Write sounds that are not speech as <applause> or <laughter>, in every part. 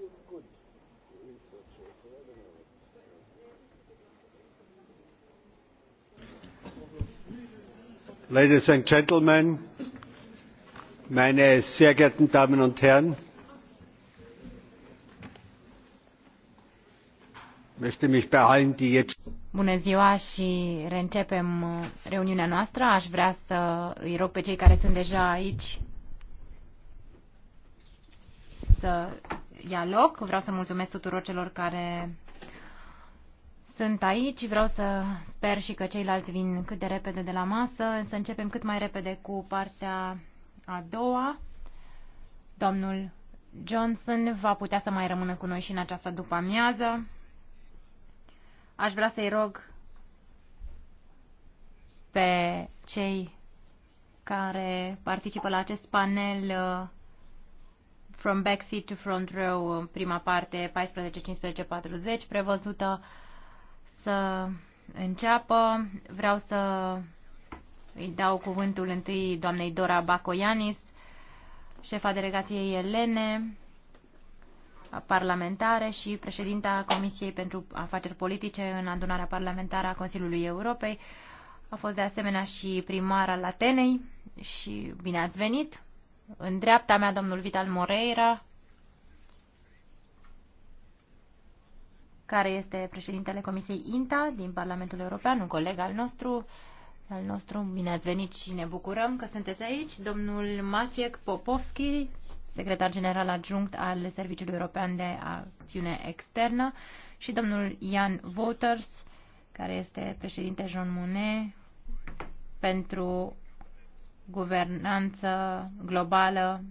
been good researchers, so I don't know. Ladies and Gentlemen, meine sehr geehrten Damen und Herren, möchte mich bei allen, die jetzt. Bună ziua și reîncepem uh, reuniunea noastră. Aș vrea să îi rog pe cei care sunt deja aici să ia loc. Vreau să mulțumesc tuturor celor care sunt aici. Vreau să sper și că ceilalți vin cât de repede de la masă. Să începem cât mai repede cu partea a doua. Domnul Johnson va putea să mai rămână cu noi și în această după-amiază. Aș vrea să-i rog pe cei care participă la acest panel uh, From Back Seat to Front Row, în prima parte, 14-15-40, prevăzută să înceapă. Vreau să îi dau cuvântul întâi doamnei Dora Bacoianis, șefa delegației Elene, parlamentare și președinta Comisiei pentru Afaceri Politice în adunarea parlamentară a Consiliului Europei. A fost de asemenea și primar al Atenei și bine ați venit! În dreapta mea, domnul Vital Moreira, care este președintele Comisiei INTA din Parlamentul European, un coleg al nostru, al nostru. Bine ați venit și ne bucurăm că sunteți aici. Domnul Masiek Popovski, secretar general adjunct al Serviciului European de Acțiune Externă, și domnul Ian Voters, care este președinte Jean Monnet pentru guvernanță globală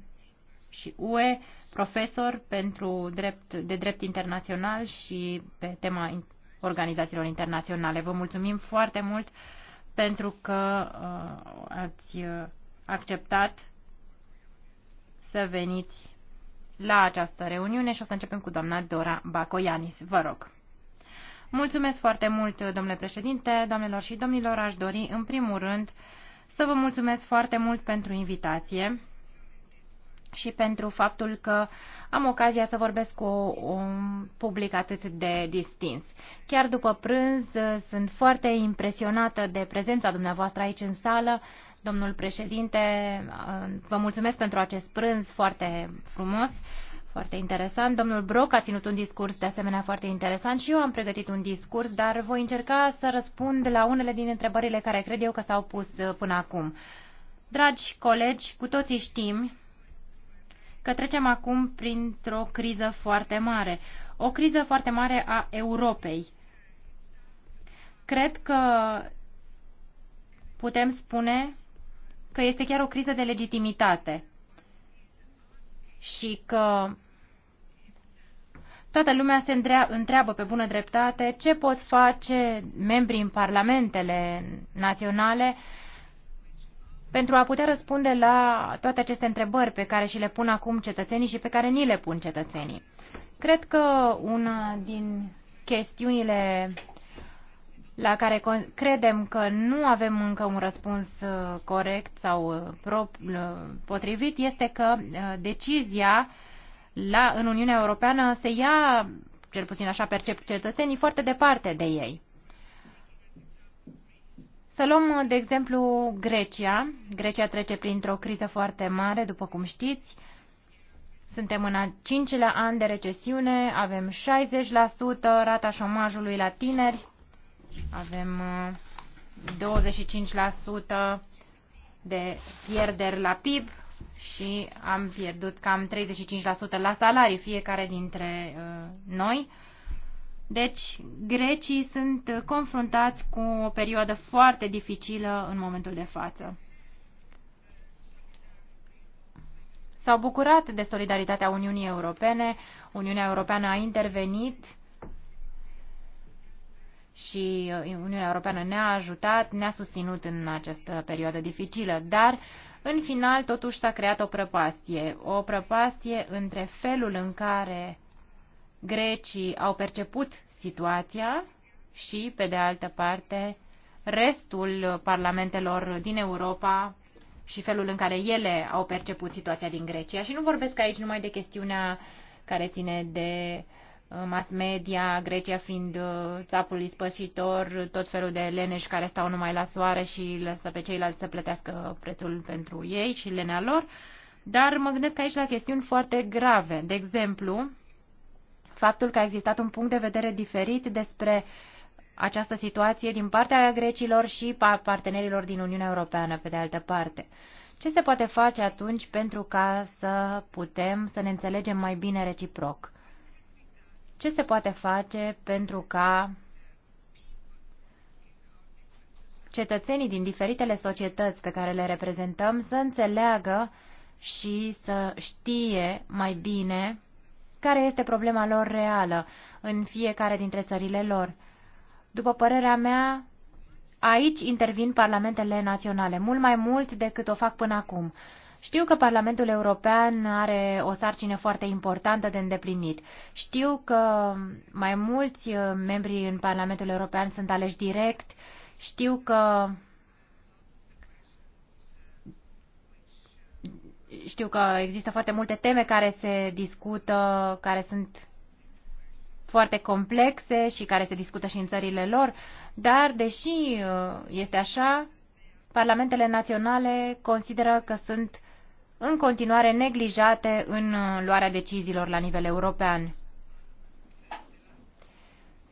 și UE, profesor pentru drept, de drept internațional și pe tema organizațiilor internaționale. Vă mulțumim foarte mult pentru că uh, ați uh, acceptat să veniți la această reuniune și o să începem cu doamna Dora Bacoianis. Vă rog. Mulțumesc foarte mult, domnule președinte, doamnelor și domnilor. Aș dori, în primul rând, uh, să vă mulțumesc foarte mult pentru invitație și pentru faptul că am ocazia să vorbesc cu un public atât de distins. Chiar după prânz sunt foarte impresionată de prezența dumneavoastră aici în sală. Domnul președinte, vă mulțumesc pentru acest prânz foarte frumos foarte interesant. Domnul Broc a ținut un discurs de asemenea foarte interesant și eu am pregătit un discurs, dar voi încerca să răspund la unele din întrebările care cred eu că s-au pus uh, până acum. Dragi colegi, cu toții știm că trecem acum printr-o criză foarte mare. O criză foarte mare a Europei. Cred că putem spune că este chiar o criză de legitimitate și că toată lumea se întreabă pe bună dreptate ce pot face membrii în parlamentele naționale pentru a putea răspunde la toate aceste întrebări pe care și le pun acum cetățenii și pe care ni le pun cetățenii. Cred că una din chestiunile la care credem că nu avem încă un răspuns uh, corect sau uh, uh, potrivit este că decizia la, în Uniunea Europeană se ia, cel puțin așa percep cetățenii, foarte departe de ei. Să luăm, de exemplu, Grecia. Grecia trece printr-o criză foarte mare, după cum știți. Suntem în a cincilea an de recesiune, avem 60% rata șomajului la tineri, avem 25% uh, de pierderi la PIB și am pierdut cam 35% la salarii fiecare dintre uh, noi. Deci, grecii sunt confruntați cu o perioadă foarte dificilă în momentul de față. S-au bucurat de solidaritatea Uniunii Europene. Uniunea Europeană a intervenit și uh, Uniunea Europeană ne-a ajutat, ne-a susținut în această perioadă dificilă, dar în final totuși s-a creat o prăpastie, o prăpastie între felul în care grecii au perceput situația și, pe de altă parte, restul parlamentelor din Europa și felul în care ele au perceput situația din Grecia. Și nu vorbesc aici numai de chestiunea care ține de uh, Uh, mass media, Grecia fiind uh, țapul ispășitor, tot felul de leneși care stau numai la soare și lăsă pe ceilalți să plătească prețul pentru ei și lenea lor. Dar mă gândesc aici la chestiuni foarte grave. De exemplu, faptul că a existat un punct de vedere diferit despre această situație din partea grecilor și partenerilor din Uniunea Europeană, pe de altă parte. Ce se poate face atunci pentru ca să putem să ne înțelegem mai bine reciproc? Ce se poate face pentru ca cetățenii din diferitele societăți pe care le reprezentăm să înțeleagă și să știe mai bine care este problema lor reală în fiecare dintre țările lor. După părerea mea, aici intervin parlamentele naționale, mult mai mult decât o fac până acum. Știu că Parlamentul European are o sarcină foarte importantă de îndeplinit. Știu că mai mulți uh, membri în Parlamentul European sunt aleși direct. Știu că știu că există foarte multe teme care se discută, care sunt foarte complexe și care se discută și în țările lor, dar deși uh, este așa, parlamentele naționale consideră că sunt în continuare neglijate în uh, luarea deciziilor la nivel european.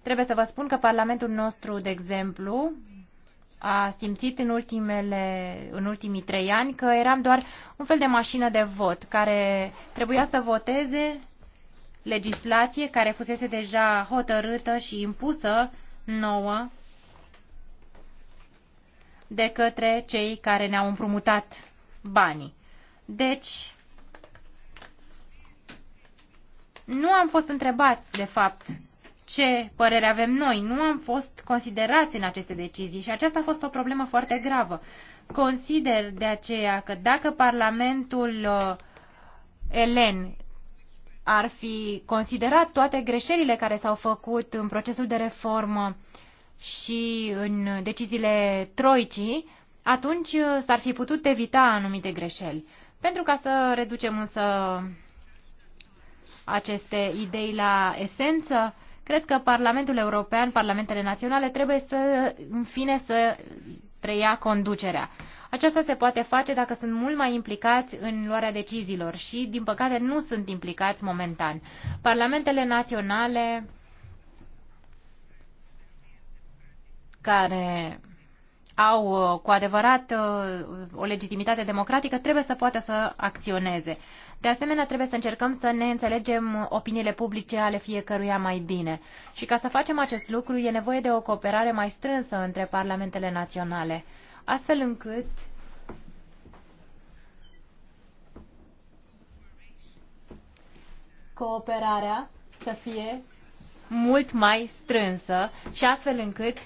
Trebuie să vă spun că Parlamentul nostru, de exemplu, a simțit în, ultimele, în ultimii trei ani că eram doar un fel de mașină de vot care trebuia să voteze legislație care fusese deja hotărâtă și impusă nouă de către cei care ne-au împrumutat banii. Deci, nu am fost întrebați, de fapt, ce părere avem noi. Nu am fost considerați în aceste decizii și aceasta a fost o problemă foarte gravă. Consider de aceea că dacă Parlamentul uh, Elen ar fi considerat toate greșelile care s-au făcut în procesul de reformă și în deciziile troicii, atunci uh, s-ar fi putut evita anumite greșeli. Pentru ca să reducem însă aceste idei la esență, cred că Parlamentul European, Parlamentele Naționale trebuie să, în fine, să preia conducerea. Aceasta se poate face dacă sunt mult mai implicați în luarea deciziilor și, din păcate, nu sunt implicați momentan. Parlamentele naționale care au uh, cu adevărat uh, o legitimitate democratică, trebuie să poată să acționeze. De asemenea, trebuie să încercăm să ne înțelegem opiniile publice ale fiecăruia mai bine. Și ca să facem acest lucru, e nevoie de o cooperare mai strânsă între parlamentele naționale, astfel încât cooperarea să fie mult mai strânsă și astfel încât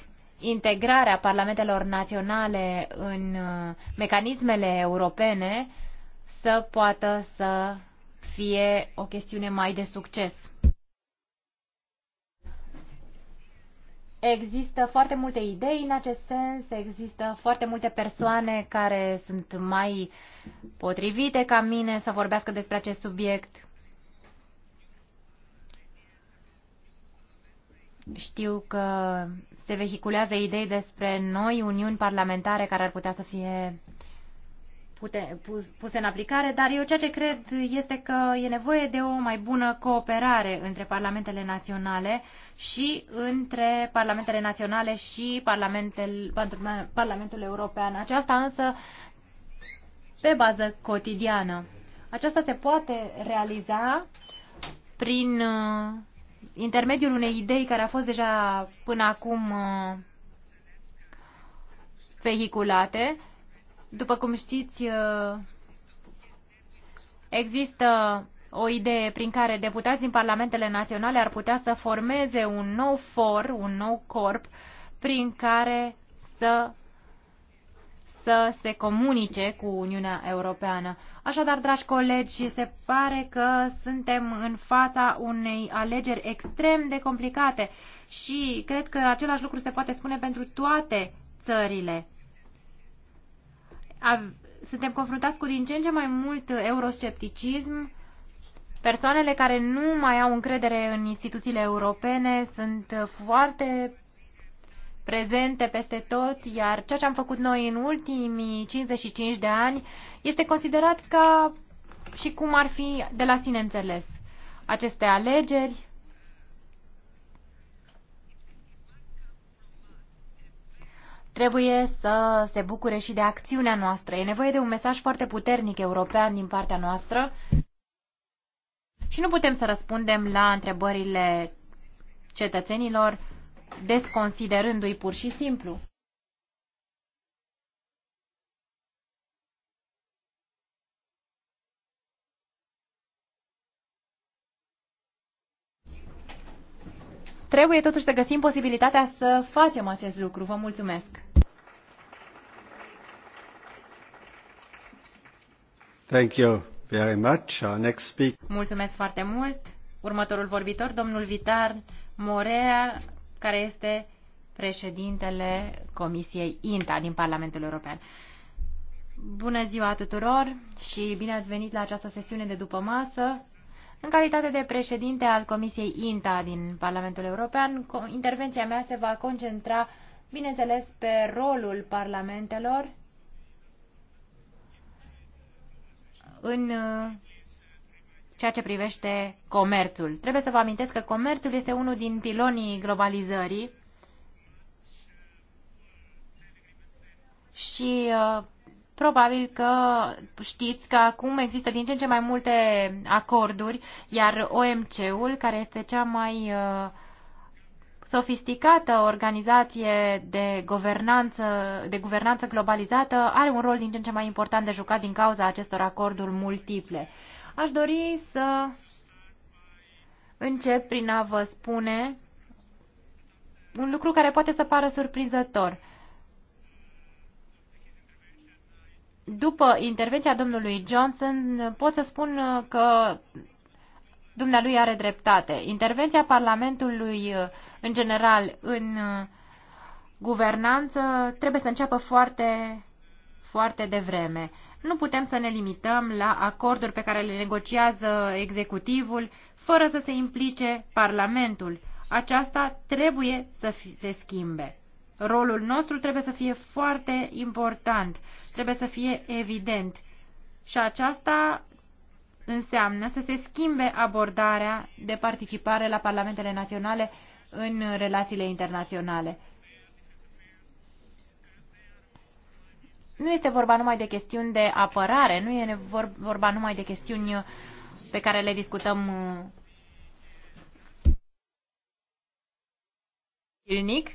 integrarea parlamentelor naționale în uh, mecanismele europene să poată să fie o chestiune mai de succes. Există foarte multe idei în acest sens, există foarte multe persoane care sunt mai potrivite ca mine să vorbească despre acest subiect. Știu că se vehiculează idei despre noi uniuni parlamentare care ar putea să fie pute, pus, puse în aplicare, dar eu ceea ce cred este că e nevoie de o mai bună cooperare între parlamentele naționale și între parlamentele naționale și parlamentel, parlamentul european. Aceasta însă pe bază cotidiană. Aceasta se poate realiza prin uh, intermediul unei idei care a fost deja până acum uh, vehiculate. După cum știți, uh, există o idee prin care deputați din parlamentele naționale ar putea să formeze un nou for, un nou corp, prin care să să se comunice cu Uniunea Europeană. Așadar, dragi colegi, se pare că suntem în fața unei alegeri extrem de complicate și cred că același lucru se poate spune pentru toate țările. Suntem confruntați cu din ce în ce mai mult euroscepticism. Persoanele care nu mai au încredere în instituțiile europene sunt foarte prezente peste tot, iar ceea ce am făcut noi în ultimii 55 de ani este considerat ca și cum ar fi de la sine înțeles. Aceste alegeri trebuie să se bucure și de acțiunea noastră. E nevoie de un mesaj foarte puternic european din partea noastră și nu putem să răspundem la întrebările cetățenilor desconsiderându-i pur și simplu. Trebuie totuși să găsim posibilitatea să facem acest lucru. Vă mulțumesc! Thank you very much. Our next speaker. Mulțumesc foarte mult! Următorul vorbitor, domnul Vitar Morea, care este președintele Comisiei INTA din Parlamentul European. Bună ziua tuturor și bine ați venit la această sesiune de după masă. În calitate de președinte al Comisiei INTA din Parlamentul European, intervenția mea se va concentra, bineînțeles, pe rolul parlamentelor în uh, ceea ce privește comerțul. Trebuie să vă amintesc că comerțul este unul din pilonii globalizării și uh, probabil că știți că acum există din ce în ce mai multe acorduri, iar OMC-ul, care este cea mai uh, sofisticată organizație de guvernanță, de guvernanță globalizată, are un rol din ce în ce mai important de jucat din cauza acestor acorduri multiple. Aș dori să încep prin a vă spune un lucru care poate să pară surprinzător. După intervenția domnului Johnson, pot să spun că dumnealui are dreptate. Intervenția Parlamentului în general în guvernanță trebuie să înceapă foarte, foarte devreme nu putem să ne limităm la acorduri pe care le negociază executivul fără să se implice Parlamentul. Aceasta trebuie să se schimbe. Rolul nostru trebuie să fie foarte important, trebuie să fie evident. Și aceasta înseamnă să se schimbe abordarea de participare la parlamentele naționale în relațiile internaționale. Nu este vorba numai de chestiuni de apărare, nu e vorba numai de chestiuni pe care le discutăm uh, zilnic,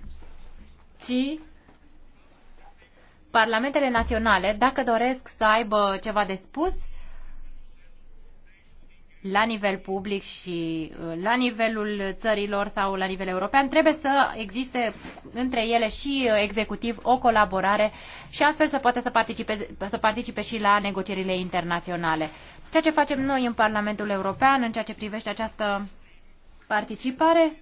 ci parlamentele naționale, dacă doresc să aibă ceva de spus, la nivel public și uh, la nivelul țărilor sau la nivel european, trebuie să existe între ele și uh, executiv o colaborare și astfel să poată să participe, să participe și la negocierile internaționale. Ceea ce facem noi în Parlamentul European în ceea ce privește această participare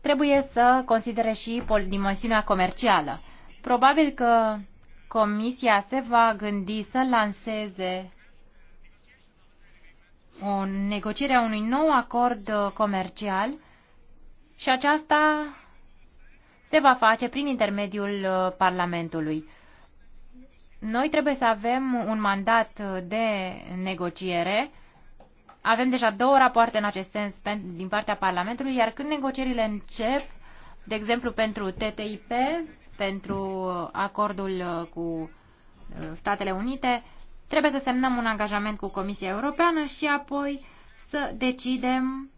trebuie să considere și dimensiunea comercială. Probabil că Comisia se va gândi să lanseze o negociere a unui nou acord uh, comercial și aceasta se va face prin intermediul uh, Parlamentului. Noi trebuie să avem un mandat uh, de negociere. Avem deja două rapoarte în acest sens din partea Parlamentului, iar când negocierile încep, de exemplu pentru TTIP, pentru acordul uh, cu uh, Statele Unite, trebuie să semnăm un angajament cu Comisia Europeană și apoi să decidem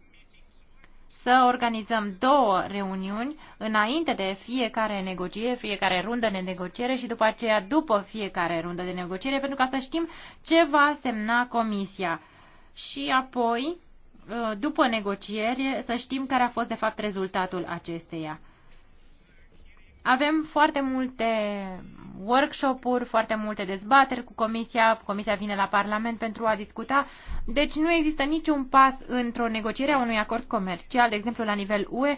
să organizăm două reuniuni înainte de fiecare negociere, fiecare rundă de negociere și după aceea după fiecare rundă de negociere, pentru ca să știm ce va semna Comisia. Și apoi, uh, după negociere, să știm care a fost de fapt rezultatul acesteia. Avem foarte multe workshop-uri, foarte multe dezbateri cu Comisia, Comisia vine la Parlament pentru a discuta, deci nu există niciun pas într-o negociere a unui acord comercial, de exemplu la nivel UE,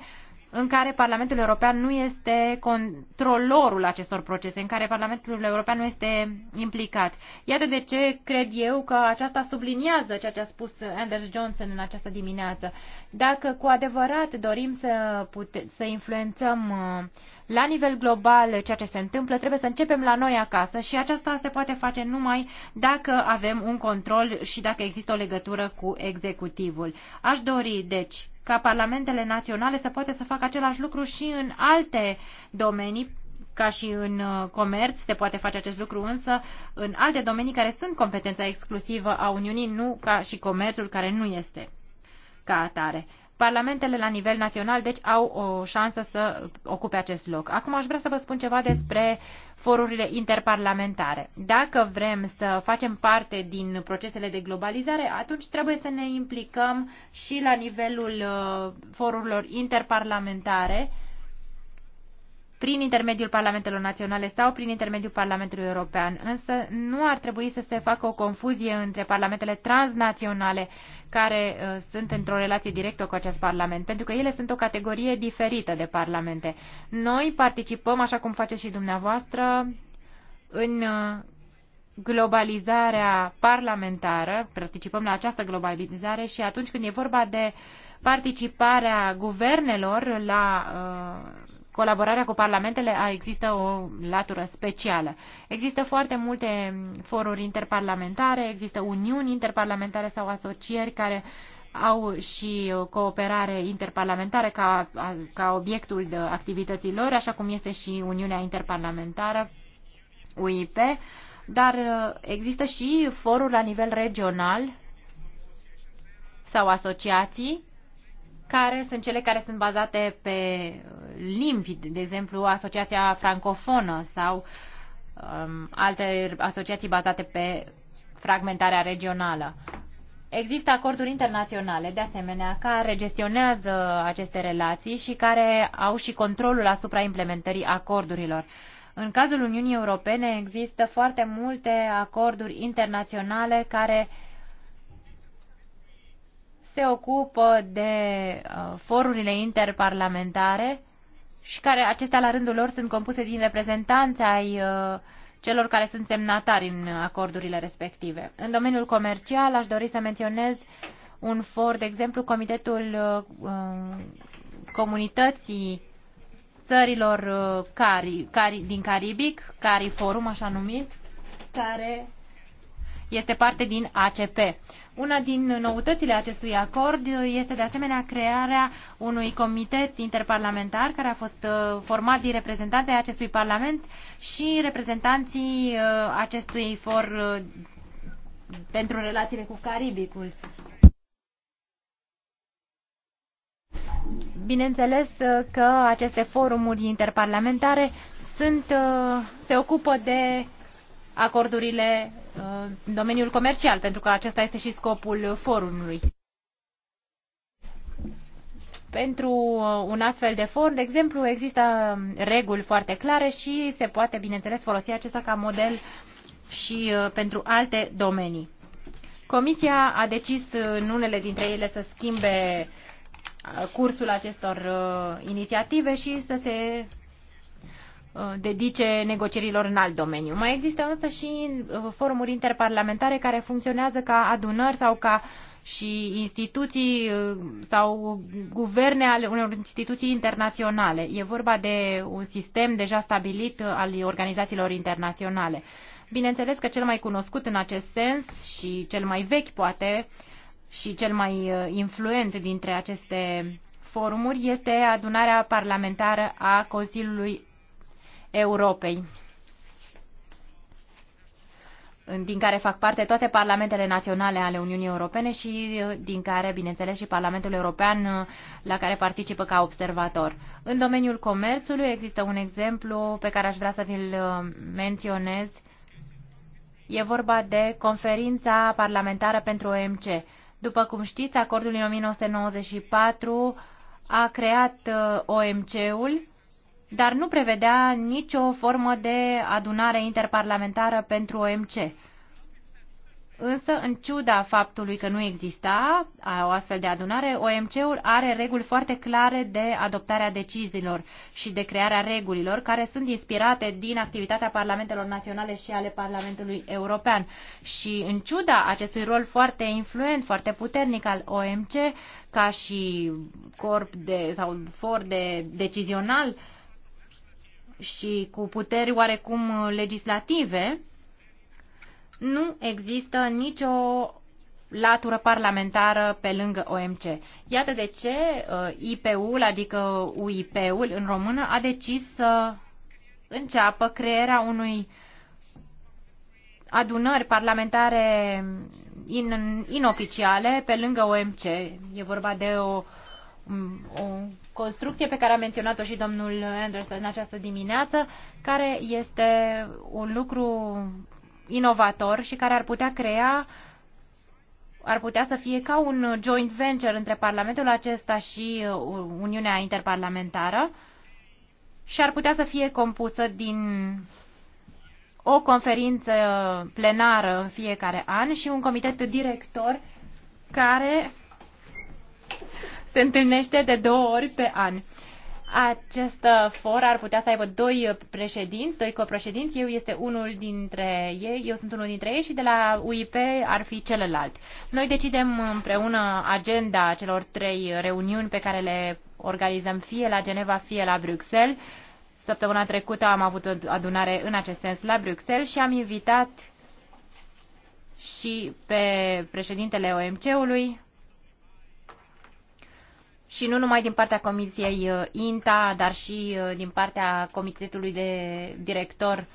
în care Parlamentul European nu este controlorul acestor procese, în care Parlamentul European nu este implicat. Iată de ce cred eu că aceasta subliniază ceea ce a spus Anders Johnson în această dimineață. Dacă cu adevărat dorim să, pute- să influențăm uh, la nivel global ceea ce se întâmplă, trebuie să începem la noi acasă și aceasta se poate face numai dacă avem un control și dacă există o legătură cu executivul. Aș dori, deci, ca parlamentele naționale să poată să facă același lucru și în alte domenii, ca și în uh, comerț, se poate face acest lucru însă în alte domenii care sunt competența exclusivă a Uniunii, nu ca și comerțul care nu este ca atare. Parlamentele la nivel național, deci, au o șansă să ocupe acest loc. Acum aș vrea să vă spun ceva despre forurile interparlamentare. Dacă vrem să facem parte din procesele de globalizare, atunci trebuie să ne implicăm și la nivelul uh, forurilor interparlamentare prin intermediul parlamentelor naționale sau prin intermediul Parlamentului European. Însă nu ar trebui să se facă o confuzie între parlamentele transnaționale care uh, sunt într-o relație directă cu acest parlament, pentru că ele sunt o categorie diferită de parlamente. Noi participăm, așa cum faceți și dumneavoastră, în uh, globalizarea parlamentară, participăm la această globalizare și atunci când e vorba de participarea guvernelor la uh, colaborarea cu parlamentele există o latură specială. Există foarte multe foruri interparlamentare, există uniuni interparlamentare sau asocieri care au și cooperare interparlamentară ca, ca obiectul de activității lor, așa cum este și Uniunea Interparlamentară, UIP, dar există și foruri la nivel regional sau asociații care sunt cele care sunt bazate pe limbi, de exemplu Asociația Francofonă sau um, alte asociații bazate pe fragmentarea regională. Există acorduri internaționale, de asemenea, care gestionează aceste relații și care au și controlul asupra implementării acordurilor. În cazul Uniunii Europene există foarte multe acorduri internaționale care uh, se ocupă de uh, forurile interparlamentare și care acestea la rândul lor sunt compuse din reprezentanți ai uh, celor care sunt semnatari în acordurile respective. În domeniul comercial aș dori să menționez un for, de exemplu, Comitetul uh, Comunității Țărilor Cari, Cari, din Caribic, Cari Forum, așa numit, care este parte din ACP. Una din noutățile acestui acord este de asemenea crearea unui comitet interparlamentar care a fost uh, format din reprezentanții acestui parlament și reprezentanții uh, acestui for uh, pentru relațiile cu Caribicul. Bineînțeles că aceste forumuri interparlamentare sunt, se ocupă de acordurile în uh, domeniul comercial, pentru că acesta este și scopul forumului. Pentru uh, un astfel de forum, de exemplu, există um, reguli foarte clare și se poate, bineînțeles, folosi acesta ca model și uh, pentru alte domenii. Comisia a decis în unele dintre ele să schimbe cursul acestor inițiative și să se Uh, dedice negocierilor în alt domeniu. Mai există însă și uh, forumuri interparlamentare care funcționează ca adunări sau ca și instituții uh, sau guverne ale unor instituții internaționale. E vorba de un sistem deja stabilit al organizațiilor internaționale. Bineînțeles că cel mai cunoscut în acest sens și cel mai vechi poate și cel mai influent dintre aceste forumuri este adunarea parlamentară a Consiliului Europei din care fac parte toate parlamentele naționale ale Uniunii Europene și uh, din care, bineînțeles, și Parlamentul European uh, la care participă ca observator. În domeniul comerțului există un exemplu pe care aș vrea să vi-l uh, menționez. E vorba de conferința parlamentară pentru OMC. După cum știți, acordul din 1994 a creat OMC-ul dar nu prevedea nicio formă de adunare interparlamentară pentru OMC. Însă, în ciuda faptului că nu exista o astfel de adunare, OMC-ul are reguli foarte clare de adoptarea deciziilor și de crearea regulilor, care sunt inspirate din activitatea parlamentelor naționale și ale Parlamentului European. Și în ciuda acestui rol foarte influent, foarte puternic al OMC, ca și corp de, sau for de decizional, uh, și cu puteri oarecum uh, legislative, nu există nicio latură parlamentară pe lângă OMC. Iată de ce uh, IPU-ul, adică UIP-ul în română, a decis să înceapă crearea unui adunări parlamentare in, inoficiale pe lângă OMC. E vorba de o o construcție pe care a menționat-o și domnul Anderson în această dimineață, care este un lucru inovator și care ar putea crea ar putea să fie ca un joint venture între Parlamentul acesta și uh, Uniunea Interparlamentară și ar putea să fie compusă din o conferință plenară în fiecare an și un comitet director care se întâlnește de două ori pe an. Acest uh, for ar putea să aibă doi uh, președinți, doi copreședinți. Eu este unul dintre ei, eu sunt unul dintre ei și de la UIP ar fi celălalt. Noi decidem împreună agenda celor trei reuniuni pe care le organizăm fie la Geneva, fie la Bruxelles. Săptămâna trecută am avut o adunare în acest sens la Bruxelles și am invitat și pe președintele OMC-ului, și nu numai din partea Comisiei uh, INTA, dar și uh, din partea Comitetului de Director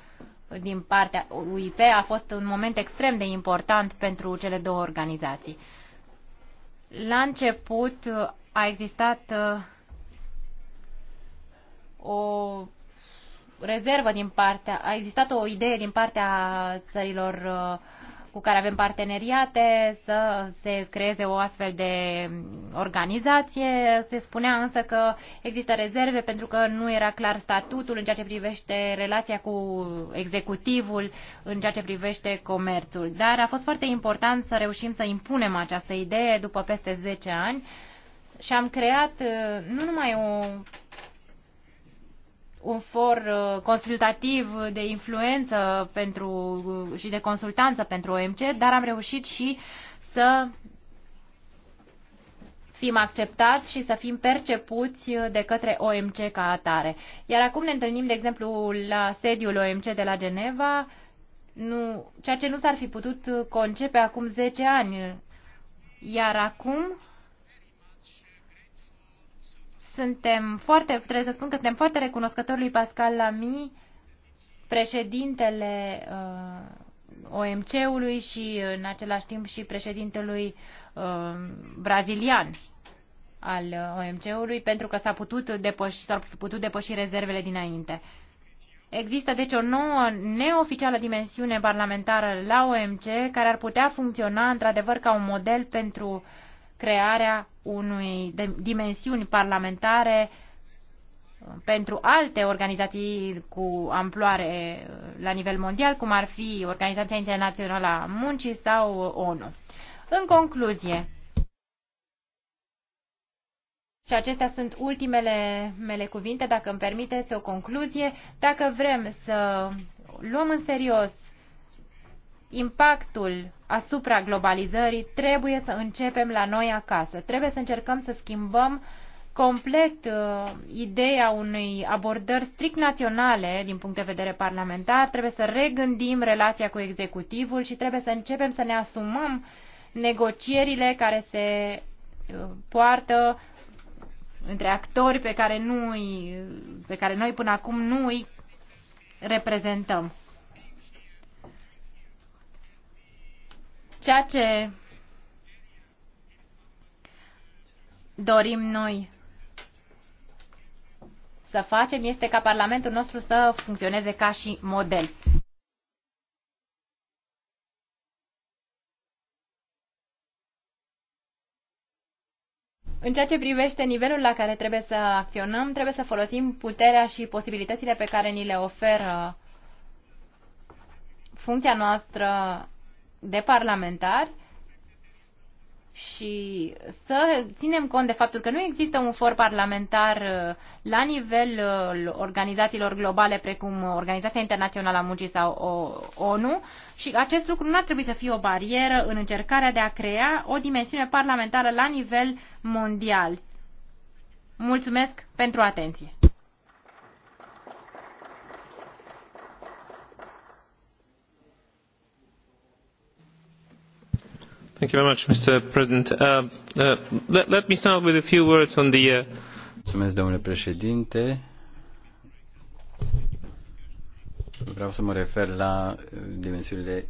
uh, din partea UIP, a fost un moment extrem de important pentru cele două organizații. La început a existat o rezervă din partea, a existat o idee din partea țărilor uh, cu care avem parteneriate, să se creeze o astfel de organizație. Se spunea însă că există rezerve pentru că nu era clar statutul în ceea ce privește relația cu executivul, în ceea ce privește comerțul. Dar a fost foarte important să reușim să impunem această idee după peste 10 ani și am creat uh, nu numai o un for uh, consultativ de influență pentru, uh, și de consultanță pentru OMC, dar am reușit și să fim acceptați și să fim percepuți de către OMC ca atare. Iar acum ne întâlnim, de exemplu, la sediul OMC de la Geneva, nu, ceea ce nu s-ar fi putut concepe acum 10 ani. Iar acum suntem foarte, trebuie să spun că suntem foarte recunoscători lui Pascal Lamy, președintele uh, OMC-ului și în același timp și președintelui uh, brazilian al uh, OMC-ului, pentru că s-a putut s putut depăși rezervele dinainte. Există deci o nouă neoficială dimensiune parlamentară la OMC care ar putea funcționa într-adevăr ca un model pentru crearea unui dimensiuni parlamentare uh, pentru alte organizații cu amploare uh, la nivel mondial, cum ar fi Organizația Internațională a Muncii sau uh, ONU. În concluzie, și acestea sunt ultimele mele cuvinte, dacă îmi permiteți o concluzie, dacă vrem să luăm în serios impactul asupra globalizării, trebuie să începem la noi acasă. Trebuie să încercăm să schimbăm complet uh, ideea unei abordări strict naționale din punct de vedere parlamentar, trebuie să regândim relația cu executivul și trebuie să începem să ne asumăm negocierile care se uh, poartă între actori pe care, nu pe care noi până acum nu îi reprezentăm. Ceea ce dorim noi să facem este ca Parlamentul nostru să funcționeze ca și model. În ceea ce privește nivelul la care trebuie să acționăm, trebuie să folosim puterea și posibilitățile pe care ni le oferă funcția noastră de parlamentari și să ținem cont de faptul că nu există un for parlamentar uh, la nivel uh, organizațiilor globale precum Organizația Internațională a Muncii sau ONU și acest lucru nu ar trebui să fie o barieră în încercarea de a crea o dimensiune parlamentară la nivel mondial. Mulțumesc pentru atenție! Mr. President. Uh, uh, let me start with a few words on the. Uh... Mulțumesc, domnule președinte. Vreau să mă refer la dimensiunile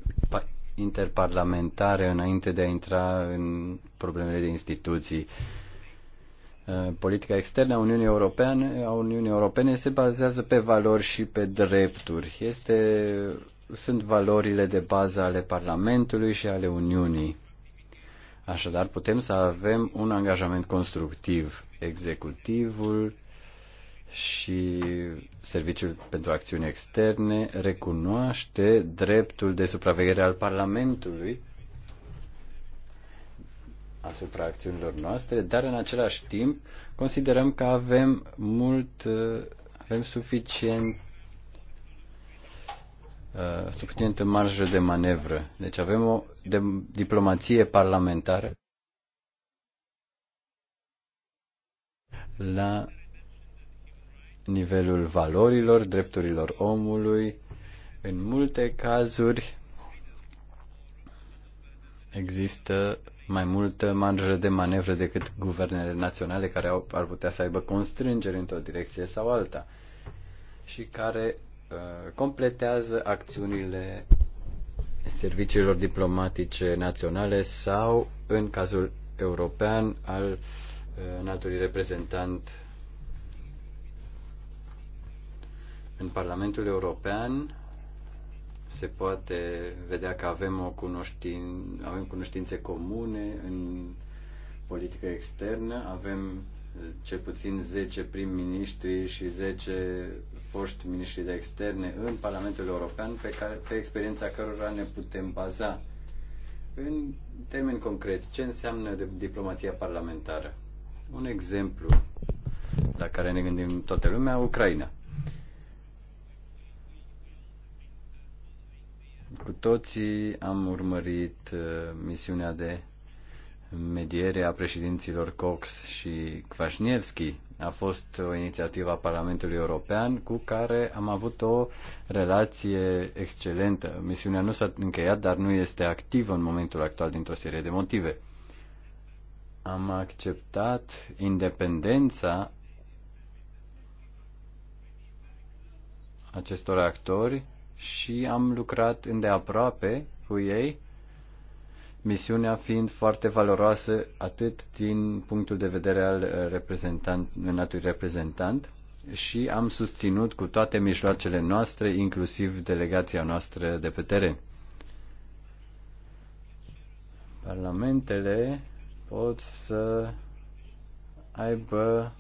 interparlamentare înainte de a intra în problemele de instituții. Uh, politica externă a Uniunii Europene, a Uniunii Europene se bazează pe valori și pe drepturi. Este, sunt valorile de bază ale Parlamentului și ale Uniunii. Așadar, putem să avem un angajament constructiv. Executivul și Serviciul pentru Acțiuni Externe recunoaște dreptul de supraveghere al Parlamentului asupra acțiunilor noastre, dar în același timp considerăm că avem mult, avem suficient Uh, suficientă marjă de manevră. Deci avem o de, diplomație parlamentară la nivelul valorilor, drepturilor omului. În multe cazuri există mai multă marjă de manevră decât guvernele naționale care au, ar putea să aibă constrângeri într-o direcție sau alta și care Uh, completează acțiunile serviciilor diplomatice naționale sau, în cazul european, al uh, înaltului reprezentant în Parlamentul European se poate vedea că avem, o cunoștin, avem cunoștințe comune în politică externă, avem cel puțin 10 prim-ministri și 10 foști miniștri de externe în Parlamentul European pe, care, pe experiența cărora ne putem baza. În termeni concreți, ce înseamnă de diplomația parlamentară? Un exemplu la care ne gândim toată lumea, Ucraina. Cu toții am urmărit uh, misiunea de medierea președinților Cox și Kvasniewski a fost o inițiativă a Parlamentului European cu care am avut o relație excelentă. Misiunea nu s-a încheiat, dar nu este activă în momentul actual dintr-o serie de motive. Am acceptat independența acestor actori și am lucrat îndeaproape cu ei misiunea fiind foarte valoroasă atât din punctul de vedere al uh, reprezentant, reprezentant și am susținut cu toate mijloacele noastre, inclusiv delegația noastră de pe teren. Parlamentele pot să aibă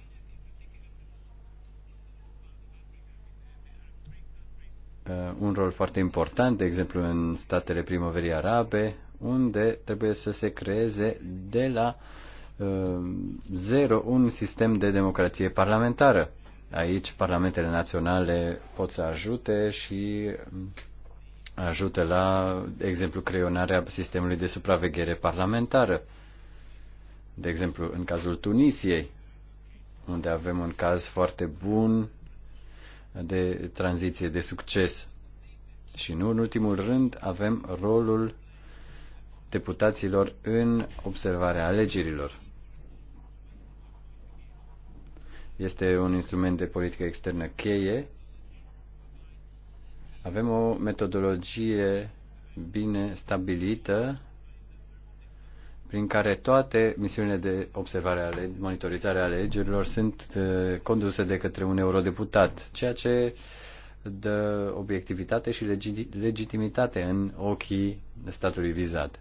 uh, un rol foarte important, de exemplu în statele primăverii arabe, unde trebuie să se creeze de la uh, zero un sistem de democrație parlamentară. Aici parlamentele naționale pot să ajute și ajută la, de exemplu, creionarea sistemului de supraveghere parlamentară. De exemplu, în cazul Tunisiei, unde avem un caz foarte bun de tranziție de succes. Și nu în ultimul rând avem rolul deputaților în observarea alegerilor. Este un instrument de politică externă cheie. Avem o metodologie bine stabilită prin care toate misiunile de observare ale monitorizare a alegerilor sunt uh, conduse de către un eurodeputat, ceea ce dă obiectivitate și legitimitate în ochii statului vizat.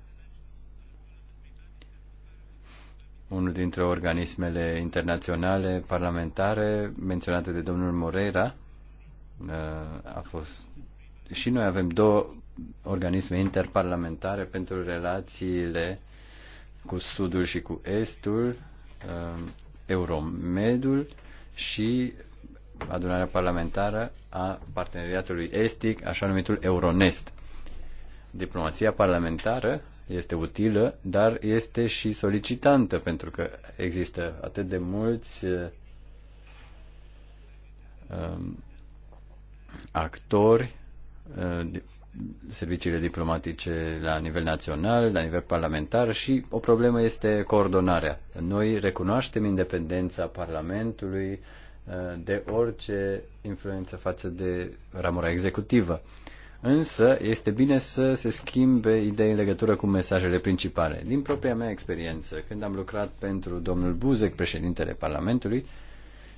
unul dintre organismele internaționale parlamentare menționate de domnul Moreira. Uh, a fost și noi avem două organisme interparlamentare pentru relațiile cu Sudul și cu Estul, uh, Euromedul și adunarea parlamentară a parteneriatului estic, așa numitul Euronest. Diplomația parlamentară este utilă, dar este și solicitantă, pentru că există atât de mulți uh, um, actori, uh, serviciile diplomatice la nivel național, la nivel parlamentar și o problemă este coordonarea. Noi recunoaștem independența Parlamentului uh, de orice influență față de ramura executivă. Uh, Însă este bine să se schimbe idei în legătură cu mesajele principale. Din propria mea experiență, când am lucrat pentru domnul Buzek, președintele Parlamentului,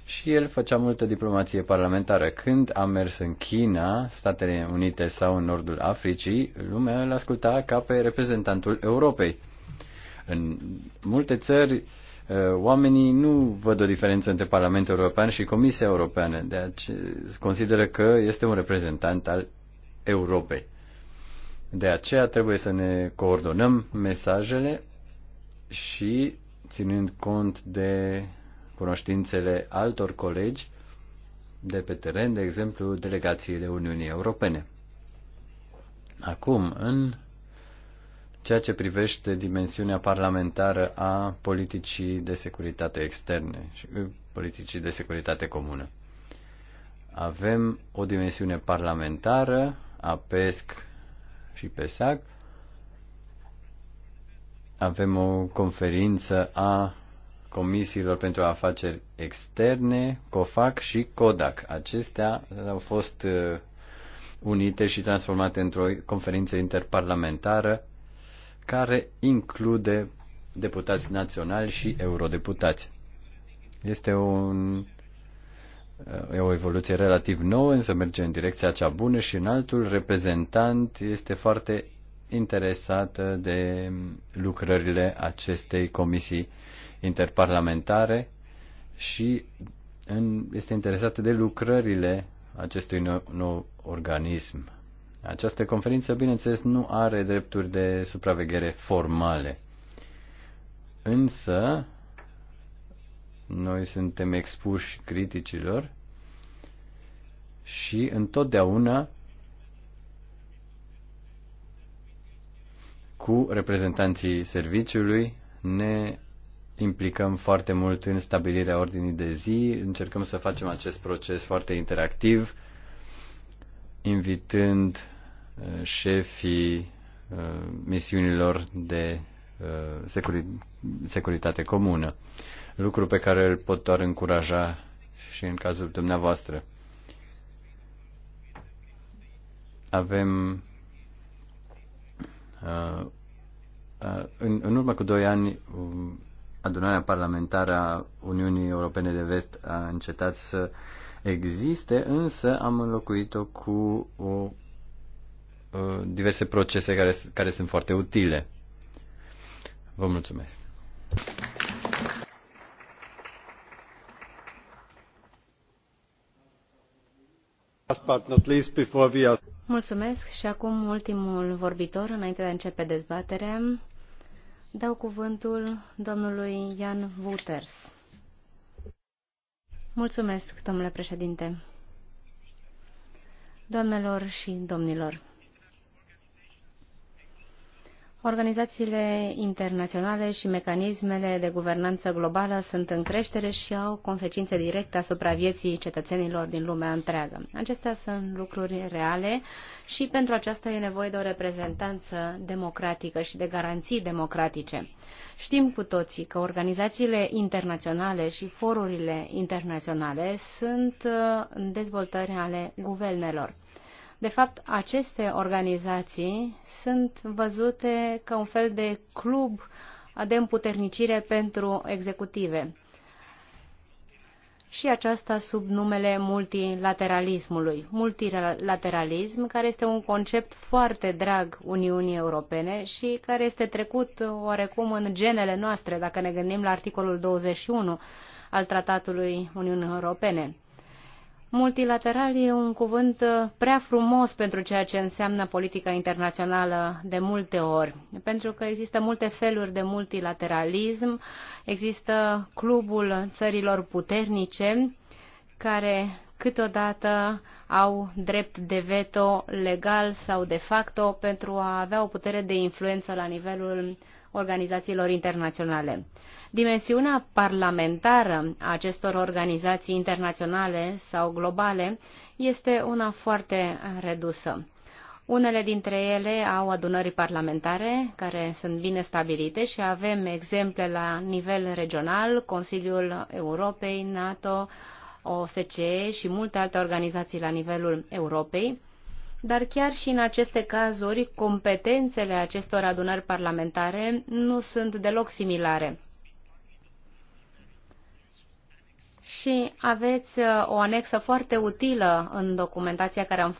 și el făcea multă diplomație parlamentară. Când am mers în China, Statele Unite sau în Nordul Africii, lumea îl asculta ca pe reprezentantul Europei. În multe țări, uh, oamenii nu văd o diferență între Parlamentul European și Comisia Europeană, de aceea consideră că este un reprezentant al Europei. De aceea trebuie să ne coordonăm mesajele și, ținând cont de cunoștințele altor colegi de pe teren, de exemplu, delegațiile Uniunii Europene. Acum, în ceea ce privește dimensiunea parlamentară a politicii de securitate externe și uh, politicii de securitate comună. Avem o dimensiune parlamentară APESC și PESAC, avem o conferință a Comisiilor pentru Afaceri Externe, COFAC și CODAC. Acestea au fost uh, unite și transformate într-o conferință interparlamentară care include deputați naționali și eurodeputați. Este un E o evoluție relativ nouă, însă merge în direcția cea bună și în altul reprezentant este foarte interesată de lucrările acestei comisii interparlamentare și în, este interesată de lucrările acestui nou, nou organism. Această conferință, bineînțeles, nu are drepturi de supraveghere formale. Însă, noi suntem expuși criticilor și întotdeauna cu reprezentanții serviciului ne implicăm foarte mult în stabilirea ordinii de zi, încercăm să facem acest proces foarte interactiv, invitând uh, șefii uh, misiunilor de uh, securitate comună lucru pe care îl pot doar încuraja și în cazul dumneavoastră. Avem uh, uh, în, în urmă cu doi ani um, adunarea parlamentară a Uniunii Europene de Vest a încetat să existe, însă am înlocuit-o cu o, uh, diverse procese care, care sunt foarte utile. Vă mulțumesc. Mulțumesc și acum ultimul vorbitor, înainte de a începe dezbaterea, dau cuvântul domnului Jan Wouters. Mulțumesc, domnule președinte. Doamnelor și domnilor, Organizațiile internaționale și mecanismele de guvernanță globală sunt în creștere și au consecințe directe asupra vieții cetățenilor din lumea întreagă. Acestea sunt lucruri reale și pentru aceasta e nevoie de o reprezentanță democratică și de garanții democratice. Știm cu toții că organizațiile internaționale și forurile internaționale sunt uh, dezvoltări ale guvernelor. De fapt, aceste organizații sunt văzute ca un fel de club de împuternicire pentru executive și aceasta sub numele multilateralismului. Multilateralism, care este un concept foarte drag Uniunii Europene și care este trecut oarecum în genele noastre, dacă ne gândim la articolul 21 al Tratatului Uniunii Europene. Multilateral e un cuvânt uh, prea frumos pentru ceea ce înseamnă politica internațională de multe ori, pentru că există multe feluri de multilateralism, există clubul țărilor puternice care câteodată au drept de veto legal sau de facto pentru a avea o putere de influență la nivelul organizațiilor internaționale. Dimensiunea parlamentară a acestor organizații internaționale sau globale este una foarte redusă. Unele dintre ele au adunări parlamentare care sunt bine stabilite și avem exemple la nivel regional, Consiliul Europei, NATO, OSCE și multe alte organizații la nivelul Europei dar chiar și în aceste cazuri, competențele acestor adunări parlamentare nu sunt deloc similare. Și aveți uh, o anexă foarte utilă în documentația care, am,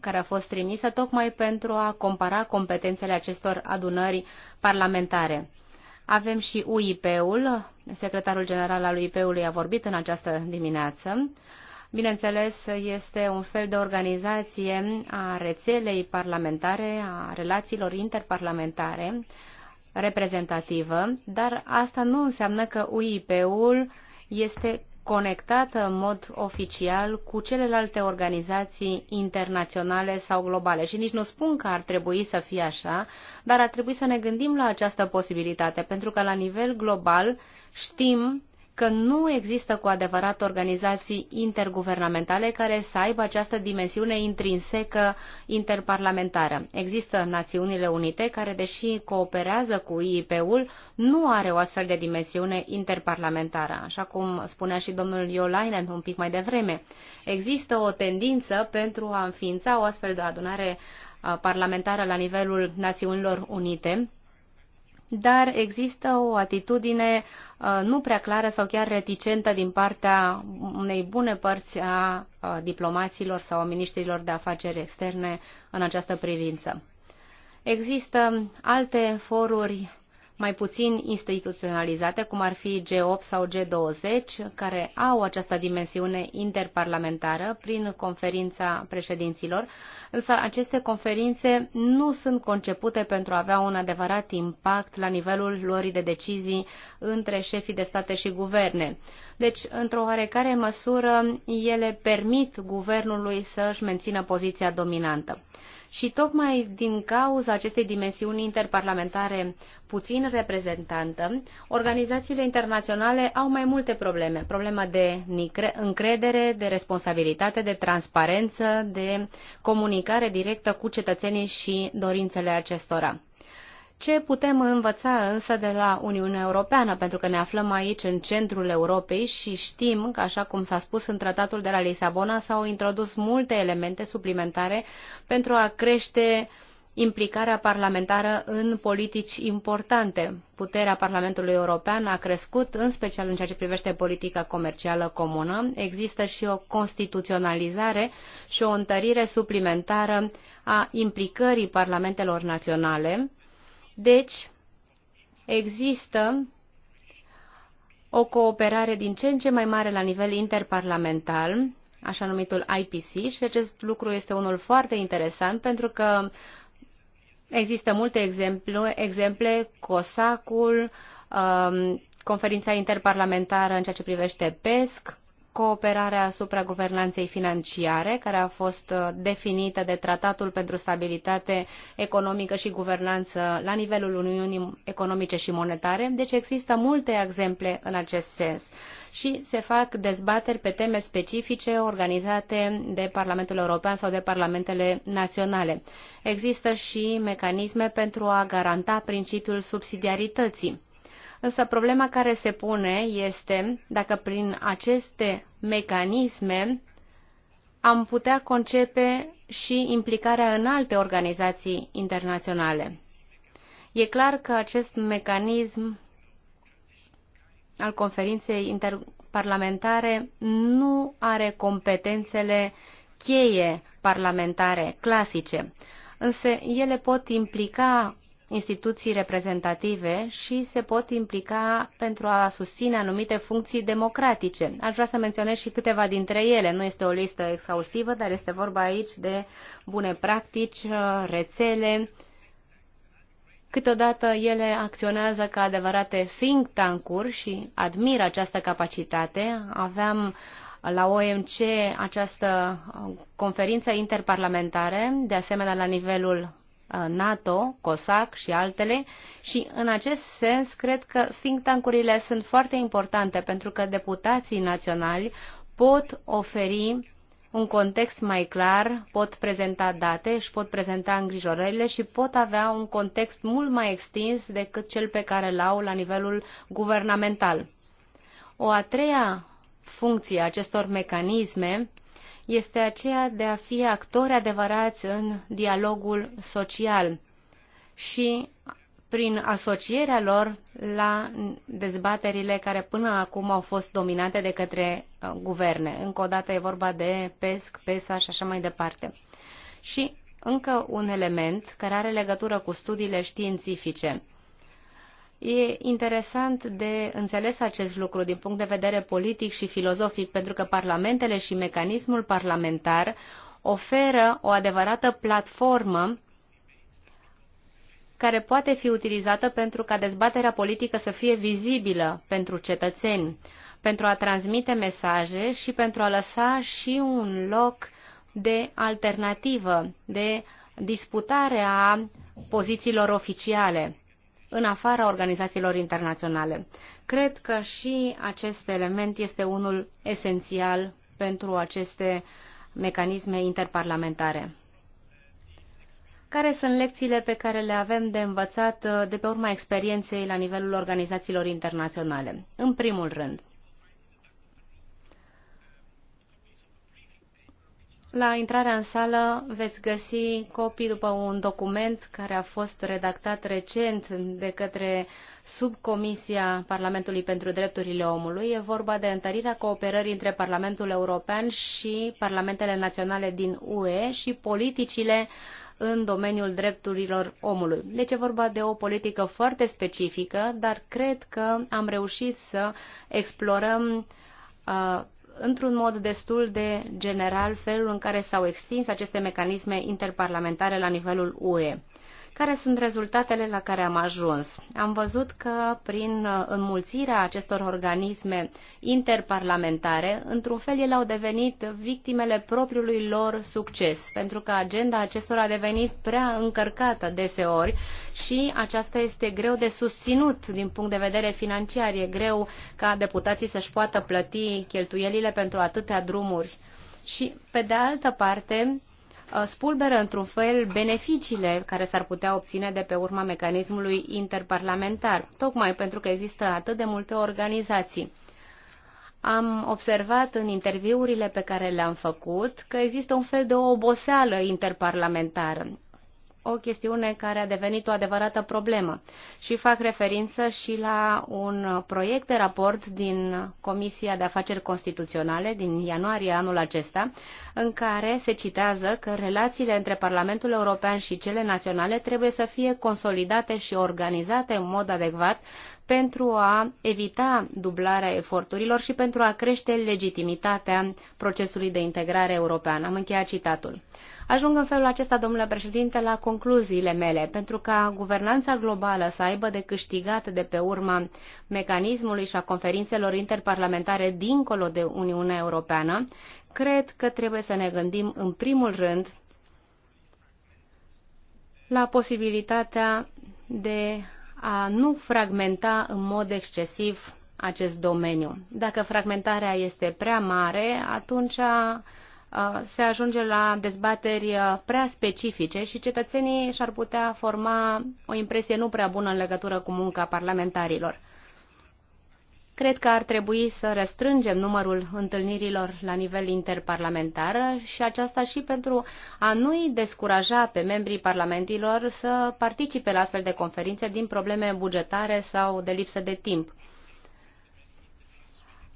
care a fost trimisă, tocmai pentru a compara competențele acestor adunări parlamentare. Avem și UIP-ul, secretarul general al UIP-ului a vorbit în această dimineață, Bineînțeles, este un fel de organizație a rețelei parlamentare, a relațiilor interparlamentare reprezentativă, dar asta nu înseamnă că UIP-ul este conectată în mod oficial cu celelalte organizații internaționale sau globale. Și nici nu spun că ar trebui să fie așa, dar ar trebui să ne gândim la această posibilitate, pentru că la nivel global știm că nu există cu adevărat organizații interguvernamentale care să aibă această dimensiune intrinsecă interparlamentară. Există Națiunile Unite care, deși cooperează cu IIP-ul, nu are o astfel de dimensiune interparlamentară, așa cum spunea și domnul Iolainen un pic mai devreme. Există o tendință pentru a înființa o astfel de adunare uh, parlamentară la nivelul Națiunilor Unite, dar există o atitudine uh, nu prea clară sau chiar reticentă din partea unei bune părți a uh, diplomaților sau a miniștrilor de afaceri externe în această privință. Există alte foruri mai puțin instituționalizate, cum ar fi G8 sau G20, care au această dimensiune interparlamentară prin conferința președinților, însă aceste conferințe nu sunt concepute pentru a avea un adevărat impact la nivelul luării de decizii între șefii de state și guverne. Deci, într-o oarecare măsură, ele permit guvernului să-și mențină poziția dominantă. Și tocmai din cauza acestei dimensiuni interparlamentare puțin reprezentantă, organizațiile internaționale au mai multe probleme. Problema de încredere, de responsabilitate, de transparență, de comunicare directă cu cetățenii și dorințele acestora. Ce putem învăța însă de la Uniunea Europeană, pentru că ne aflăm aici în centrul Europei și știm că, așa cum s-a spus în tratatul de la Lisabona, s-au introdus multe elemente suplimentare pentru a crește uh, implicarea parlamentară în politici importante. Puterea Parlamentului European a crescut, în special în ceea ce privește politica comercială comună. Există și o constituționalizare și o întărire suplimentară a implicării parlamentelor naționale. Deci, există o cooperare din ce în ce mai mare la nivel interparlamentar, așa numitul IPC, și acest lucru este unul foarte interesant pentru că Există multe exemple, exemple COSAC-ul, um, conferința interparlamentară în ceea ce privește PESC, cooperarea asupra guvernanței financiare, care a fost uh, definită de Tratatul pentru Stabilitate Economică și Guvernanță la nivelul Uniunii Economice și Monetare, deci există multe exemple în acest sens și se fac dezbateri pe teme specifice organizate de Parlamentul European sau de Parlamentele Naționale. Există și mecanisme pentru a garanta principiul subsidiarității Însă problema care se pune este dacă prin aceste mecanisme am putea concepe și implicarea în alte organizații internaționale. E clar că acest mecanism al conferinței interparlamentare nu are competențele cheie parlamentare clasice, însă ele pot implica instituții reprezentative și se pot implica pentru a susține anumite funcții democratice. Aș vrea să menționez și câteva dintre ele. Nu este o listă exhaustivă, dar este vorba aici de bune practici, rețele. Câteodată ele acționează ca adevărate think tank-uri și admir această capacitate. Aveam la OMC această uh, conferință interparlamentare, de asemenea la nivelul Uh, NATO, COSAC și altele și în acest sens cred că think tank-urile sunt foarte importante pentru că deputații naționali pot oferi un context mai clar, pot prezenta date, și pot prezenta îngrijorările și pot avea un context mult mai extins decât cel pe care îl au la nivelul guvernamental. O a treia funcție a acestor mecanisme este aceea de a fi actori adevărați în dialogul social și prin asocierea lor la dezbaterile care până acum au fost dominate de către uh, guverne. Încă o dată e vorba de PESC, PESA și așa mai departe. Și încă un element care are legătură cu studiile științifice. E interesant de înțeles acest lucru din punct de vedere politic și filozofic, pentru că parlamentele și mecanismul parlamentar oferă o adevărată platformă care poate fi utilizată pentru ca dezbaterea politică să fie vizibilă pentru cetățeni, pentru a transmite mesaje și pentru a lăsa și un loc de alternativă, de disputare a pozițiilor oficiale în afara organizațiilor internaționale. Cred că și acest element este unul esențial pentru aceste mecanisme interparlamentare. Care sunt lecțiile pe care le avem de învățat uh, de pe urma experienței la nivelul organizațiilor internaționale? În primul rând, La intrarea în sală veți găsi copii după un document care a fost redactat recent de către subcomisia Parlamentului pentru Drepturile Omului. E vorba de întărirea cooperării între Parlamentul European și Parlamentele Naționale din UE și politicile în domeniul drepturilor omului. Deci e vorba de o politică foarte specifică, dar cred că am reușit să explorăm uh, într-un mod destul de general felul în care s-au extins aceste mecanisme interparlamentare la nivelul UE care sunt rezultatele la care am ajuns. Am văzut că prin uh, înmulțirea acestor organisme interparlamentare, într-un fel ele au devenit victimele propriului lor succes, pentru că agenda acestora a devenit prea încărcată deseori și aceasta este greu de susținut din punct de vedere financiar. E greu ca deputații să-și poată plăti cheltuielile pentru atâtea drumuri. Și, pe de altă parte, Uh, spulberă într-un fel beneficiile care s-ar putea obține de pe urma mecanismului interparlamentar, tocmai pentru că există atât de multe organizații. Am observat în interviurile pe care le-am făcut că există un fel de oboseală interparlamentară o chestiune care a devenit o adevărată problemă și fac referință și la un proiect de raport din Comisia de Afaceri Constituționale din ianuarie anul acesta, în care se citează că relațiile între Parlamentul European și cele naționale trebuie să fie consolidate și organizate în mod adecvat pentru a evita dublarea eforturilor și pentru a crește legitimitatea procesului de integrare european. Am încheiat citatul. Ajung în felul acesta, domnule președinte, la concluziile mele. Pentru ca guvernanța globală să aibă de câștigat de pe urma mecanismului și a conferințelor interparlamentare dincolo de Uniunea Europeană, cred că trebuie să ne gândim în primul rând la posibilitatea de a nu fragmenta în mod excesiv acest domeniu. Dacă fragmentarea este prea mare, atunci Uh, se ajunge la dezbateri uh, prea specifice și cetățenii și-ar putea forma o impresie nu prea bună în legătură cu munca parlamentarilor. Cred că ar trebui să restrângem numărul întâlnirilor la nivel interparlamentar și aceasta și pentru a nu-i descuraja pe membrii parlamentilor să participe la astfel de conferințe din probleme bugetare sau de lipsă de timp.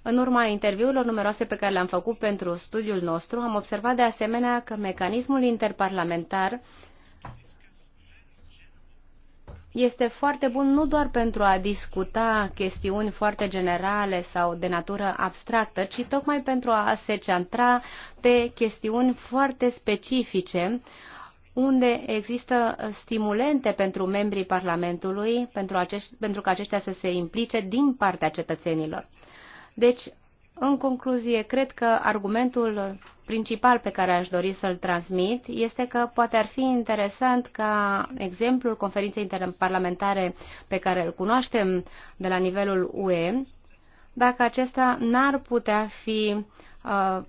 În urma interviurilor numeroase pe care le-am făcut pentru studiul nostru, am observat de asemenea că mecanismul interparlamentar este foarte bun nu doar pentru a discuta chestiuni foarte generale sau de natură abstractă, ci tocmai pentru a se centra pe chestiuni foarte specifice, unde există stimulente pentru membrii Parlamentului, pentru, acești, pentru ca aceștia să se implice din partea cetățenilor. Deci, în concluzie, cred că argumentul principal pe care aș dori să-l transmit este că poate ar fi interesant ca exemplul conferinței interparlamentare pe care îl cunoaștem de la nivelul UE, dacă acesta n-ar putea fi uh,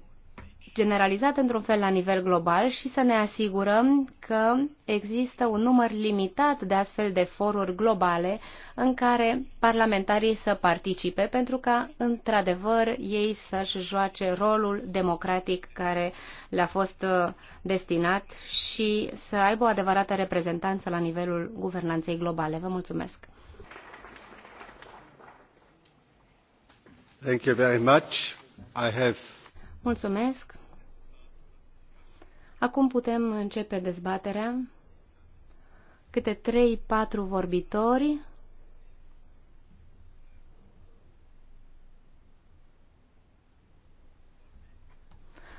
generalizat într-un fel la nivel global și să ne asigurăm că există un număr limitat de astfel de foruri globale în care parlamentarii să participe pentru ca, într-adevăr, ei să-și joace rolul democratic care le-a fost uh, destinat și să aibă o adevărată reprezentanță la nivelul guvernanței globale. Vă mulțumesc! Thank you very much. I have Mulțumesc. Acum putem începe dezbaterea. Câte 3-4 vorbitori.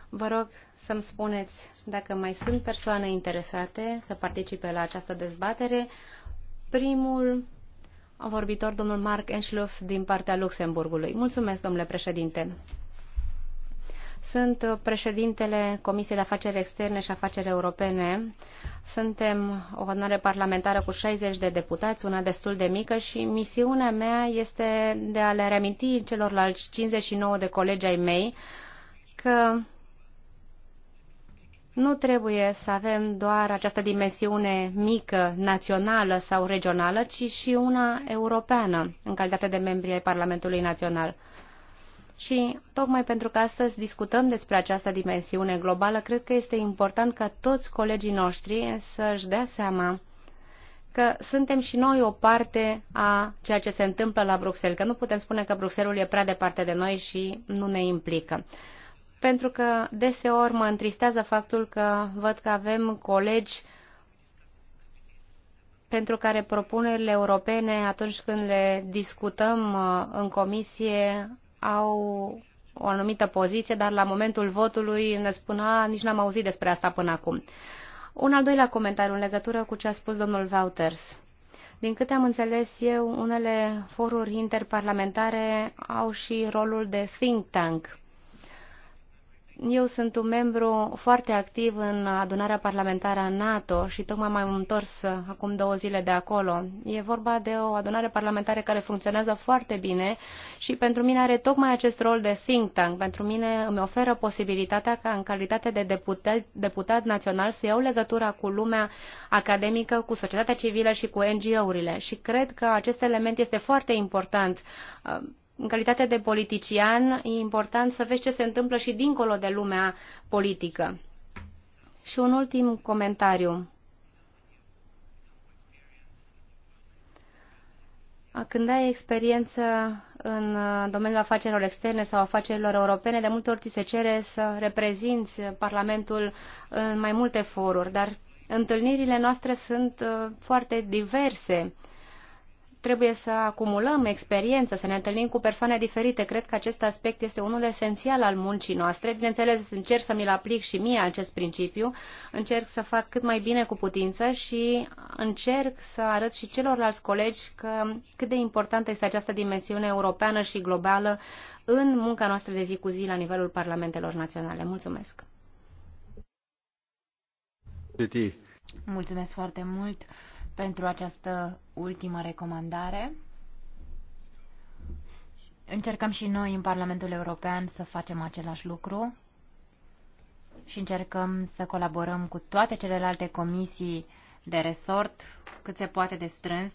Vă rog să-mi spuneți dacă mai sunt persoane interesate să participe la această dezbatere. Primul vorbitor, domnul Mark Enschluff, din partea Luxemburgului. Mulțumesc, domnule președinte. Sunt uh, președintele Comisiei de Afaceri Externe și Afaceri Europene. Suntem o adunare parlamentară cu 60 de deputați, una destul de mică și misiunea mea este de a le reaminti celorlalți 59 de colegi ai mei că nu trebuie să avem doar această dimensiune mică, națională sau regională, ci și una europeană, în calitate de membri ai Parlamentului Național. Și tocmai pentru că astăzi discutăm despre această dimensiune globală, cred că este important ca toți colegii noștri să-și dea seama că suntem și noi o parte a ceea ce se întâmplă la Bruxelles, că nu putem spune că Bruxelles e prea departe de noi și nu ne implică. Pentru că deseori mă întristează faptul că văd că avem colegi pentru care propunerile europene, atunci când le discutăm uh, în comisie, au o anumită poziție, dar la momentul votului ne spunea nici n-am auzit despre asta până acum. Un al doilea comentariu în legătură cu ce a spus domnul Wouters. Din câte am înțeles eu, unele foruri interparlamentare au și rolul de think tank. Eu sunt un membru foarte activ în adunarea parlamentară a NATO și tocmai m-am întors acum două zile de acolo. E vorba de o adunare parlamentară care funcționează foarte bine și pentru mine are tocmai acest rol de think tank. Pentru mine îmi oferă posibilitatea ca în calitate de deputat, deputat național să iau legătura cu lumea academică, cu societatea civilă și cu NGO-urile. Și cred că acest element este foarte important în calitate de politician, e important să vezi ce se întâmplă și dincolo de lumea politică. Și un ultim comentariu. Când ai experiență în domeniul afacerilor externe sau afacerilor europene, de multe ori ți se cere să reprezinți Parlamentul în mai multe foruri, dar întâlnirile noastre sunt uh, foarte diverse trebuie să acumulăm experiență, să ne întâlnim cu persoane diferite. Cred că acest aspect este unul esențial al muncii noastre. Bineînțeles, încerc să mi-l aplic și mie acest principiu, încerc să fac cât mai bine cu putință și încerc să arăt și celorlalți colegi că cât de importantă este această dimensiune europeană și globală în munca noastră de zi cu zi la nivelul parlamentelor naționale. Mulțumesc! Mulțumesc foarte mult! pentru această ultimă recomandare. Încercăm și noi în Parlamentul European să facem același lucru și încercăm să colaborăm cu toate celelalte comisii de resort cât se poate de strâns.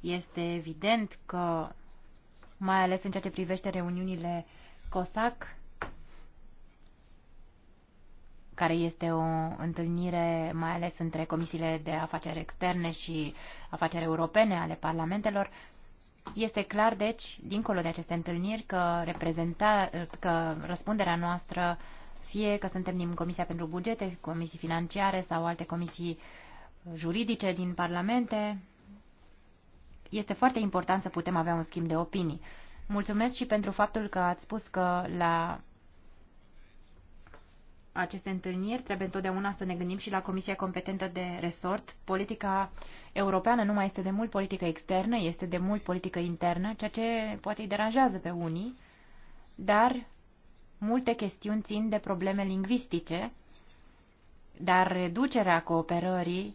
Este evident că, mai ales în ceea ce privește reuniunile COSAC, care este o întâlnire mai ales între comisiile de afaceri externe și afaceri europene ale parlamentelor. Este clar, deci, dincolo de aceste întâlniri, că, reprezenta, că răspunderea noastră, fie că suntem din Comisia pentru Bugete, Comisii Financiare sau alte comisii juridice din parlamente, este foarte important să putem avea un schimb de opinii. Mulțumesc și pentru faptul că ați spus că la aceste întâlniri, trebuie întotdeauna să ne gândim și la Comisia Competentă de Resort. Politica europeană nu mai este de mult politică externă, este de mult politică internă, ceea ce poate îi deranjează pe unii, dar multe chestiuni țin de probleme lingvistice, dar reducerea cooperării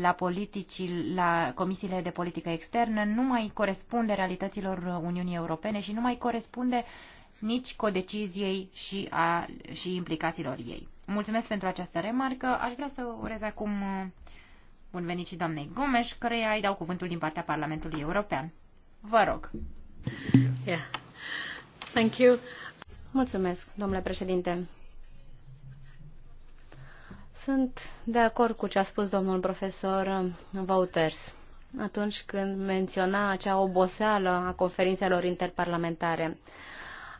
la, politici, la comisiile de politică externă nu mai corespunde realităților Uniunii Europene și nu mai corespunde uh, nici codeciziei și, a, și implicațiilor ei. Mulțumesc pentru această remarcă. Aș vrea să urez acum uh, bun venit și doamnei Gomes, care îi dau cuvântul din partea Parlamentului European. Vă rog. Yeah. Thank you. Mulțumesc, domnule președinte. Sunt de acord cu ce a spus domnul profesor Wouters atunci când menționa acea oboseală a conferințelor interparlamentare. Uh,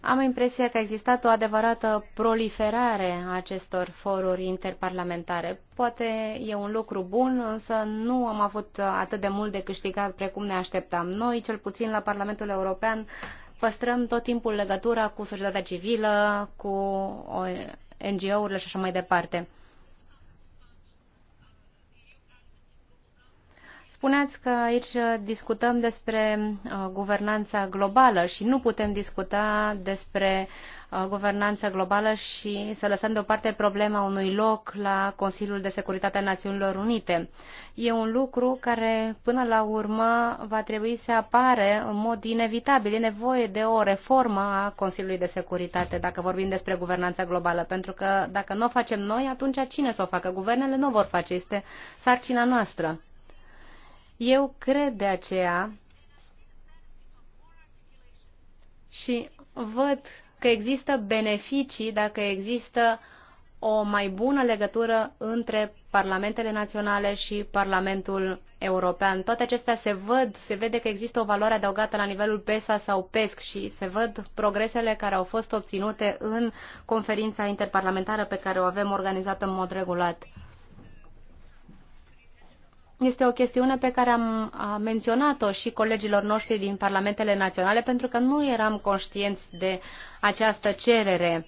am impresia că a existat o adevărată proliferare a acestor foruri interparlamentare. Poate e un lucru bun, însă nu am avut atât de mult de câștigat precum ne așteptam. Noi, cel puțin la Parlamentul European, păstrăm tot timpul legătura cu societatea civilă, cu NGO-urile și așa mai departe. Spuneați că aici discutăm despre uh, guvernanța globală și nu putem discuta despre uh, guvernanța globală și să lăsăm deoparte problema unui loc la Consiliul de Securitate a Națiunilor Unite. E un lucru care, până la urmă, va trebui să apare în mod inevitabil. E nevoie de o reformă a Consiliului de Securitate, dacă vorbim despre guvernanța globală, pentru că dacă nu o facem noi, atunci cine să o facă? Guvernele nu o vor face, este sarcina noastră. Eu cred de aceea și văd că există beneficii dacă există o mai bună legătură între parlamentele naționale și Parlamentul European. Toate acestea se văd, se vede că există o valoare adăugată la nivelul PESA sau PESC și se văd progresele care au fost obținute în conferința interparlamentară pe care o avem organizată în mod regulat este o chestiune pe care am menționat-o și colegilor noștri din parlamentele naționale, pentru că nu eram conștienți de această cerere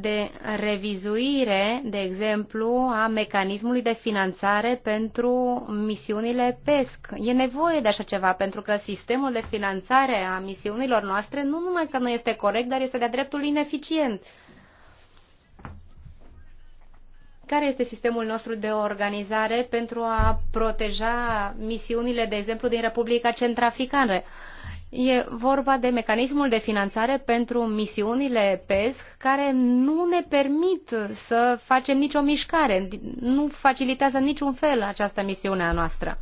de revizuire, de exemplu, a mecanismului de finanțare pentru misiunile PESC. E nevoie de așa ceva, pentru că sistemul de finanțare a misiunilor noastre nu numai că nu este corect, dar este de-a dreptul ineficient care este sistemul nostru de organizare pentru a proteja misiunile, de exemplu, din Republica Centrafricană. E vorba de mecanismul de finanțare pentru misiunile PESC care nu ne permit să facem nicio mișcare, nu facilitează niciun fel această misiune a noastră.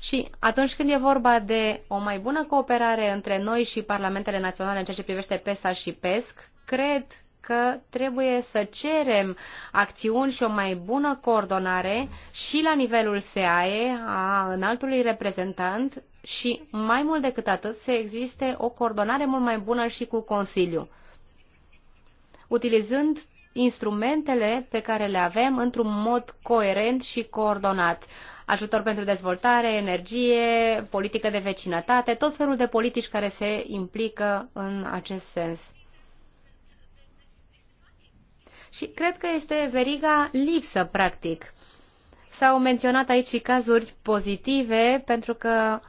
Și atunci când e vorba de o mai bună cooperare între noi și parlamentele naționale în ceea ce privește PESA și PESC, cred că trebuie să cerem acțiuni și o mai bună coordonare și la nivelul SEAE, a înaltului reprezentant, și mai mult decât atât să existe o coordonare mult mai bună și cu Consiliu, utilizând instrumentele pe care le avem într-un mod coerent și coordonat. Ajutor pentru dezvoltare, energie, politică de vecinătate, tot felul de politici care se implică în acest sens. Și cred că este veriga lipsă, practic. S-au menționat aici și cazuri pozitive, pentru că,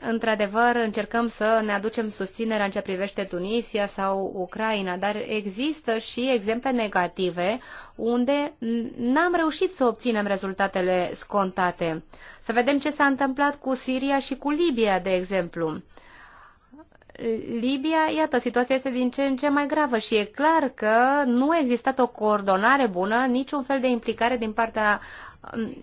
într-adevăr, încercăm să ne aducem susținerea în ce privește Tunisia sau Ucraina, dar există și exemple negative unde n-am reușit să obținem rezultatele scontate. Să vedem ce s-a întâmplat cu Siria și cu Libia, de exemplu. Libia, iată, situația este din ce în ce mai gravă și e clar că nu a existat o coordonare bună, niciun fel de implicare din partea mm,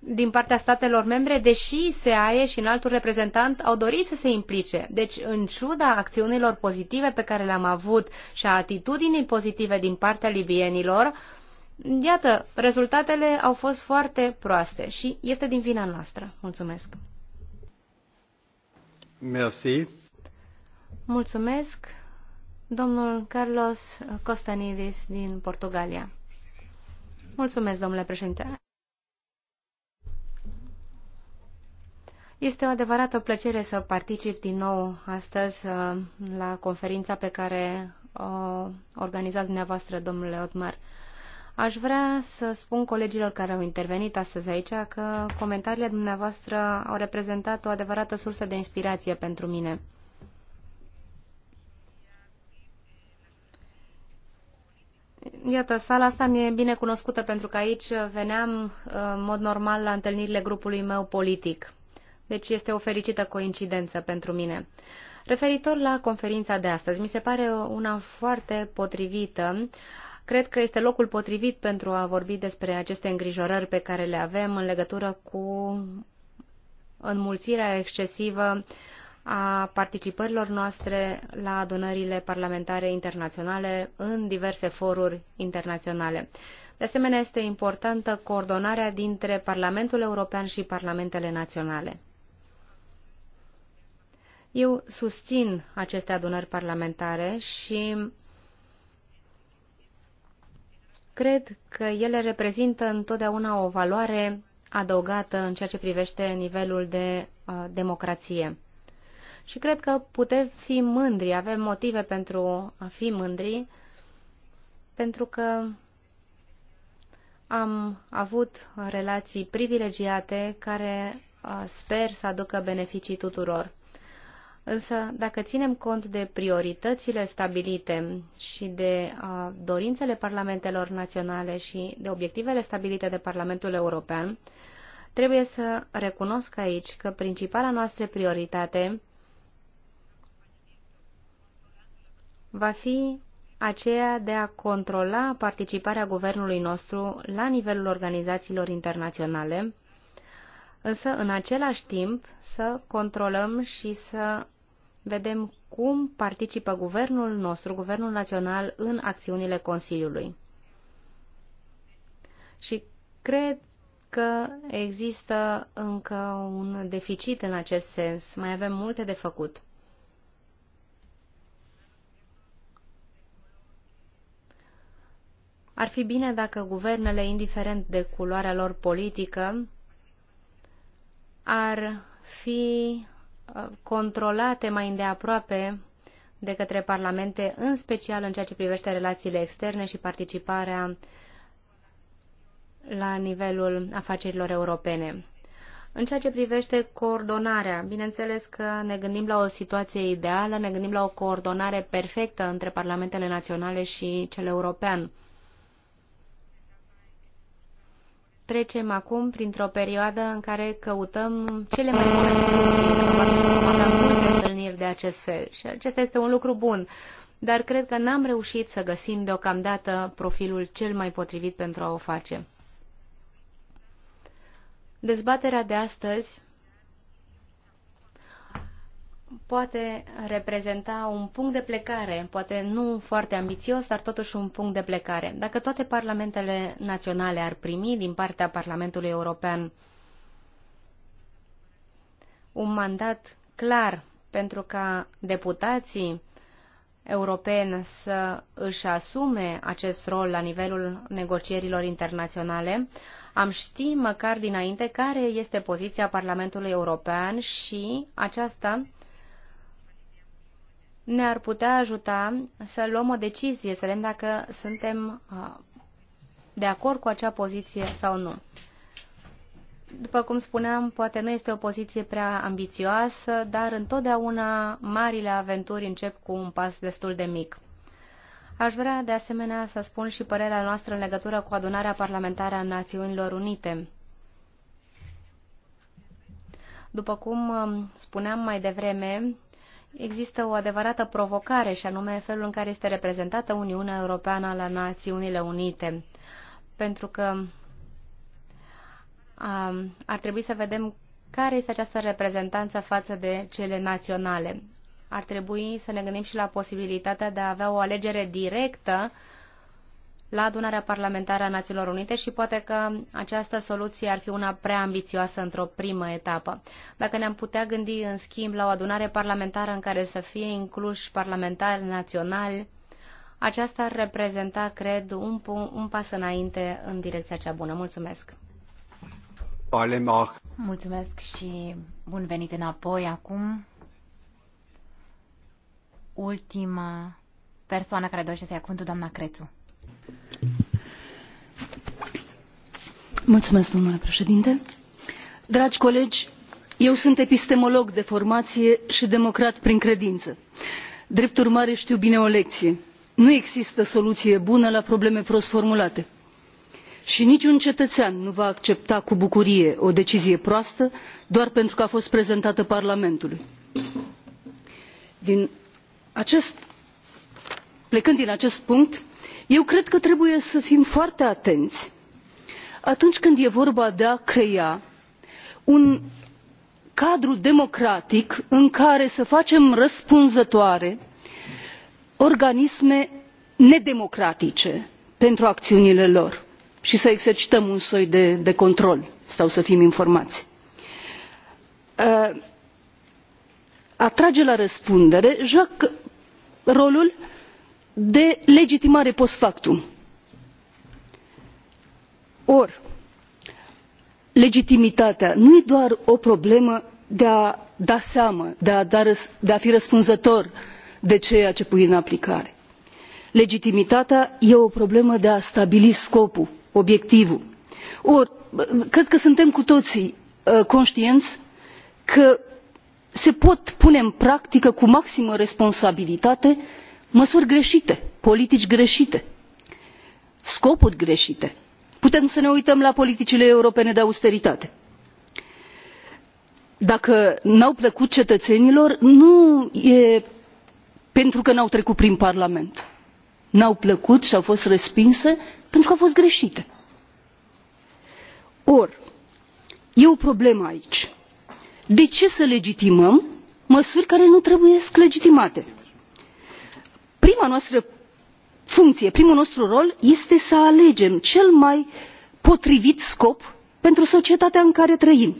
din partea statelor membre, deși SEAE și în altul reprezentant au dorit să se implice. Deci, în ciuda acțiunilor pozitive pe care le-am avut și a atitudinii pozitive din partea libienilor, iată, rezultatele au fost foarte proaste și este din vina noastră. Mulțumesc! Mersi! Mulțumesc, domnul Carlos Costanidis din Portugalia. Mulțumesc, domnule președinte. Este o adevărată plăcere să particip din nou astăzi uh, la conferința pe care o organizați dumneavoastră, domnule Otmar. Aș vrea să spun colegilor care au intervenit astăzi aici că comentariile dumneavoastră au reprezentat o adevărată sursă de inspirație pentru mine. Iată, sala asta mi-e bine cunoscută pentru că aici veneam uh, în mod normal la întâlnirile grupului meu politic. Deci este o fericită coincidență pentru mine. Referitor la conferința de astăzi, mi se pare una foarte potrivită. Cred că este locul potrivit pentru a vorbi despre aceste îngrijorări pe care le avem în legătură cu înmulțirea excesivă uh, a participărilor noastre la adunările parlamentare internaționale în diverse foruri internaționale. De asemenea, este importantă coordonarea dintre Parlamentul European și Parlamentele naționale. Eu susțin aceste adunări parlamentare și cred că ele reprezintă întotdeauna o valoare adăugată în ceea ce privește nivelul de uh, democrație. Și cred că putem fi mândri, avem motive pentru a fi mândri, pentru că am avut relații privilegiate care sper să aducă beneficii tuturor. Însă, dacă ținem cont de prioritățile stabilite și de a, dorințele parlamentelor naționale și de obiectivele stabilite de Parlamentul European, trebuie să recunosc aici că principala noastră prioritate va fi aceea de a controla participarea guvernului nostru la nivelul organizațiilor internaționale, însă în același timp să controlăm și să vedem cum participă guvernul nostru, guvernul național, în acțiunile Consiliului. Și cred că există încă un deficit în acest sens. Mai avem multe de făcut. Ar fi bine dacă guvernele, indiferent de culoarea lor politică, ar fi uh, controlate mai îndeaproape de către parlamente, în special în ceea ce privește relațiile externe și participarea la nivelul afacerilor europene. În ceea ce privește coordonarea, bineînțeles că ne gândim la o situație ideală, ne gândim la o coordonare perfectă între parlamentele naționale și cel european. trecem acum printr-o perioadă în care căutăm cele mai bune soluții. a avea multe întâlniri de acest fel și acesta este un lucru bun. Dar cred că n-am reușit să găsim deocamdată profilul cel mai potrivit pentru a o face. Dezbaterea de astăzi poate reprezenta un punct de plecare, poate nu foarte ambițios, dar totuși un punct de plecare. Dacă toate parlamentele naționale ar primi din partea Parlamentului European un mandat clar pentru ca deputații europeni să își asume acest rol la nivelul negocierilor internaționale, am ști măcar dinainte care este poziția Parlamentului European și aceasta ne-ar putea ajuta să luăm o decizie, să vedem dacă suntem uh, de acord cu acea poziție sau nu. După cum spuneam, poate nu este o poziție prea ambițioasă, dar întotdeauna marile aventuri încep cu un pas destul de mic. Aș vrea de asemenea să spun și părerea noastră în legătură cu adunarea parlamentară a Națiunilor Unite. După cum um, spuneam mai devreme, există o adevărată provocare și anume felul în care este reprezentată Uniunea Europeană la Națiunile Unite. Pentru că ar trebui să vedem care este această reprezentanță față de cele naționale. Ar trebui să ne gândim și la posibilitatea de a avea o alegere directă uh, la adunarea parlamentară a Națiunilor Unite și poate că această soluție ar fi una prea ambițioasă într-o primă etapă. Dacă ne-am putea gândi, în schimb, la o adunare parlamentară în care să fie incluși parlamentari naționali, aceasta ar reprezenta, cred, un, un pas înainte în direcția cea bună. Mulțumesc! Mulțumesc și bun venit înapoi acum. Ultima persoană care dorește să ia cuvântul, doamna Crețu domnule președinte. Dragi colegi, eu sunt epistemolog de formație și democrat prin credință. Drept urmare știu bine o lecție. Nu există soluție bună la probleme prost formulate. Și niciun cetățean nu va accepta cu bucurie o decizie proastă doar pentru că a fost prezentată Parlamentului. Din acest, plecând din acest punct, eu cred că trebuie să fim foarte atenți atunci când e vorba de a crea un cadru democratic în care să facem răspunzătoare organisme nedemocratice pentru acțiunile lor și să exercităm un soi de, de control sau să fim informați. a trage la răspundere joacă rolul de legitimare post factum. Or, legitimitatea nu e doar o problemă de a da seama de a, da, de a fi răspunzător de ceea ce pui în aplicare. legitimitatea e o problemă de a stabili scopul obiectivul. Or, cred că suntem cu toții uh, conștienți că se pot pune în practică cu maximă responsabilitate măsuri greșite politici greșite scopuri greșite. putem să ne uităm la politicile europene de austeritate dacă nu au plăcut cetățenilor nu e pentru că nu au trecut prin parlament nu au plăcut și au fost respinse pentru că au fost greșite. Or, e o problemă aici de ce să legitimăm măsuri care nu trebuie legitimate? prima noastră funcție primul nostru rol este să alegem cel mai potrivit scop pentru societatea în care trăim.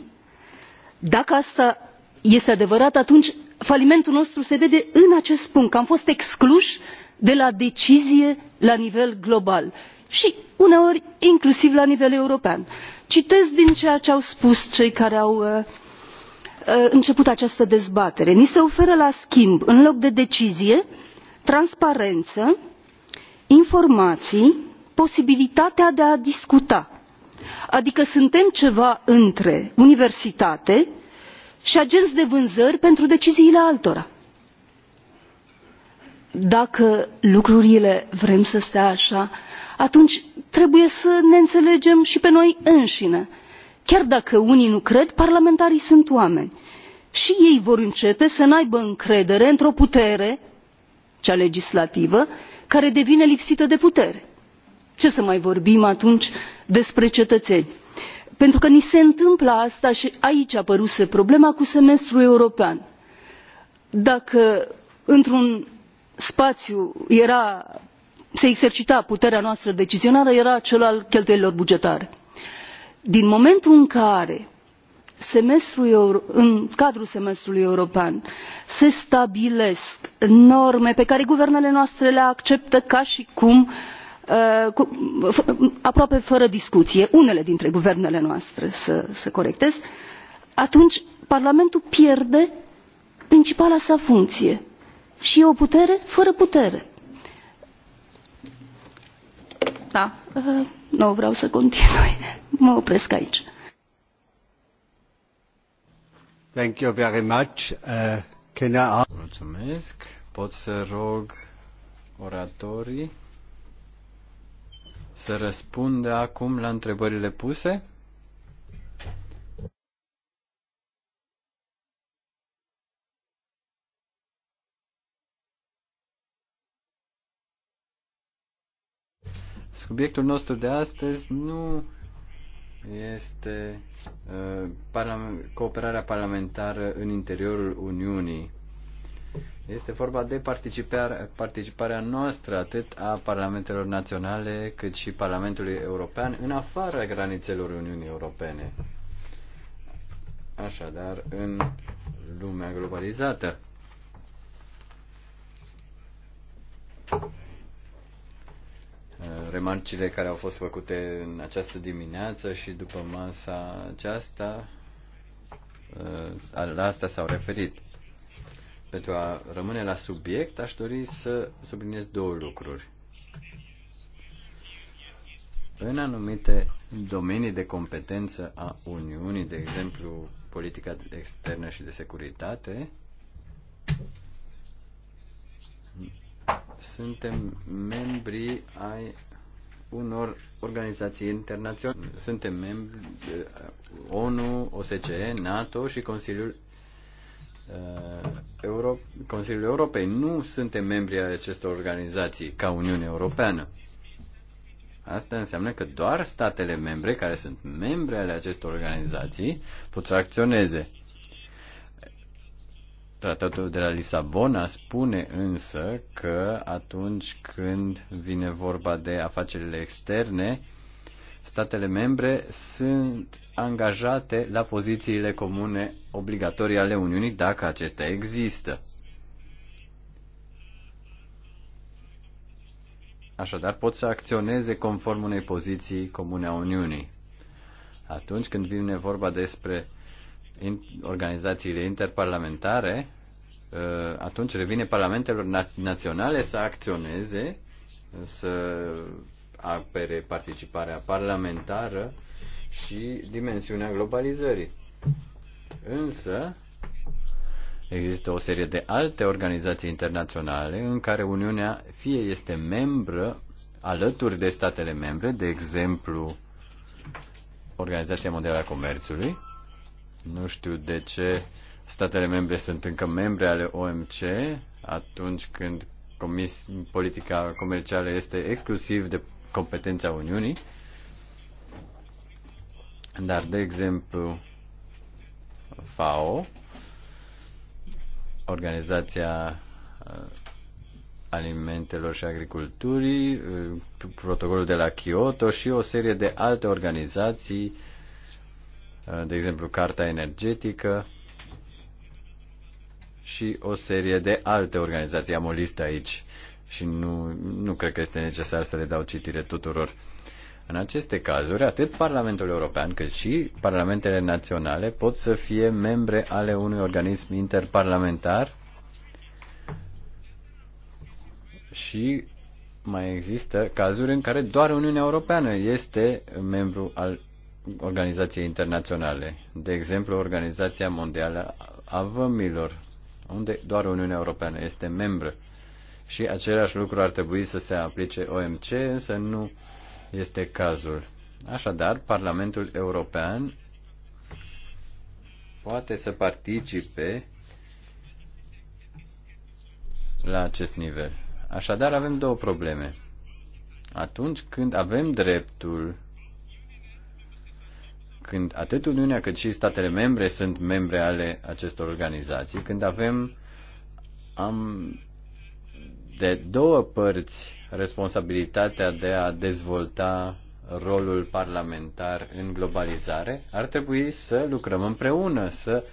dacă asta este adevărat atunci falimentul nostru se vede în acest punct că am fost excluși de la decizie la nivel global și uneori inclusiv la nivel european. citez din ceea ce au spus cei care au uh, uh, început această dezbatere ni se oferă la schimb în loc de decizie transparență informații posibilitatea de a discuta adică suntem ceva între universitate și agenți de vânzări pentru deciziile altora. dacă lucrurile vrem să stea așa atunci trebuie să ne înțelegem și pe noi înșine. chiar dacă unii nu cred parlamentarii sunt oameni și ei vor începe să n aibă încredere într o putere cea legislativă care devine lipsită de putere. ce să mai vorbim atunci despre cetățeni? pentru că ni se întâmplă asta și aici apăruse problema cu semestrul european. dacă într un spațiu era se exercita puterea noastră decizională era cel al cheltuielilor bugetare. din momentul în care în cadrul semestrului european se stabilesc norme pe care guvernele noastre le acceptă ca și cum uh, aproape fără discuție unele dintre guvernele noastre să corectez atunci parlamentul pierde principala sa funcție și e o putere fără putere. Da, uh, nu vreau să continui. <laughs> Mă opresc aici. Thank you very much. Uh, can I... Mulțumesc. Pot să rog oratorii să răspundă acum la întrebările puse? Subiectul nostru de astăzi nu este uh, cooperarea parlamentară în interiorul Uniunii. Este vorba de participarea, participarea noastră atât a parlamentelor naționale cât și Parlamentului European în afara granițelor Uniunii Europene. Așadar, în lumea globalizată. Uh, remarcile care au fost făcute în această dimineață și după masa aceasta, uh, la asta s-au referit. Pentru a rămâne la subiect, aș dori să subliniez două lucruri. În anumite domenii de competență a Uniunii, de exemplu politica externă și de securitate, suntem membri ai unor organizații internaționale. Suntem membri uh, ONU, OSCE, NATO și Consiliul uh, Euro- Consiliul Europei. Nu suntem membri ai acestor organizații ca Uniunea Europeană. Asta înseamnă că doar statele membre care sunt membre ale acestor organizații pot să acționeze. Tratatul de la Lisabona spune însă că atunci când vine vorba de afacerile externe, statele membre sunt angajate la pozițiile comune obligatorii ale Uniunii dacă acestea există. Așadar pot să acționeze conform unei poziții comune a Uniunii. Atunci când vine vorba despre organizațiile interparlamentare, uh, atunci revine parlamentelor naționale să acționeze, să apere participarea parlamentară și dimensiunea globalizării. Însă, există o serie de alte organizații internaționale în care Uniunea fie este membră alături de statele membre, de exemplu Organizația Mondială a Comerțului, nu știu de ce statele membre sunt încă membre ale OMC atunci când comis, politica comercială este exclusiv de competența Uniunii. Dar, de exemplu, FAO, Organizația uh, Alimentelor și Agriculturii, uh, protocolul de la Kyoto și o serie de alte organizații Eh, de exemplu Carta Energetică și o serie de alte organizații. Am o listă aici și nu, nu cred că este necesar să le dau citire tuturor. În aceste cazuri, atât Parlamentul European cât și Parlamentele naționale pot să fie membre ale unui organism interparlamentar și mai există cazuri în care doar Uniunea Europeană este membru al Organizații internaționale, de exemplu Organizația Mondială a Vămilor, unde doar Uniunea Europeană este membră. Și același lucru ar trebui să se aplice OMC, însă nu este cazul. Așadar, Parlamentul European poate să participe la acest nivel. Așadar, avem două probleme. Atunci când avem dreptul când atât Uniunea cât și statele membre sunt membre ale acestor organizații, când avem am de două părți responsabilitatea de a dezvolta rolul parlamentar în globalizare, ar trebui să lucrăm împreună, să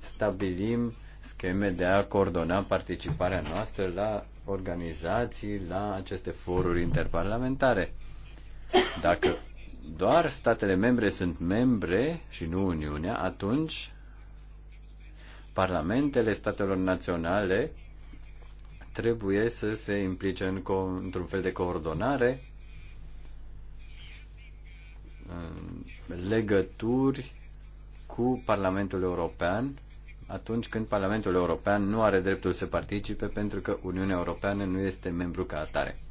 stabilim scheme de a coordona participarea noastră la organizații, la aceste foruri interparlamentare. Dacă doar statele membre sunt membre și nu Uniunea, atunci parlamentele statelor naționale trebuie să se implice în într-un fel de coordonare, legături cu Parlamentul European atunci când Parlamentul European nu are dreptul să participe pentru că Uniunea Europeană nu este membru ca atare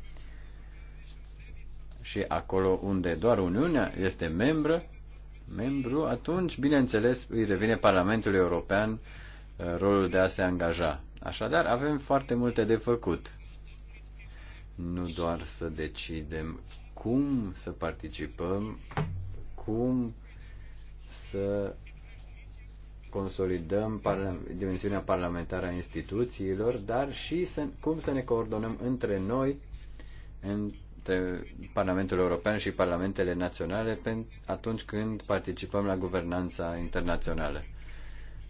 și acolo unde doar Uniunea este membră, membru, atunci, bineînțeles, îi revine Parlamentul European uh, rolul de a se angaja. Așadar, avem foarte multe de făcut. Nu doar să decidem cum să participăm, cum să consolidăm parla- dimensiunea parlamentară a instituțiilor, dar și să, cum să ne coordonăm între noi în Parlamentul European și Parlamentele Naționale atunci când participăm la guvernanța internațională.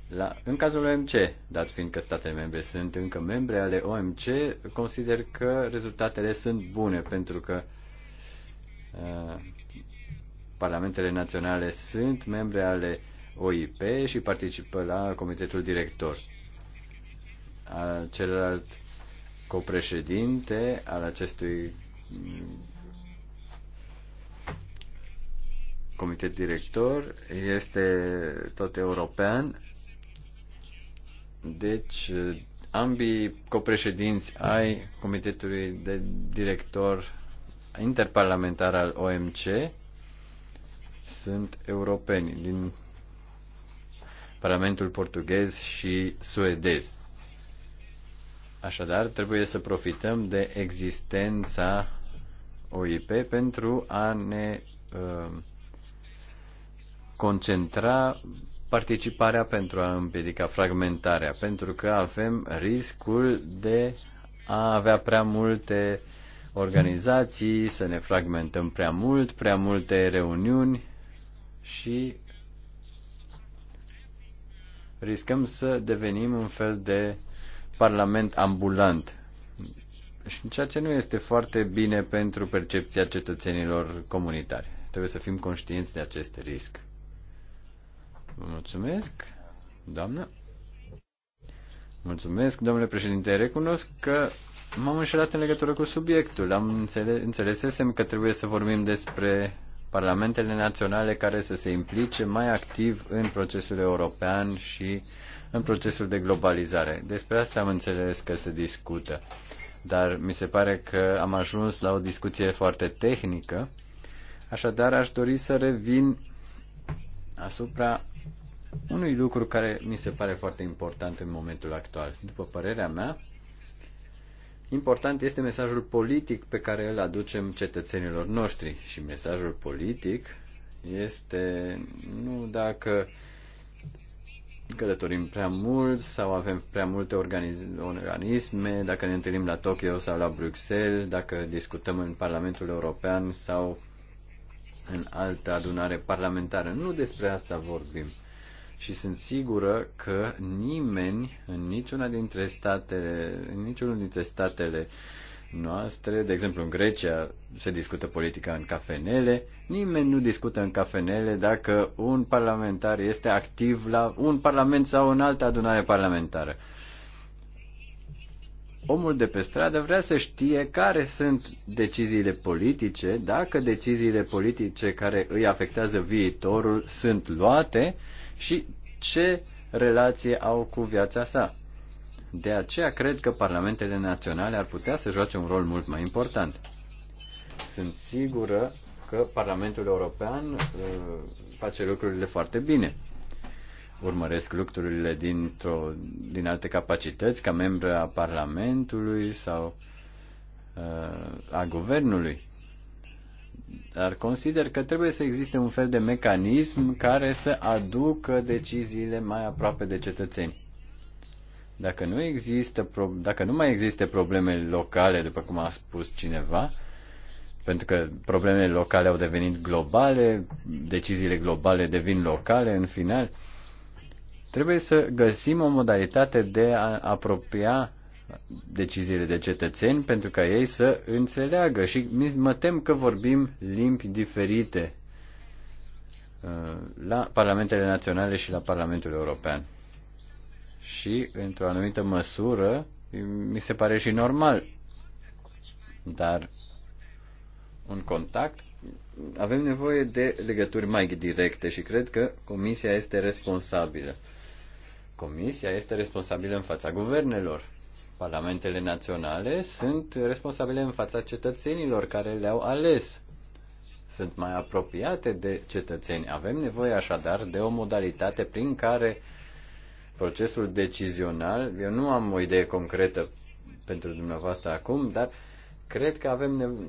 La, în cazul OMC, dat fiind că statele membre sunt încă membre ale OMC, consider că rezultatele sunt bune pentru că uh, parlamentele naționale sunt membre ale OIP și participă la comitetul director. A, celălalt copreședinte al acestui comitet director este tot european. Deci, ambii copreședinți ai comitetului de director interparlamentar al OMC sunt europeni din Parlamentul portughez și suedez. Așadar, trebuie să profităm de existența OIP pentru a ne uh, concentra participarea pentru a împiedica fragmentarea, pentru că avem riscul de a avea prea multe organizații, să ne fragmentăm prea mult, prea multe reuniuni și riscăm să devenim un fel de parlament ambulant. Și ceea ce nu este foarte bine pentru percepția cetățenilor comunitari. Trebuie să fim conștienți de acest risc. Vă mulțumesc, doamnă. Mulțumesc, domnule președinte. Recunosc că m-am înșelat în legătură cu subiectul. Am înțeles, înțelesesem că trebuie să vorbim despre parlamentele naționale care să se implice mai activ în procesul european și în procesul de globalizare. Despre asta am înțeles că se discută, dar mi se pare că am ajuns la o discuție foarte tehnică, așadar aș dori să revin asupra unui lucru care mi se pare foarte important în momentul actual. După părerea mea, important este mesajul politic pe care îl aducem cetățenilor noștri. Și mesajul politic este nu dacă călătorim prea mult sau avem prea multe organisme, dacă ne întâlnim la Tokyo sau la Bruxelles, dacă discutăm în Parlamentul European sau în altă adunare parlamentară. Nu despre asta vorbim. Și sunt sigură că nimeni în niciuna dintre statele, în niciunul dintre statele uh, noastre, de exemplu în Grecia se discută politica în cafenele, nimeni nu discută în cafenele dacă un parlamentar este activ la un parlament sau în altă adunare parlamentară. Omul de pe stradă vrea să știe care sunt deciziile politice, dacă deciziile politice care îi afectează viitorul sunt luate și ce relație au cu viața sa. De aceea cred că parlamentele naționale ar putea să joace un rol mult mai important. Sunt sigură că Parlamentul European uh, face lucrurile foarte bine. Urmăresc lucrurile dintr-o, din alte capacități, ca membru a Parlamentului sau uh, a Guvernului. Dar consider că trebuie să existe un fel de mecanism care să aducă deciziile mai aproape de cetățeni. Dacă nu, există, dacă nu mai există probleme locale, după cum a spus cineva, pentru că problemele locale au devenit globale, deciziile globale devin locale în final, trebuie să găsim o modalitate de a apropia deciziile de cetățeni pentru ca ei să înțeleagă și mă tem că vorbim limbi diferite uh, la parlamentele naționale și la Parlamentul European și, într-o anumită măsură, mi se pare și normal. Dar un contact, avem nevoie de legături mai directe și cred că Comisia este responsabilă. Comisia este responsabilă în fața guvernelor. Parlamentele naționale sunt responsabile în fața cetățenilor care le-au ales. Sunt mai apropiate de cetățeni. Avem nevoie așadar de o modalitate prin care uh, procesul decizional. Eu nu am o idee concretă pentru dumneavoastră acum, dar cred că avem nevoie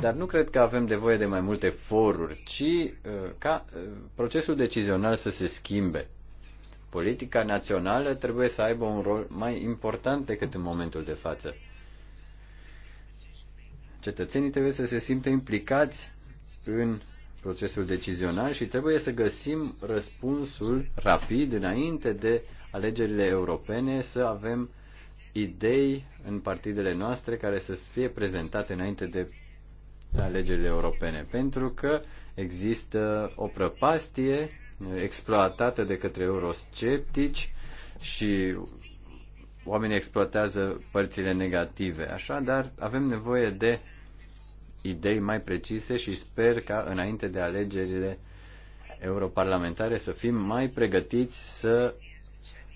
dar nu cred că avem nevoie de mai multe foruri, ci uh, ca uh, procesul decizional să se schimbe. Politica națională trebuie să aibă un rol mai important decât în momentul de față. Cetățenii trebuie să se simtă implicați în procesul decizional și trebuie să găsim răspunsul rapid înainte de alegerile europene, să avem idei în partidele noastre care să fie prezentate înainte de alegerile europene, pentru că există o prăpastie exploatată de către eurosceptici și oamenii exploatează părțile negative. Așadar, avem nevoie de idei mai precise și sper ca înainte de alegerile europarlamentare să fim mai pregătiți să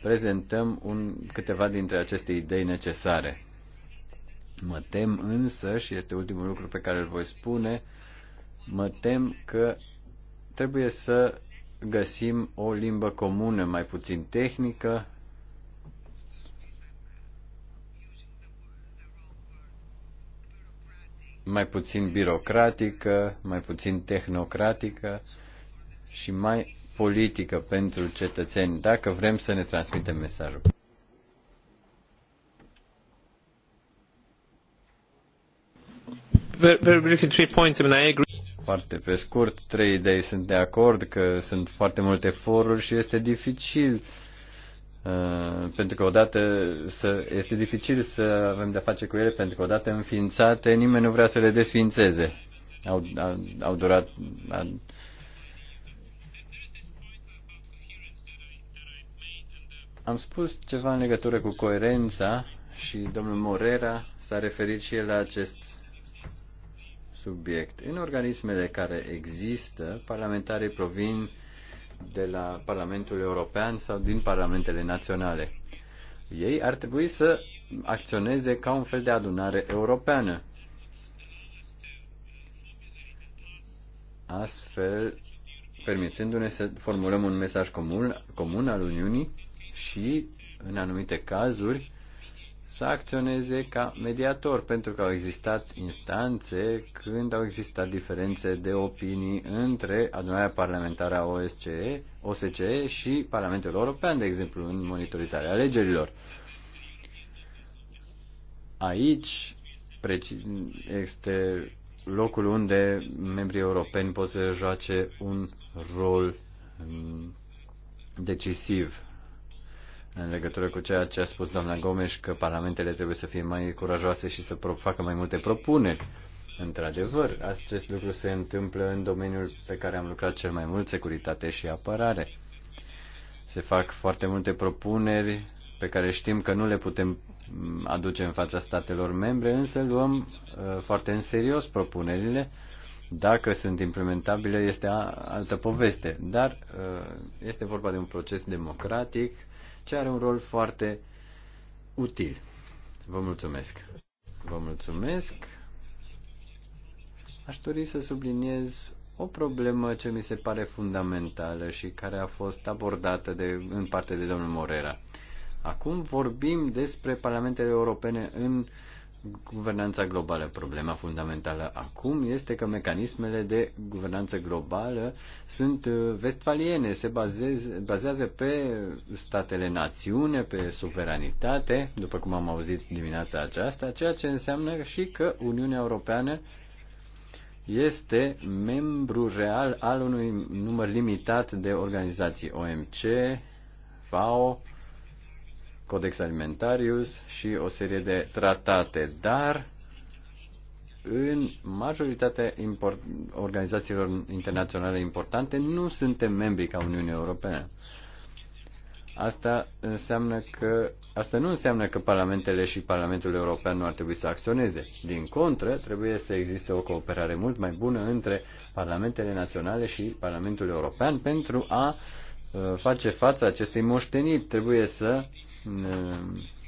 prezentăm un, câteva dintre aceste idei necesare. Mă tem însă, și este ultimul lucru pe care îl voi spune, mă tem că trebuie să găsim o limbă comună mai puțin tehnică, mai puțin birocratică, mai puțin tehnocratică și mai politică pentru cetățeni, dacă vrem să ne transmitem mesajul. Foarte pe scurt, trei idei. Sunt de acord că sunt foarte multe foruri și este dificil uh, Uh, pentru că odată să, este dificil să avem de-a face cu ele, pentru că odată înființate, nimeni nu vrea să le desfințeze. Au, au, au durat... A, am spus ceva în legătură cu coerența și domnul Morera s-a referit și el la acest subiect. În organismele care există, parlamentarii provin de la Parlamentul European sau din Parlamentele Naționale. Ei ar trebui să acționeze ca un fel de adunare europeană. Astfel, permițându-ne să formulăm un mesaj comun, comun al Uniunii și, în anumite cazuri, să acționeze ca mediator, pentru că au existat instanțe când au existat diferențe de opinii între adunarea parlamentară a OSCE, OSCE și Parlamentul European, de exemplu, în monitorizarea alegerilor. Aici este locul unde membrii europeni pot să joace un rol mm, decisiv în legătură cu ceea ce a spus doamna Gomes, că parlamentele trebuie să fie mai curajoase și să facă mai multe propuneri. Într-adevăr, acest lucru se întâmplă în domeniul pe care am lucrat cel mai mult, securitate și apărare. Se fac foarte multe propuneri pe care știm că nu le putem mm, aduce în fața statelor membre, însă luăm uh, foarte în serios propunerile. Dacă sunt implementabile, este a, altă poveste, dar uh, este vorba de un proces democratic ce are un rol foarte util. Vă mulțumesc. Vă mulțumesc. Aș dori să subliniez o problemă ce mi se pare fundamentală și care a fost abordată de, în parte de domnul Morera. Acum vorbim despre parlamentele europene în guvernanța globală. Problema fundamentală acum este că mecanismele de guvernanță globală sunt uh, vestfaliene, se bazez, bazează pe statele națiune, pe suveranitate, după cum am auzit dimineața aceasta, ceea ce înseamnă și că Uniunea Europeană este membru real al unui număr limitat de organizații OMC, FAO, Codex Alimentarius și o serie de tratate, dar în majoritatea import, organizațiilor internaționale importante nu suntem membri ca Uniunea Europeană. Asta, înseamnă că, asta nu înseamnă că parlamentele și Parlamentul European nu ar trebui să acționeze. Din contră, trebuie să existe o cooperare mult mai bună între parlamentele naționale și Parlamentul European pentru a uh, face față acestei moșteniri. Trebuie să uh,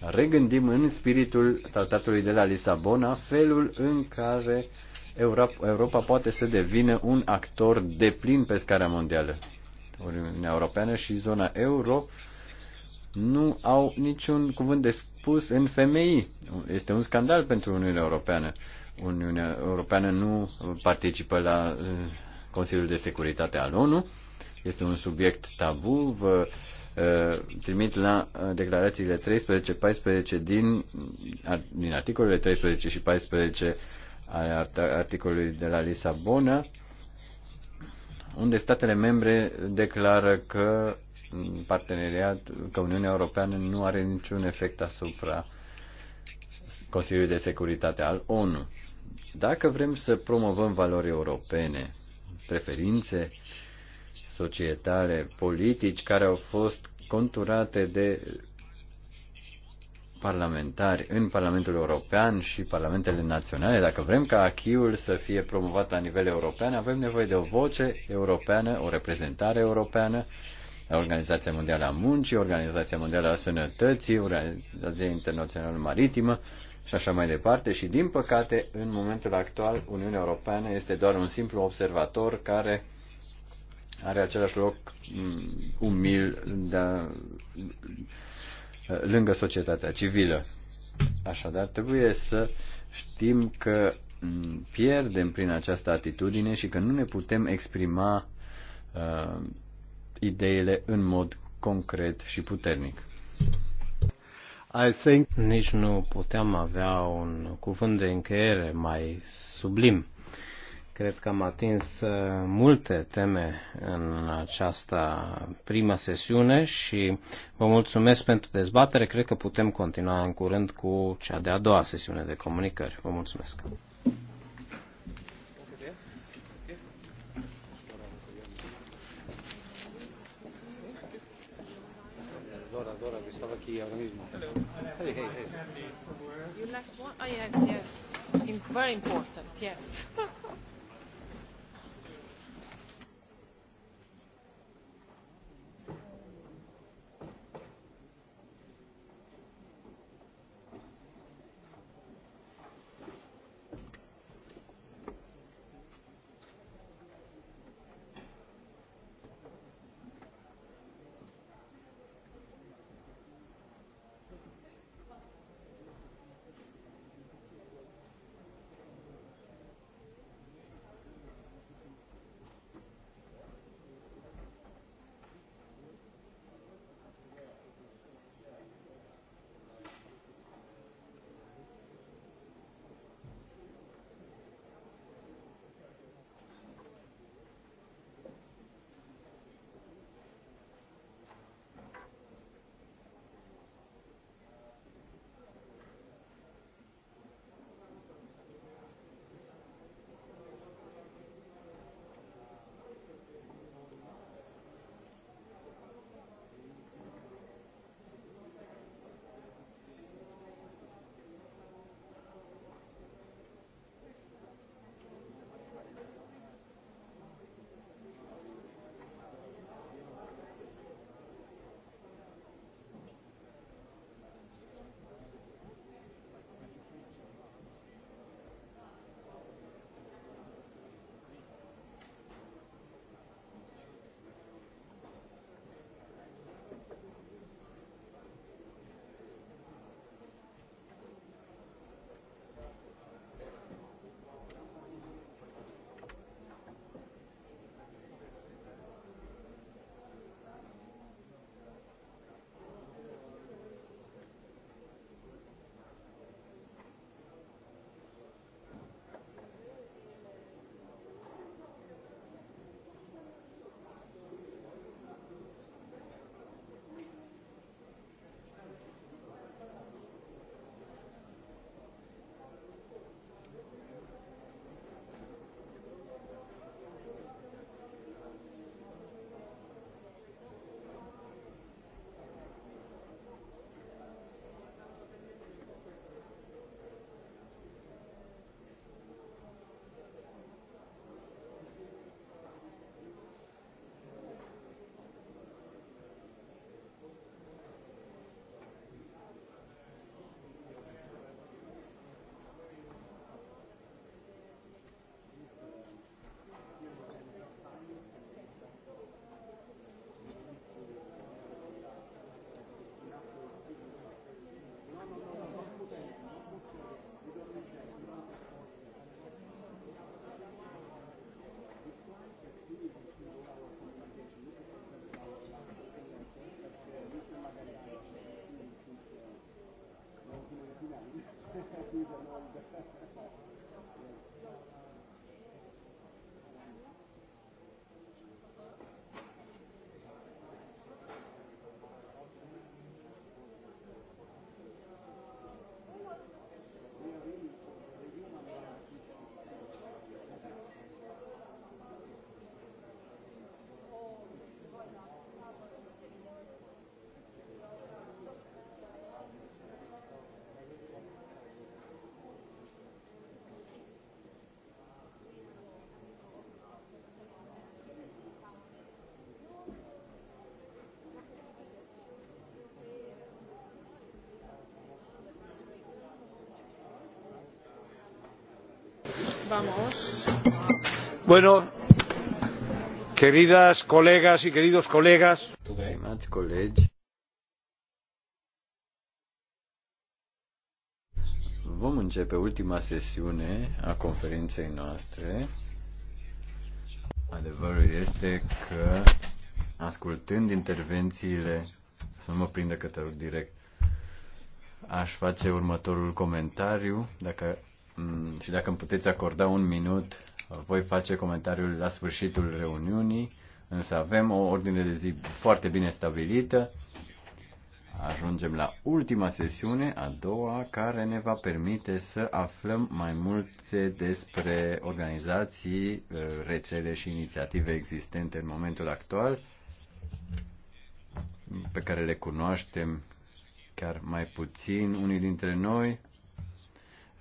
regândim în spiritul tratatului de la Lisabona felul în care Europa poate să devină un actor de plin pe scara mondială. Uniunea Europeană și zona euro nu au niciun cuvânt de spus în femei. Este un scandal pentru Uniunea Europeană. Uniunea Europeană nu participă la uh, Consiliul de Securitate al ONU. Este un subiect tabu. Vă uh, Uh, trimit la uh, declarațiile 13-14 din, din articolele 13 și 14 ale articolului de la Lisabona, unde statele membre declară că parteneriat, că Uniunea Europeană nu are niciun efect asupra Consiliului de Securitate al ONU. Dacă vrem să promovăm valori europene, preferințe societale, politici care au fost conturate de parlamentari în Parlamentul European și Parlamentele Naționale. Dacă vrem ca achiul să fie promovat la nivel european, avem nevoie de o voce europeană, o reprezentare europeană, Organizația Mondială a Muncii, Organizația Mondială a Sănătății, Organizația Internațională Maritimă și așa mai departe. Și, din păcate, în momentul actual, Uniunea Europeană este doar un simplu observator care are același loc mm, umil de a, lângă societatea civilă. Așadar, trebuie să știm că mm, pierdem prin această atitudine și că nu ne putem exprima uh, ideile în mod concret și puternic. I think... Nici nu puteam avea un cuvânt de încheiere mai sublim. Cred că am atins uh, multe teme în această prima sesiune și vă mulțumesc pentru dezbatere. Cred că putem continua în curând cu cea de-a doua sesiune de comunicări. Vă mulțumesc! Hey, hey, hey. You left one? Oh, yes, yes. In, very important, yes. <laughs> Bueno, queridas colegas y queridos colegas. vom începe ultima sesiune a conferinței noastre. Adevărul este că, ascultând intervențiile, să nu mă prindă către direct, aș face următorul comentariu, dacă Mm, și dacă îmi puteți acorda un minut, voi face comentariul la sfârșitul reuniunii, însă avem o ordine de zi foarte bine stabilită. Ajungem la ultima sesiune, a doua, care ne va permite să aflăm mai multe despre organizații, eh, rețele și inițiative existente în momentul actual, pe care le cunoaștem chiar mai puțin unii dintre noi,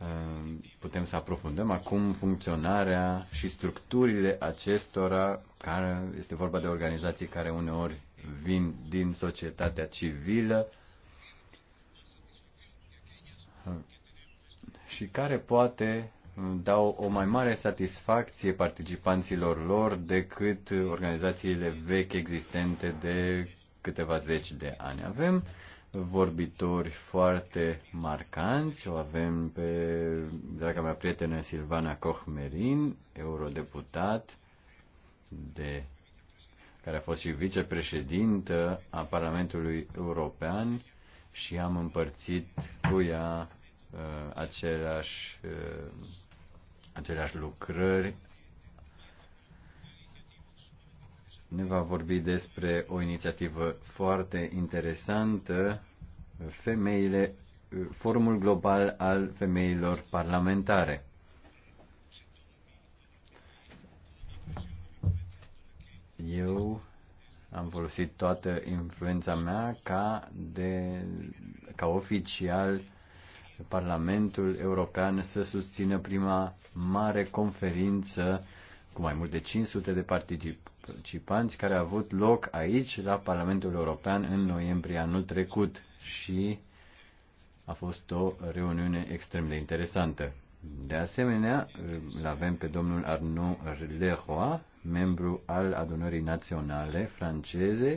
Eh, putem să aprofundăm acum funcționarea și structurile acestora, care este vorba de organizații care uneori vin din societatea civilă eh, și care poate eh, dau o mai mare satisfacție participanților lor decât organizațiile vechi existente de câteva zeci de ani. Avem vorbitori foarte marcanți. O avem pe draga mea prietenă Silvana Cohmerin, eurodeputat de care a fost și vicepreședintă a Parlamentului European și am împărțit cu ea uh, aceleași, uh, aceleași lucrări ne va vorbi despre o inițiativă foarte interesantă, femeile, Forumul Global al Femeilor Parlamentare. Eu am folosit toată influența mea ca, de, ca oficial Parlamentul European să susțină prima mare conferință cu mai mult de 500 de participanți participanți care a avut loc aici, la Parlamentul European, în noiembrie anul trecut și a fost o reuniune extrem de interesantă. De asemenea, îl avem pe domnul Arnaud Leroy, membru al adunării naționale franceze,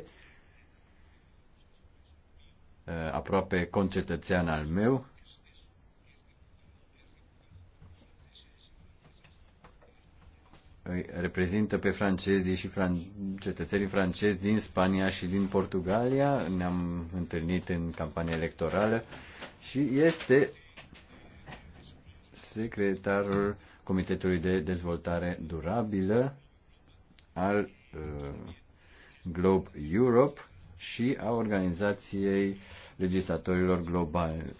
eh, aproape concetățean al meu, reprezintă pe francezii și fran- cetățenii francezi din Spania și din Portugalia. Ne-am întâlnit în campania electorală și este secretarul Comitetului de Dezvoltare Durabilă al uh, Globe Europe și a organizației legislatorilor globali,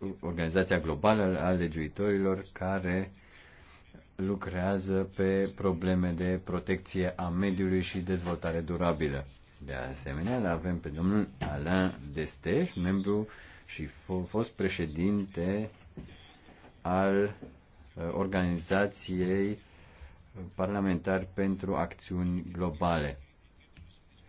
uh, organizația globală a legiuitorilor care uh, lucrează pe probleme de protecție a mediului și dezvoltare durabilă. De asemenea, avem pe domnul Alain Desteș, membru și fost președinte al uh, organizației parlamentari pentru acțiuni globale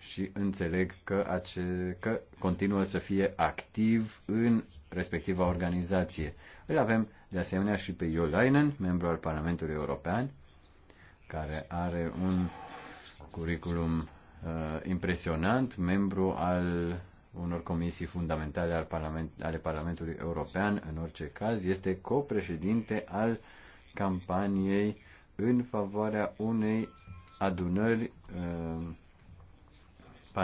și înțeleg că, ace, că continuă să fie activ în respectiva organizație. Îl avem de asemenea și pe Iolainen, membru al Parlamentului European, care are un curriculum uh, impresionant, membru al unor comisii fundamentale al Parlament, ale Parlamentului European, în orice caz, este copreședinte al campaniei în favoarea unei adunări uh,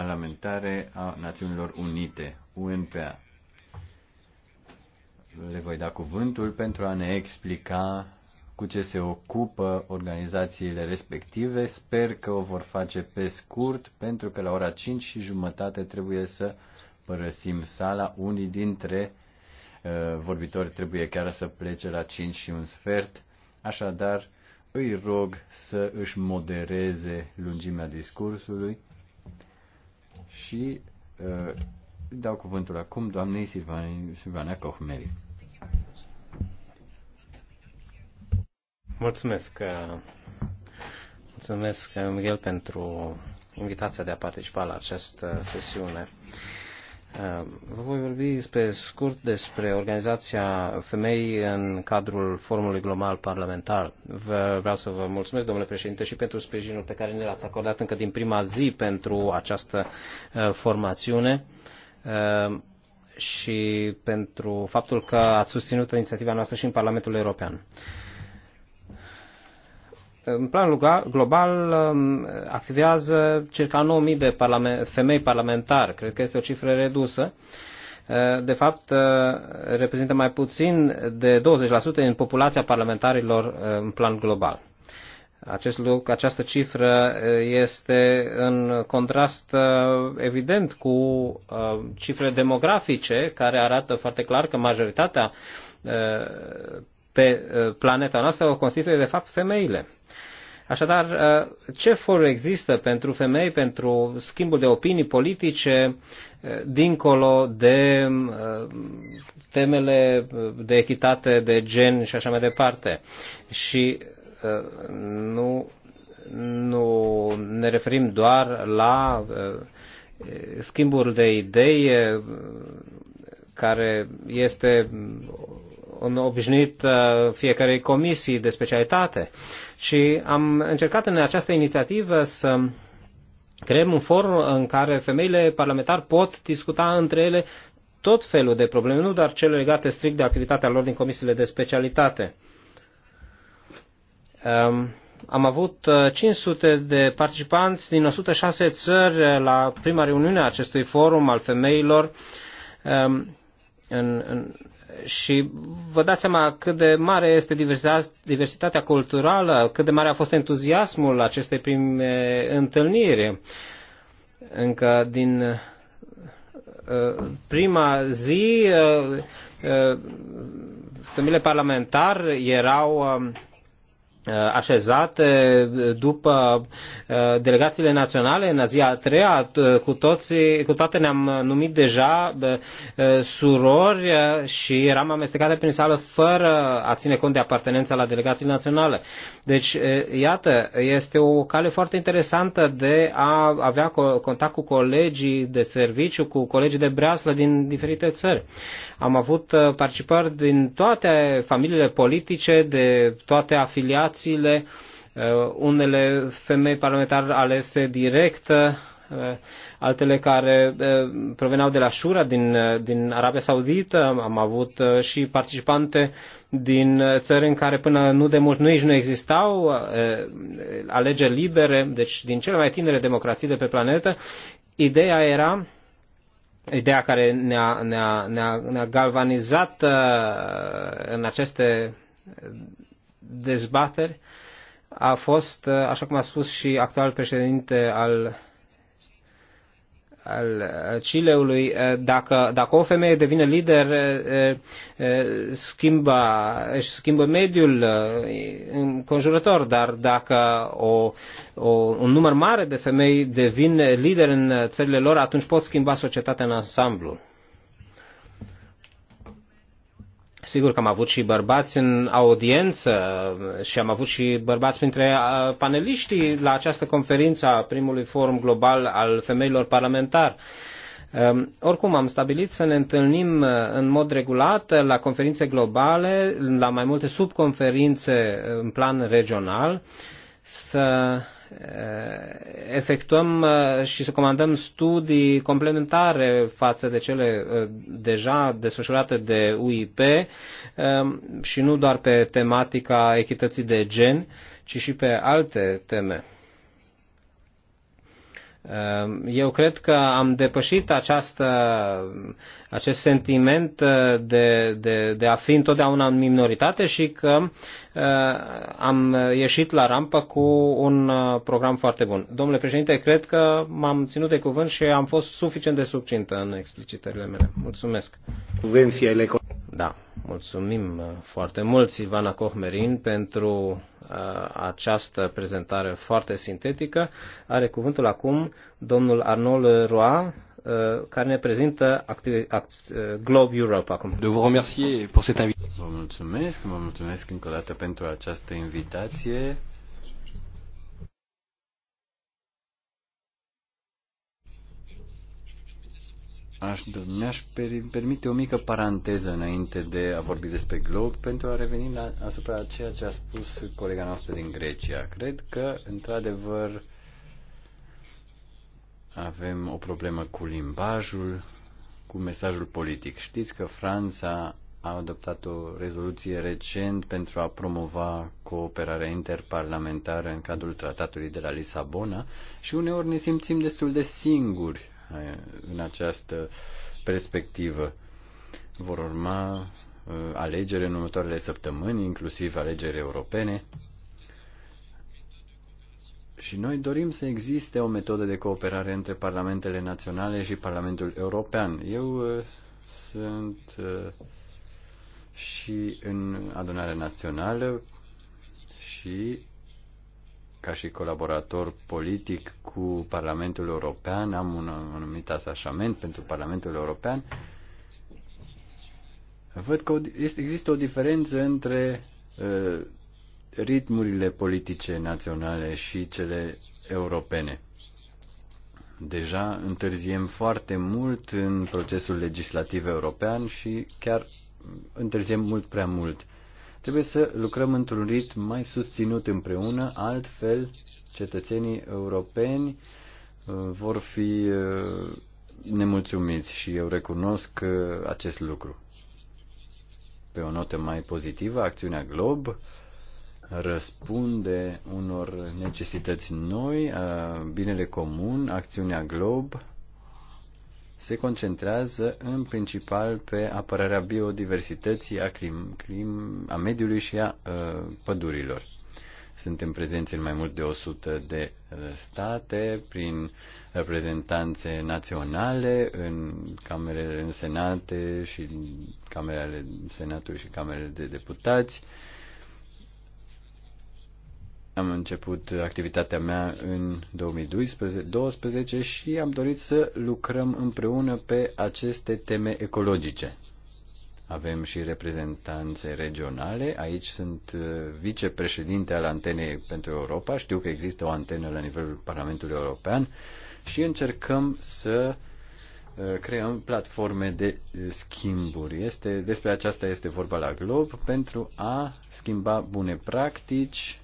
Parlamentare a Națiunilor Unite, UNPA. Le voi da cuvântul pentru a ne explica cu ce se ocupă organizațiile respective. Sper că o vor face pe scurt, pentru că la ora 5 și jumătate trebuie să părăsim sala. Unii dintre uh, vorbitori trebuie chiar să plece la 5 și un sfert. Așadar, îi rog să își modereze lungimea discursului și uh, dau cuvântul acum doamnei Silvana, Silvana Cohmeri. Mulțumesc, uh, mulțumesc uh, Miguel pentru invitația de a participa la această sesiune. Ehm, vă voi vorbi pe scurt despre organizația femei în cadrul Forumului Global Parlamentar. Vă vreau să vă mulțumesc, domnule președinte, și pentru sprijinul pe care ne l-ați acordat încă din prima zi pentru această formațiune ehm, și pentru faptul că ați susținut inițiativa noastră și în Parlamentul European. În plan global um, activează circa 9.000 de parlament, femei parlamentari, cred că este o cifră redusă. Uh, de fapt, uh, reprezintă mai puțin de 20% din populația parlamentarilor uh, în plan global. Acest lucru, această cifră este în contrast evident cu cifre demografice care arată foarte clar că majoritatea pe uh, planeta noastră o constituie de fapt femeile. Așadar, uh, ce for există pentru femei, pentru schimbul de opinii politice, uh, dincolo de temele de echitate, de gen și așa mai departe? Și nu, nu ne referim doar la schimbul de idei care este în obișnuit uh, fiecarei comisii de specialitate. Și am încercat în această inițiativă să creăm un forum în care femeile parlamentari pot discuta între ele tot felul de probleme, nu doar cele legate strict de activitatea lor din comisiile de specialitate. Um, am avut 500 uh, de participanți din 106 țări la prima reuniune a acestui forum al femeilor um, în, în și vă dați seama cât de mare este diversitatea culturală, cât de mare a fost entuziasmul acestei prime întâlniri. Încă din uh, prima zi, uh, uh, femeile parlamentar erau um, Uh, așezate uh, după uh, delegațiile naționale în ziua a treia, cu, toți, cu toate ne-am numit deja surori și eram amestecate prin sală fără a ține cont de apartenența la delegații naționale. Deci, iată, este o cale foarte interesantă de a avea contact cu colegii de serviciu, cu colegii de breaslă din diferite țări. Am avut uh, participări din toate familiile politice, de toate afiliațiile, uh, unele femei parlamentare alese direct, uh, altele care proveneau de la Shura, din, din Arabia Saudită. Am avut și participante din țări în care până nu de mult nici nu existau alegeri libere, deci din cele mai tinere democrații de pe planetă. Ideea era ideea care ne-a, ne-a, ne-a, ne-a galvanizat uh, în aceste dezbateri a fost, uh, așa cum a spus și actualul președinte al al Chileului, eh, dacă, dacă o femeie devine lider, eh, eh, schimbă, își schimbă mediul înconjurător, dar dacă o, o, un număr mare de femei devin lider în țările lor, atunci pot schimba societatea în ansamblu. Sigur că am avut și bărbați în audiență și am avut și bărbați printre uh, paneliștii la această conferință a primului forum global al femeilor parlamentar. Um, oricum, am stabilit să ne întâlnim uh, în mod regulat la conferințe globale, la mai multe subconferințe în plan regional, să Eh, efectuăm eh, și să comandăm studii complementare față de cele eh, deja desfășurate de UIP și nu doar pe tematica echității de gen, ci și pe alte teme. Ehm, eu cred că am depășit această, acest sentiment eh, de, de, de a fi întotdeauna în minoritate și că eh, am ieșit la rampă cu un eh, program foarte bun. Domnule președinte, cred că m-am ținut de cuvânt și am fost suficient de subcintă în explicitările mele. Mulțumesc. Da, mulțumim foarte mult, Silvana Cohmerin, pentru Uh, această prezentare foarte sintetică. Are cuvântul acum domnul Arnold Roa, uh, care ne prezintă uh, Globe Europe acum. De vă remercier pour Vă mulțumesc, vă mulțumesc încă o dată pentru această invitație Aș, mi-aș permite o mică paranteză înainte de a vorbi despre glob pentru a reveni la, asupra ceea ce a spus colega noastră din Grecia. Cred că, într-adevăr, avem o problemă cu limbajul, cu mesajul politic. Știți că Franța a adoptat o rezoluție recent pentru a promova cooperarea interparlamentară în cadrul tratatului de la Lisabona și uneori ne simțim destul de singuri Eh, în această perspectivă. Vor urma eh, alegeri în următoarele săptămâni, inclusiv alegeri europene. Și noi dorim să existe o metodă de cooperare între parlamentele naționale și Parlamentul European. Eu eh, sunt și în adunarea națională și ca și colaborator politic cu Parlamentul European, am un anumit atașament pentru Parlamentul European, văd că există o diferență între uh, ritmurile politice naționale și cele europene. Deja întârziem foarte mult în procesul legislativ european și chiar întârziem mult prea mult. Trebuie să lucrăm într-un ritm mai susținut împreună, altfel cetățenii europeni uh, vor fi uh, nemulțumiți și eu recunosc uh, acest lucru. Pe o notă mai pozitivă, acțiunea Glob răspunde unor necesități noi, binele comun, acțiunea Glob se concentrează în principal pe apărarea biodiversității, a, clim, clim, a mediului și a, a uh, pădurilor. Suntem prezenți în mai mult de 100 de uh, state, prin reprezentanțe naționale, în camerele în senate și camerele senatului și camerele de deputați, uh, am început activitatea mea în 2012 și am dorit să lucrăm împreună pe aceste teme ecologice. Avem și reprezentanțe regionale. Aici sunt uh, vicepreședinte al antenei pentru Europa. Știu că există o antenă la nivelul Parlamentului European și încercăm să uh, creăm platforme de uh, schimburi. Este, despre aceasta este vorba la Glob pentru a schimba bune practici,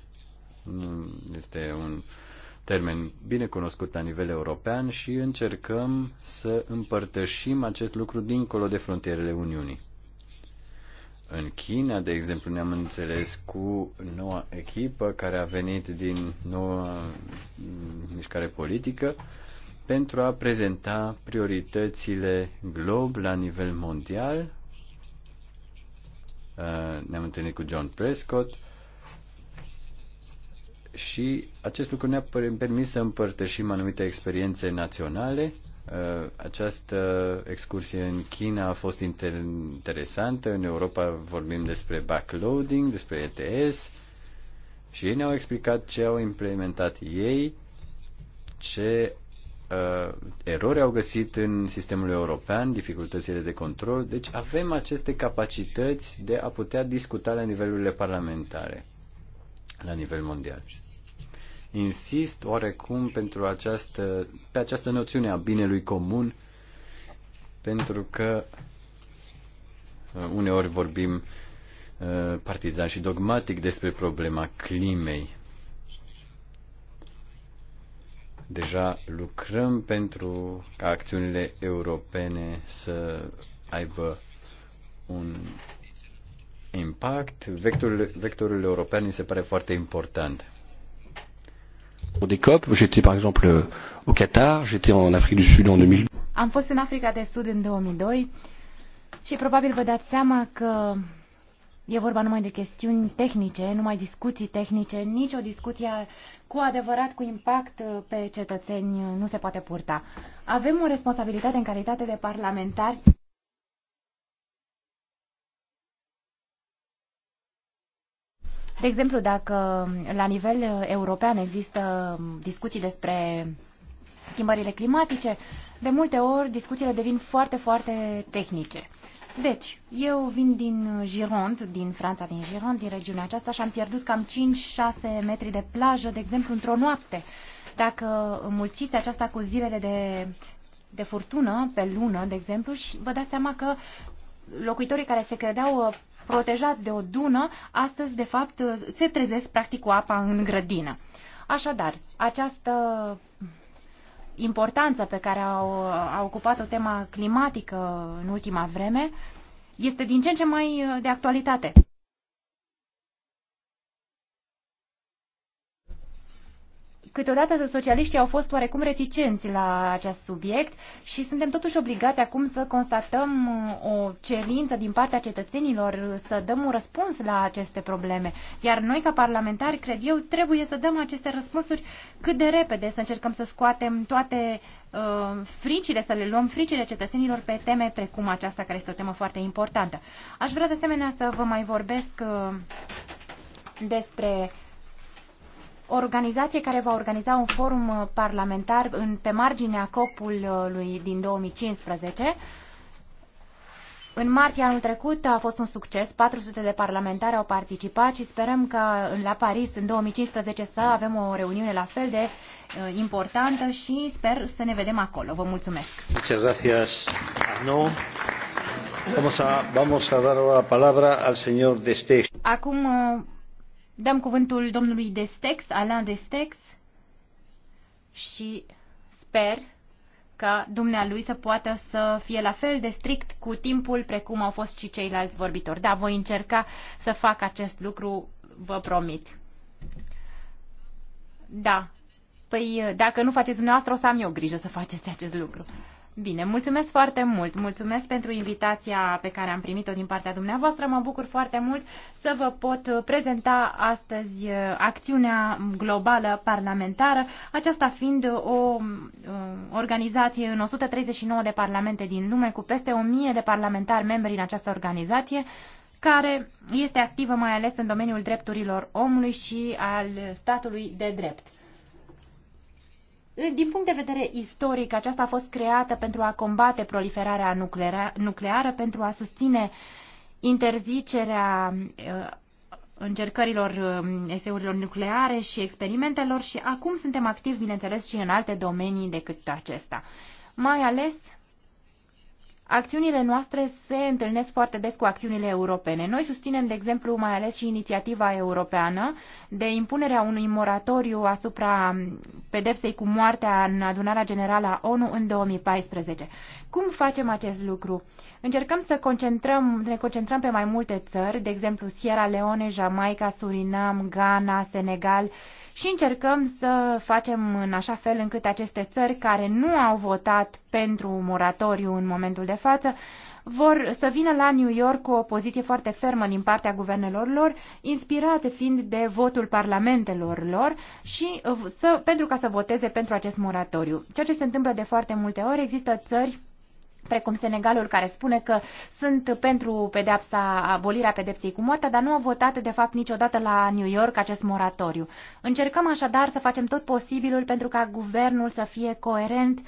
este un termen bine cunoscut la nivel european și încercăm să împărtășim acest lucru dincolo de frontierele Uniunii. În China, de exemplu, ne-am înțeles cu noua echipă care a venit din noua mișcare politică pentru a prezenta prioritățile glob la nivel mondial. Uh, ne-am întâlnit cu John Prescott, și acest lucru ne-a permis să împărtășim anumite experiențe naționale. Uh, această excursie în China a fost interesantă. În Europa vorbim despre backloading, despre ETS și ei ne-au explicat ce au implementat ei, ce uh, erori au găsit în sistemul european, dificultățile de control. Deci avem aceste capacități de a putea discuta la nivelurile parlamentare la nivel mondial. Insist oarecum pentru această, pe această noțiune a binelui comun, pentru că uh, uneori vorbim uh, partizan și dogmatic despre problema climei. Deja lucrăm pentru ca acțiunile europene să aibă un impact, vectorul, vectorul european mi se pare foarte important. Des COP, j'étais par exemple au Qatar, j'étais en Afrique du Sud en 2002. Am fost în Africa de Sud în 2002 și probabil vă dați seama că E vorba numai de chestiuni tehnice, numai discuții tehnice, nici o discuție cu adevărat cu impact pe cetățeni nu se poate purta. Avem o responsabilitate în calitate de parlamentari De exemplu, dacă la nivel uh, european există um, discuții despre schimbările climatice, de multe ori discuțiile devin foarte, foarte tehnice. Deci, eu vin din uh, Gironde, din Franța, din Gironde, din regiunea aceasta și am pierdut cam 5-6 metri de plajă, de exemplu, într-o noapte. Dacă înmulțiți aceasta cu zilele de, de furtună, pe lună, de exemplu, și vă dați seama că locuitorii care se credeau uh, protejat de o dună, astăzi, de fapt, se trezesc practic cu apa în grădină. Așadar, această importanță pe care au, a ocupat-o tema climatică în ultima vreme este din ce în ce mai de actualitate. Câteodată socialiștii au fost oarecum reticenți la acest subiect și suntem totuși obligați acum să constatăm uh, o cerință din partea cetățenilor să dăm un răspuns la aceste probleme. Iar noi, ca parlamentari, cred eu, trebuie să dăm aceste răspunsuri cât de repede, să încercăm să scoatem toate uh, fricile, să le luăm fricile cetățenilor pe teme precum aceasta, care este o temă foarte importantă. Aș vrea de asemenea să vă mai vorbesc uh, despre organizație care va organiza un forum uh, parlamentar în, pe marginea COP-ului uh, din 2015. În martie anul trecut a fost un succes, 400 de parlamentari au participat și sperăm că la Paris în 2015 să avem o reuniune la fel de uh, importantă și sper să ne vedem acolo. Vă mulțumesc. Muchas gracias. No. Vamos a, vamos a dar la palabra al señor Destech. Acum Dăm cuvântul domnului Destex, Alain Destex și sper ca dumnealui să poată să fie la fel de strict cu timpul precum au fost și ceilalți vorbitori. Da, voi încerca să fac acest lucru, vă promit. Da. Păi dacă nu faceți dumneavoastră, o să am eu grijă să faceți acest lucru. Bine, mulțumesc foarte mult. Mulțumesc pentru invitația pe care am primit-o din partea dumneavoastră. Mă bucur foarte mult să vă pot prezenta astăzi uh, acțiunea globală parlamentară, aceasta fiind o uh, organizație în 139 de parlamente din lume cu peste 1000 de parlamentari membri în această organizație care este activă mai ales în domeniul drepturilor omului și al statului de drept. Din punct de vedere istoric, aceasta a fost creată pentru a combate proliferarea nucleară, nucleară pentru a susține interzicerea uh, încercărilor uh, eseurilor nucleare și experimentelor și acum suntem activi, bineînțeles, și în alte domenii decât acesta. Mai ales Acțiunile noastre se întâlnesc foarte des cu acțiunile europene. Noi susținem, de exemplu, mai ales și inițiativa europeană de impunerea unui moratoriu asupra pedepsei cu moartea în adunarea generală a ONU în 2014. Cum facem acest lucru? Încercăm să concentrăm, ne concentrăm pe mai multe țări, de exemplu Sierra Leone, Jamaica, Surinam, Ghana, Senegal, și încercăm să facem în așa fel încât aceste țări care nu au votat pentru moratoriu în momentul de față vor să vină la New York cu o poziție foarte fermă din partea guvernelor lor, inspirate fiind de votul parlamentelor lor și uh, să, pentru ca să voteze pentru acest moratoriu. Ceea ce se întâmplă de foarte multe ori, există țări precum Senegalul, care spune că sunt pentru pedepsa, abolirea pedepsei cu moartea, dar nu au votat, de fapt, niciodată la New York acest moratoriu. Încercăm așadar să facem tot posibilul pentru ca guvernul să fie coerent uh,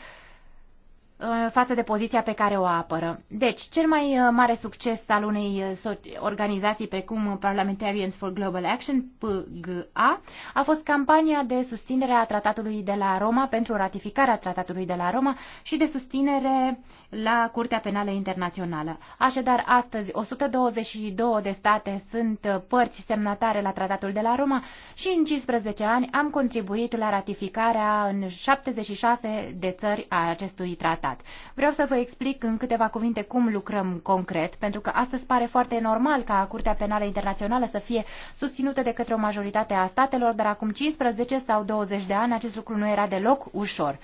Uh, față de poziția pe care o apără. Deci, cel mai uh, mare succes al unei uh, organizații precum Parliamentarians for Global Action, PGA, a fost campania de susținere a Tratatului de la Roma pentru ratificarea Tratatului de la Roma și de susținere la Curtea Penală Internațională. Așadar, astăzi 122 de state sunt părți semnatare la Tratatul de la Roma și în 15 ani am contribuit la ratificarea în 76 de țări a acestui tratat stat. Vreau să vă explic în câteva cuvinte cum lucrăm concret, pentru că astăzi pare foarte normal ca Curtea Penală Internațională să fie susținută de către o majoritate a statelor, dar acum 15 sau 20 de ani acest lucru nu era deloc ușor.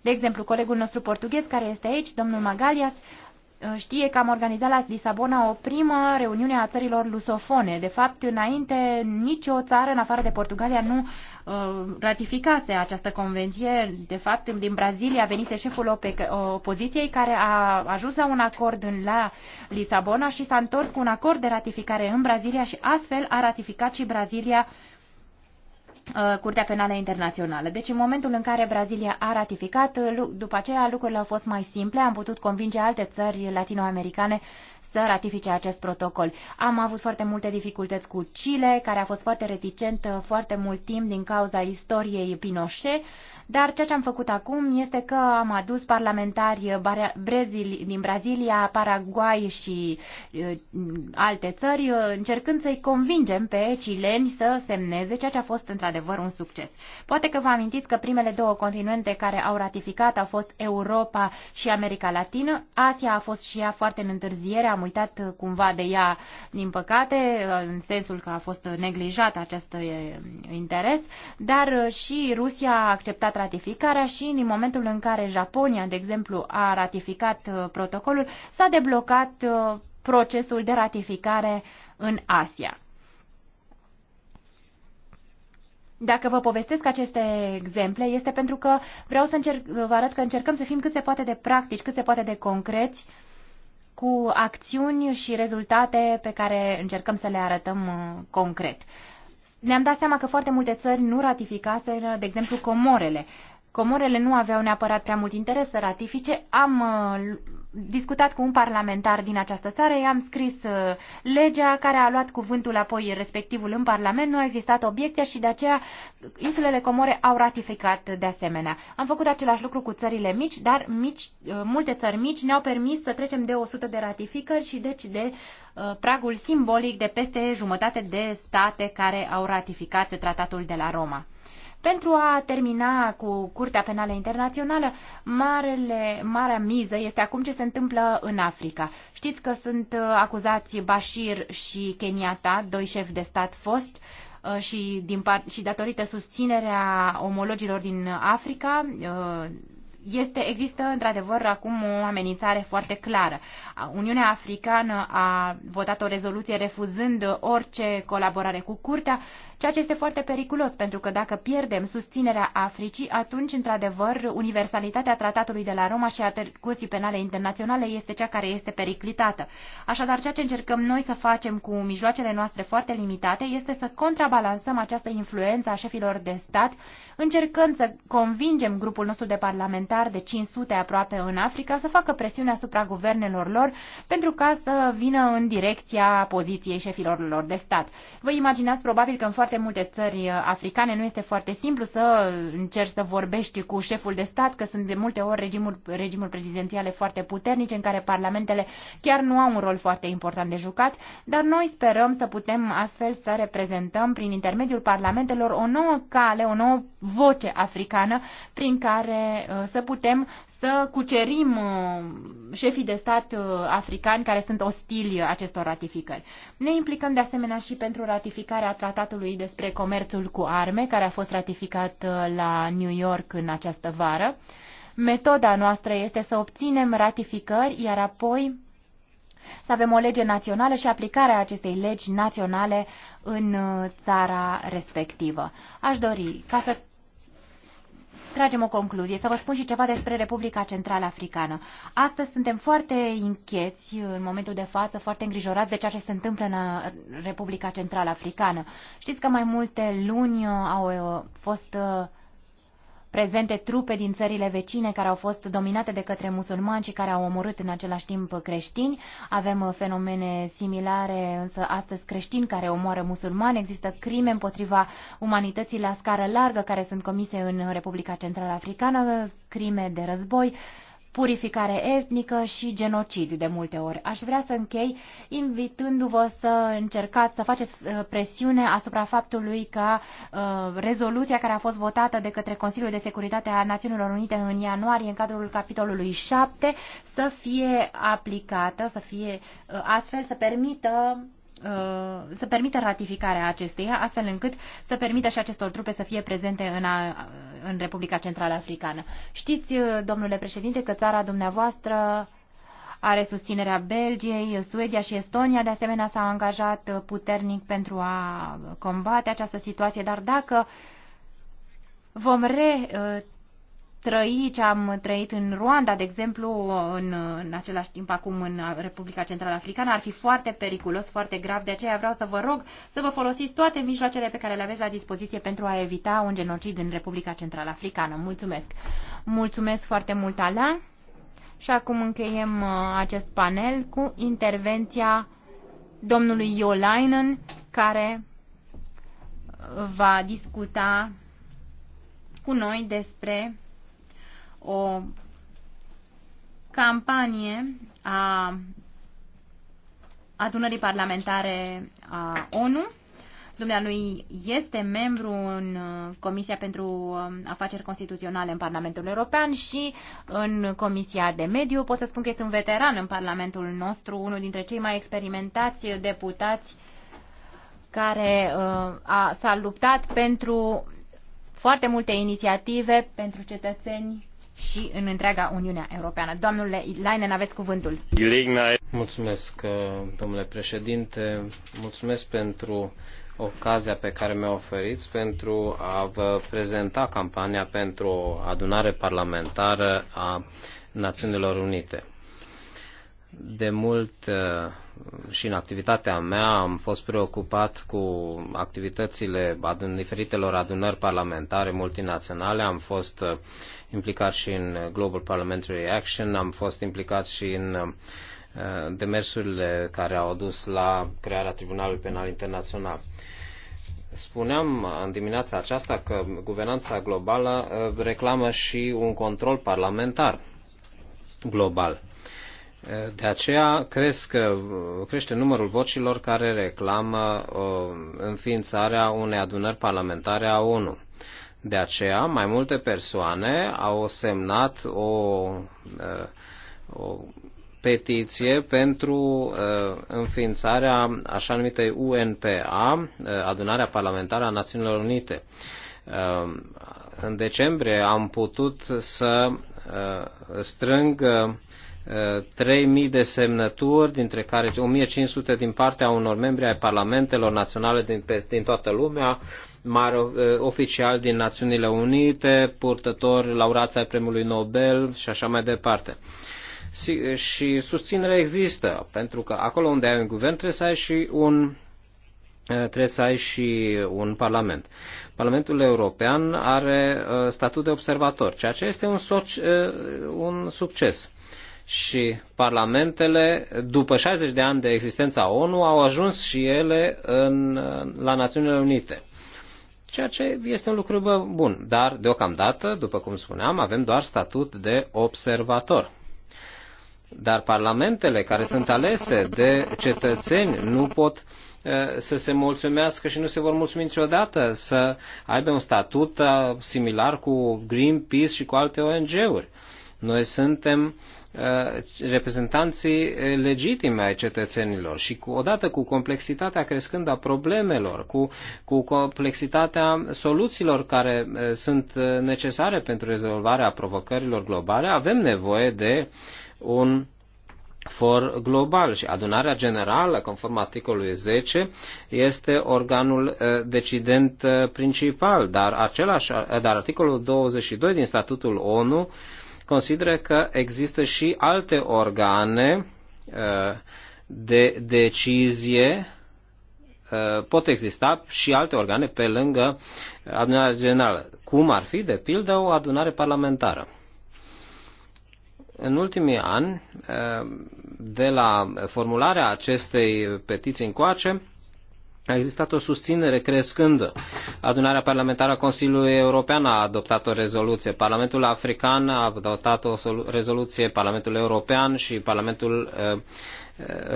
De exemplu, colegul nostru portughez care este aici, domnul Magalias, Uh, știe că am organizat la Lisabona o primă reuniune a țărilor lusofone. De fapt, înainte, nicio țară, în afară de Portugalia, nu uh, ratificase această convenție. De fapt, din Brazilia venise șeful opoziției care a ajuns la un acord în la Lisabona și s-a întors cu un acord de ratificare în Brazilia și astfel a ratificat și Brazilia Uh, Curtea Penală Internațională. Deci în momentul în care Brazilia a ratificat, uh, după aceea lucrurile au fost mai simple, am putut convinge alte țări latinoamericane să ratifice acest protocol. Am avut foarte multe dificultăți cu Chile, care a fost foarte reticent uh, foarte mult timp din cauza istoriei Pinochet, dar ceea ce am făcut acum este că am adus parlamentari uh, din Brazilia, Paraguay și uh, alte țări, încercând să-i convingem pe cileni să semneze, ceea ce a fost într-adevăr un succes. Poate că vă amintiți că primele două continente care au ratificat au fost Europa și America Latină. Asia a fost și ea foarte în întârziere, am uitat uh, cumva de ea, din păcate, uh, în sensul că a fost neglijat acest uh, interes, dar și Rusia a acceptat ratificarea și în momentul în care Japonia, de exemplu, a ratificat protocolul, s-a deblocat procesul de ratificare în Asia. Dacă vă povestesc aceste exemple, este pentru că vreau să încerc, vă arăt că încercăm să fim cât se poate de practici, cât se poate de concreți cu acțiuni și rezultate pe care încercăm să le arătăm uh, concret. Ne-am dat seama că foarte multe țări nu ratificaseră, de exemplu, Comorele. Comorele nu aveau neapărat prea mult interes să ratifice. Am uh, discutat cu un parlamentar din această țară, i-am scris uh, legea care a luat cuvântul apoi respectivul în Parlament, nu a existat obiecte și de aceea insulele Comore au ratificat de asemenea. Am făcut același lucru cu țările mici, dar mici, uh, multe țări mici ne-au permis să trecem de 100 de ratificări și deci de uh, pragul simbolic de peste jumătate de state care au ratificat tratatul de la Roma. Pentru a termina cu Curtea Penală Internațională, marele, marea miză este acum ce se întâmplă în Africa. Știți că sunt uh, acuzați Bashir și Kenyatta, doi șefi de stat fost, uh, și, din, și datorită susținerea omologilor din Africa, uh, este, există într-adevăr acum o amenințare foarte clară. Uniunea Africană a votat o rezoluție refuzând orice colaborare cu curtea, ceea ce este foarte periculos, pentru că dacă pierdem susținerea Africii, atunci, într-adevăr, universalitatea tratatului de la Roma și a Curții Penale Internaționale este cea care este periclitată. Așadar, ceea ce încercăm noi să facem cu mijloacele noastre foarte limitate este să contrabalansăm această influență a șefilor de stat, încercând să convingem grupul nostru de parlamentari militar de 500 aproape în Africa să facă presiune asupra guvernelor lor pentru ca să vină în direcția poziției șefilor lor de stat. Vă imaginați probabil că în foarte multe țări uh, africane nu este foarte simplu să încerci să vorbești cu șeful de stat, că sunt de multe ori regimuri, regimuri prezidențiale foarte puternice în care parlamentele chiar nu au un rol foarte important de jucat, dar noi sperăm să putem astfel să reprezentăm prin intermediul parlamentelor o nouă cale, o nouă voce africană prin care uh, să putem să cucerim uh, șefii de stat uh, africani care sunt ostili acestor ratificări. Ne implicăm de asemenea și pentru ratificarea tratatului despre comerțul cu arme, care a fost ratificat uh, la New York în această vară. Metoda noastră este să obținem ratificări, iar apoi să avem o lege națională și aplicarea acestei legi naționale în țara respectivă. Aș dori ca să tragem o concluzie, să vă spun și ceva despre Republica Central Africană. Astăzi suntem foarte inchieți în momentul de față, foarte îngrijorați de ceea ce se întâmplă în uh, Republica Central Africană. Știți că mai multe luni uh, au uh, fost uh, prezente trupe din țările vecine care au fost dominate de către musulmani și care au omorât în același timp creștini. Avem uh, fenomene similare, însă astăzi creștini care omoară musulmani. Există crime împotriva umanității la scară largă care sunt comise în Republica Central Africană, crime de război purificare etnică și genocid de multe ori. Aș vrea să închei invitându-vă să încercați să faceți uh, presiune asupra faptului ca uh, rezoluția care a fost votată de către Consiliul de Securitate a Națiunilor Unite în ianuarie în cadrul capitolului 7 să fie aplicată, să fie uh, astfel să permită Uh, să permită ratificarea acesteia, astfel încât să permită și acestor trupe să fie prezente în, a, în Republica Centrală Africană. Știți, uh, domnule președinte, că țara dumneavoastră are susținerea Belgiei, Suedia și Estonia, de asemenea s-a angajat puternic pentru a combate această situație, dar dacă vom re uh, trăi ce am trăit în Ruanda, de exemplu, în, în același timp acum în Republica Central Africană, ar fi foarte periculos, foarte grav. De aceea vreau să vă rog să vă folosiți toate mijloacele pe care le aveți la dispoziție pentru a evita un genocid în Republica Central Africană. Mulțumesc! Mulțumesc foarte mult, Alea! Și acum încheiem uh, acest panel cu intervenția domnului Iolainen, care va discuta cu noi despre o campanie a adunării parlamentare a ONU. Dumnealui este membru în uh, Comisia pentru uh, Afaceri Constituționale în Parlamentul European și în Comisia de Mediu. Pot să spun că este un veteran în Parlamentul nostru, unul dintre cei mai experimentați deputați care uh, s-a luptat pentru foarte multe inițiative pentru cetățeni și în întreaga Uniunea Europeană. Domnule Leinen, aveți cuvântul. Mulțumesc, uh, domnule președinte. Mulțumesc pentru ocazia pe care mi a oferit pentru a vă prezenta campania pentru o adunare parlamentară a Națiunilor Unite. De mult uh, și în activitatea mea am fost preocupat cu activitățile diferitelor adunări parlamentare multinaționale. Am fost uh, implicat și în Global Parliamentary Action, am fost implicat și în uh, demersurile care au adus la crearea Tribunalului Penal Internațional. Spuneam uh, în dimineața aceasta că guvernanța globală uh, reclamă și un control parlamentar global. De aceea cresc, crește numărul vocilor care reclamă înființarea unei adunări parlamentare a ONU. De aceea, mai multe persoane au semnat o, uh, o petiție pentru uh, înființarea așa numitei UNPA, uh, Adunarea Parlamentară a Națiunilor Unite. În decembrie am putut să strâng 3.000 de semnături, dintre care 1.500 din partea unor membri ai parlamentelor naționale din, din toată lumea, mare uh, oficial din Națiunile Unite, purtător, laurat ai Premiului Nobel și așa mai departe. Și susținerea există, pentru că acolo unde ai un guvern trebuie să ai și un uh, trebuie să ai și un parlament. Parlamentul European are uh, statut de observator, ceea ce este un, soci, un succes. Și parlamentele, după 60 de ani de existența ONU, au ajuns și ele în, la Națiunile Unite ceea ce este un lucru bun. Dar, deocamdată, după cum spuneam, avem doar statut de observator. Dar parlamentele care sunt alese de cetățeni nu pot să se mulțumească și nu se vor mulțumi niciodată să aibă un statut similar cu Greenpeace și cu alte ONG-uri. Noi suntem Uh, reprezentanții legitime ai cetățenilor și cu, odată cu complexitatea crescând a problemelor, cu, cu complexitatea soluțiilor care uh, sunt uh, necesare pentru rezolvarea provocărilor globale, avem nevoie de un for global și adunarea generală, conform articolului 10, este organul decident principal, dar, același, dar articolul 22 din statutul ONU consideră că există și alte organe uh, de decizie, uh, pot exista și alte organe pe lângă adunarea generală, cum ar fi, de pildă, o adunare parlamentară în ultimii ani, uh, de la formularea acestei petiții încoace, a existat o susținere crescândă. Adunarea parlamentară a Consiliului European a adoptat o rezoluție, Parlamentul African a adoptat o rezoluție, Parlamentul European și Parlamentul uh,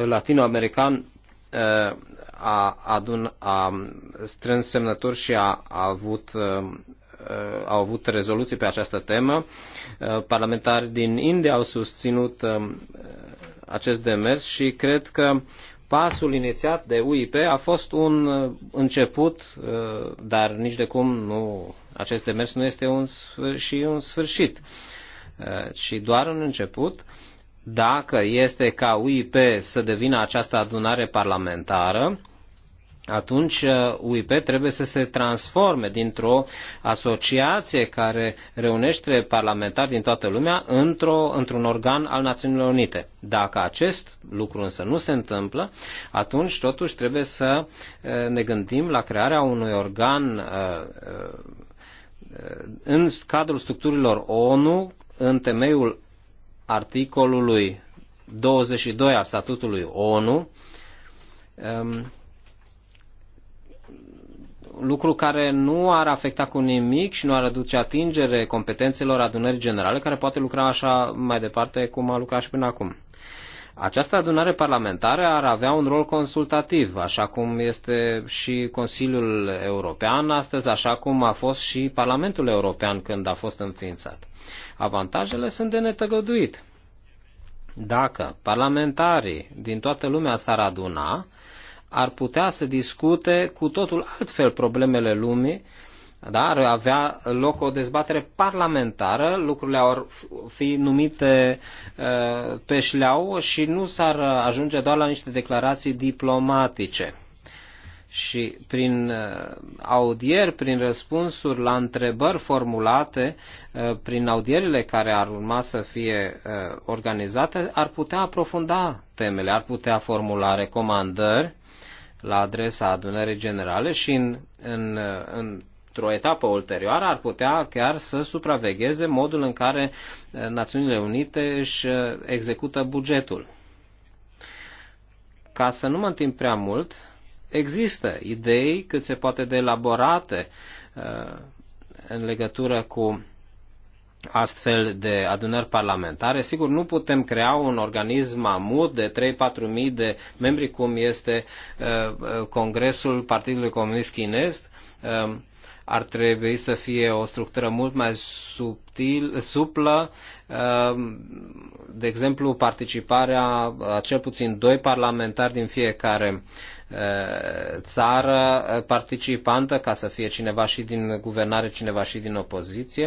Latinoamerican uh, a, adun, a strâns semnături și a, a avut uh, au avut rezoluții pe această temă. Parlamentari din India au susținut acest demers și cred că Pasul inițiat de UIP a fost un uh, început, uh, dar nici de cum nu, acest demers nu este un și un sfârșit, ci uh, doar un început. Dacă este ca UIP să devină această adunare parlamentară, atunci UIP uh, trebuie să se transforme dintr-o asociație care reunește parlamentari din toată lumea într-o, într-un organ al Națiunilor Unite. Dacă acest lucru însă nu se întâmplă, atunci totuși trebuie să uh, ne gândim la crearea unui organ uh, în cadrul structurilor ONU, în temeiul articolului 22 al statutului ONU, um, lucru care nu ar afecta cu nimic și nu ar aduce atingere competențelor adunării generale, care poate lucra așa mai departe cum a lucrat și până acum. Această adunare parlamentară ar avea un rol consultativ, așa cum este și Consiliul European astăzi, așa cum a fost și Parlamentul European când a fost înființat. Avantajele sunt de netăgăduit. Dacă parlamentarii din toată lumea s-ar aduna, ar putea să discute cu totul altfel problemele lumii, dar avea loc o dezbatere parlamentară, lucrurile ar fi numite pe șleau și nu s-ar ajunge doar la niște declarații diplomatice. Și prin audieri, prin răspunsuri la întrebări formulate, prin audierile care ar urma să fie organizate, ar putea aprofunda temele, ar putea formula recomandări la adresa adunării generale și în, în, în într-o etapă ulterioară ar putea chiar să supravegheze modul în care eh, Națiunile Unite își eh, execută bugetul. Ca să nu mă întind prea mult, există idei cât se poate de elaborate eh, în legătură cu astfel de adunări parlamentare. Sigur, nu putem crea un organism mamut de 3-4 mii de membri, cum este uh, uh, Congresul Partidului Comunist Chinez. Um, ar trebui să fie o structură mult mai subtil, suplă, um, de exemplu, participarea a cel puțin doi parlamentari din fiecare Uh, țară participantă, ca să fie cineva și din guvernare, cineva și din opoziție,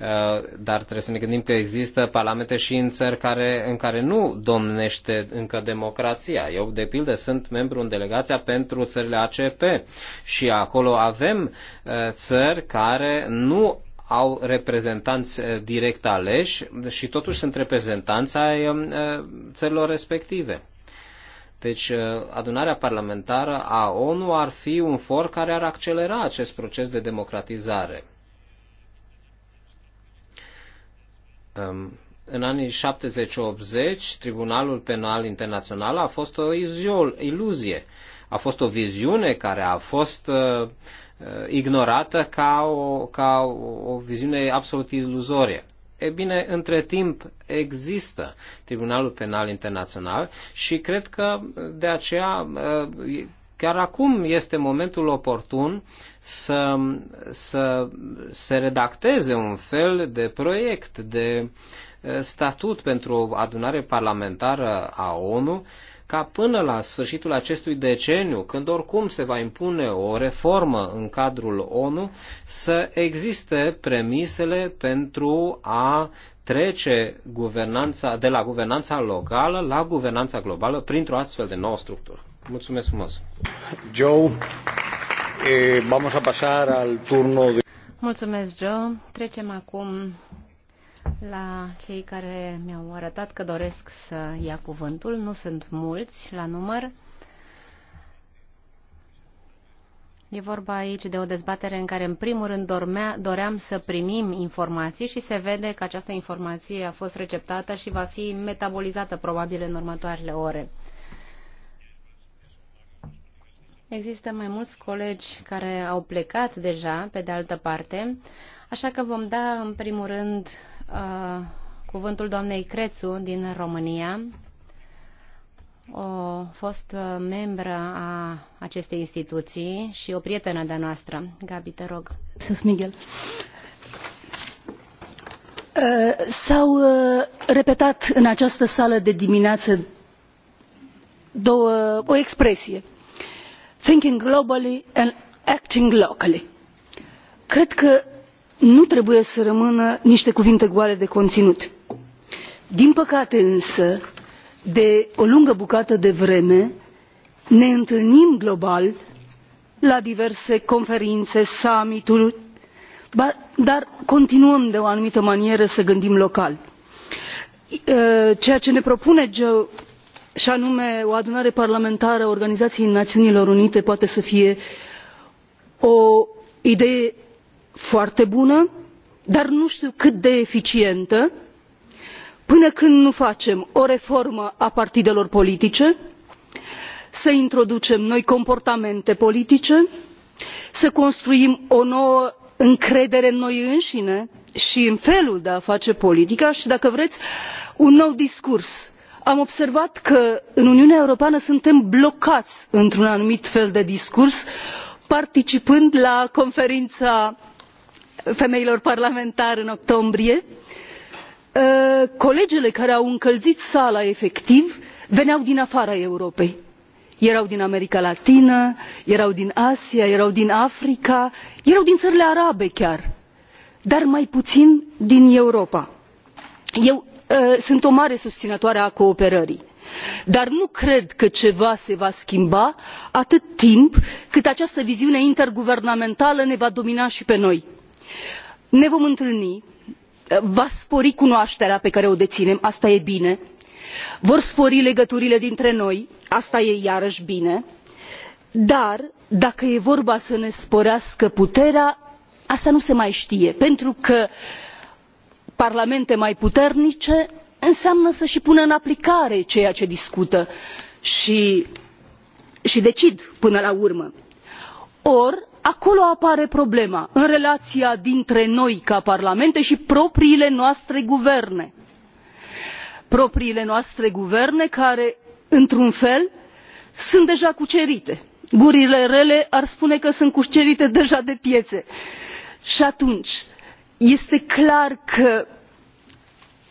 uh, dar trebuie să ne gândim că există parlamente și în țări care, în care nu domnește încă democrația. Eu, de pildă, sunt membru în delegația pentru țările ACP și acolo avem uh, țări care nu au reprezentanți direct aleși și totuși sunt reprezentanți ai um, țărilor respective. Deci uh, adunarea parlamentară a ONU ar fi un for care ar accelera acest proces de democratizare. Um, în anii 70-80, Tribunalul Penal Internațional a fost o iluzie. A fost o viziune care a fost uh, uh, ignorată ca o, ca o viziune absolut iluzorie. E bine, între timp există Tribunalul Penal Internațional și cred că de aceea chiar acum este momentul oportun să, să se redacteze un fel de proiect de statut pentru o adunare parlamentară a ONU ca până la sfârșitul acestui deceniu, când oricum se va impune o reformă în cadrul ONU, să existe premisele pentru a trece guvernanța, de la guvernanța locală la guvernanța globală printr-o astfel de nouă structură. Mulțumesc frumos! Joe, eh, vamos a pasar al turno de... Mulțumesc, Joe. Trecem acum la cei care mi-au arătat că doresc să ia cuvântul. Nu sunt mulți la număr. E vorba aici de o dezbatere în care, în primul rând, dormea, doream să primim informații și se vede că această informație a fost receptată și va fi metabolizată probabil în următoarele ore. Există mai mulți colegi care au plecat deja, pe de altă parte, așa că vom da, în primul rând, cuvântul doamnei Crețu din România, o fost membră a acestei instituții și o prietenă de-a noastră. Gabi, te rog. Sunt Miguel. S-au repetat în această sală de dimineață două, o expresie. Thinking globally and acting locally. Cred că nu trebuie să rămână niște cuvinte goale de conținut. din păcate însă de o lungă bucată de vreme ne întâlnim global la diverse conferințe summit dar continuăm de o anumită manieră să gândim local. Ă, ceea ce ne propune joe și anume o adunare parlamentară a organizației națiunilor unite poate să fie o idee foarte bună dar nu știu cât de eficientă până când nu facem o reformă a partidelor politice să introducem noi comportamente politice să construim o nouă încredere în noi înșine și în felul de a face politică și dacă vreți un nou discurs. am observat că în uniunea europeană suntem blocați într un anumit fel de discurs participând la conferința femeilor parlamentar în octombrie ă, colegele care au încălzit sala efectiv veneau din afara europei erau din america latină erau din asia erau din africa erau din țările arabe chiar dar mai puțin din europa. eu ă, sunt o mare susținătoare a cooperării dar nu cred că ceva se va schimba atât timp cât această viziune interguvernamentală ne va domina și pe noi ne vom întâlni va spori cunoașterea pe care o deținem asta e bine vor spori legăturile dintre noi asta e iarăși bine dar dacă e vorba să ne sporească puterea asta nu se mai știe pentru că parlamente mai puternice înseamnă să și pună în aplicare ceea ce discută și, și decid până la urmă. ori acolo apare problema în relația dintre noi ca parlamente și propriile noastre guverne propriile noastre guverne care într un fel sunt deja cucerite gurile rele ar spune că sunt cucerite deja de piețe și atunci este clar că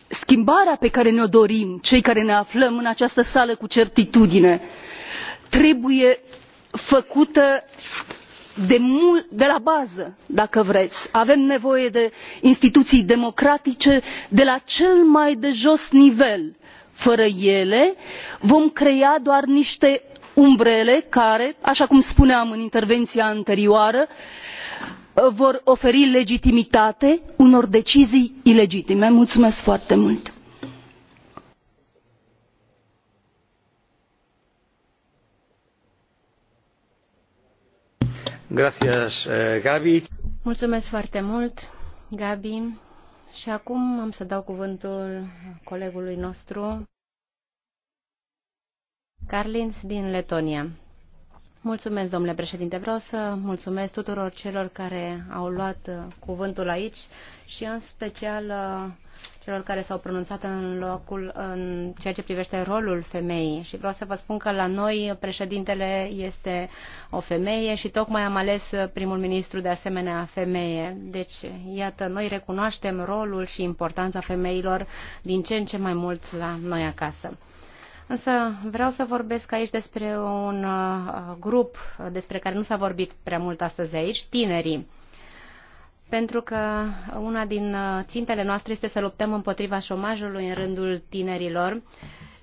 schimbarea pe care ne o dorim cei care ne aflăm în această sală cu certitudine trebuie făcută de, la bază dacă vreți avem nevoie de instituții democratice de la cel mai de jos nivel fără ele vom crea doar niște umbrele care așa cum spuneam în intervenția anterioară vor oferi legitimitate unor decizii ilegitime. mulțumesc foarte mult. Eh, mulțumesc foarte mult, Gabi. Și acum am să dau cuvântul colegului nostru, Carlins din Letonia. Mulțumesc, domnule președinte. Vreau să mulțumesc tuturor celor care au luat cuvântul aici și în special celor care s-au pronunțat în locul în ceea ce privește rolul femeii și vreau să vă spun că la noi președintele este o femeie și tocmai am ales primul ministru de asemenea femeie. Deci, iată, noi recunoaștem rolul și importanța femeilor din ce în ce mai mult la noi acasă. Însă vreau să vorbesc aici despre un uh, grup despre care nu s-a vorbit prea mult astăzi aici, tinerii pentru că una din uh, țintele noastre este să luptăm împotriva șomajului în rândul tinerilor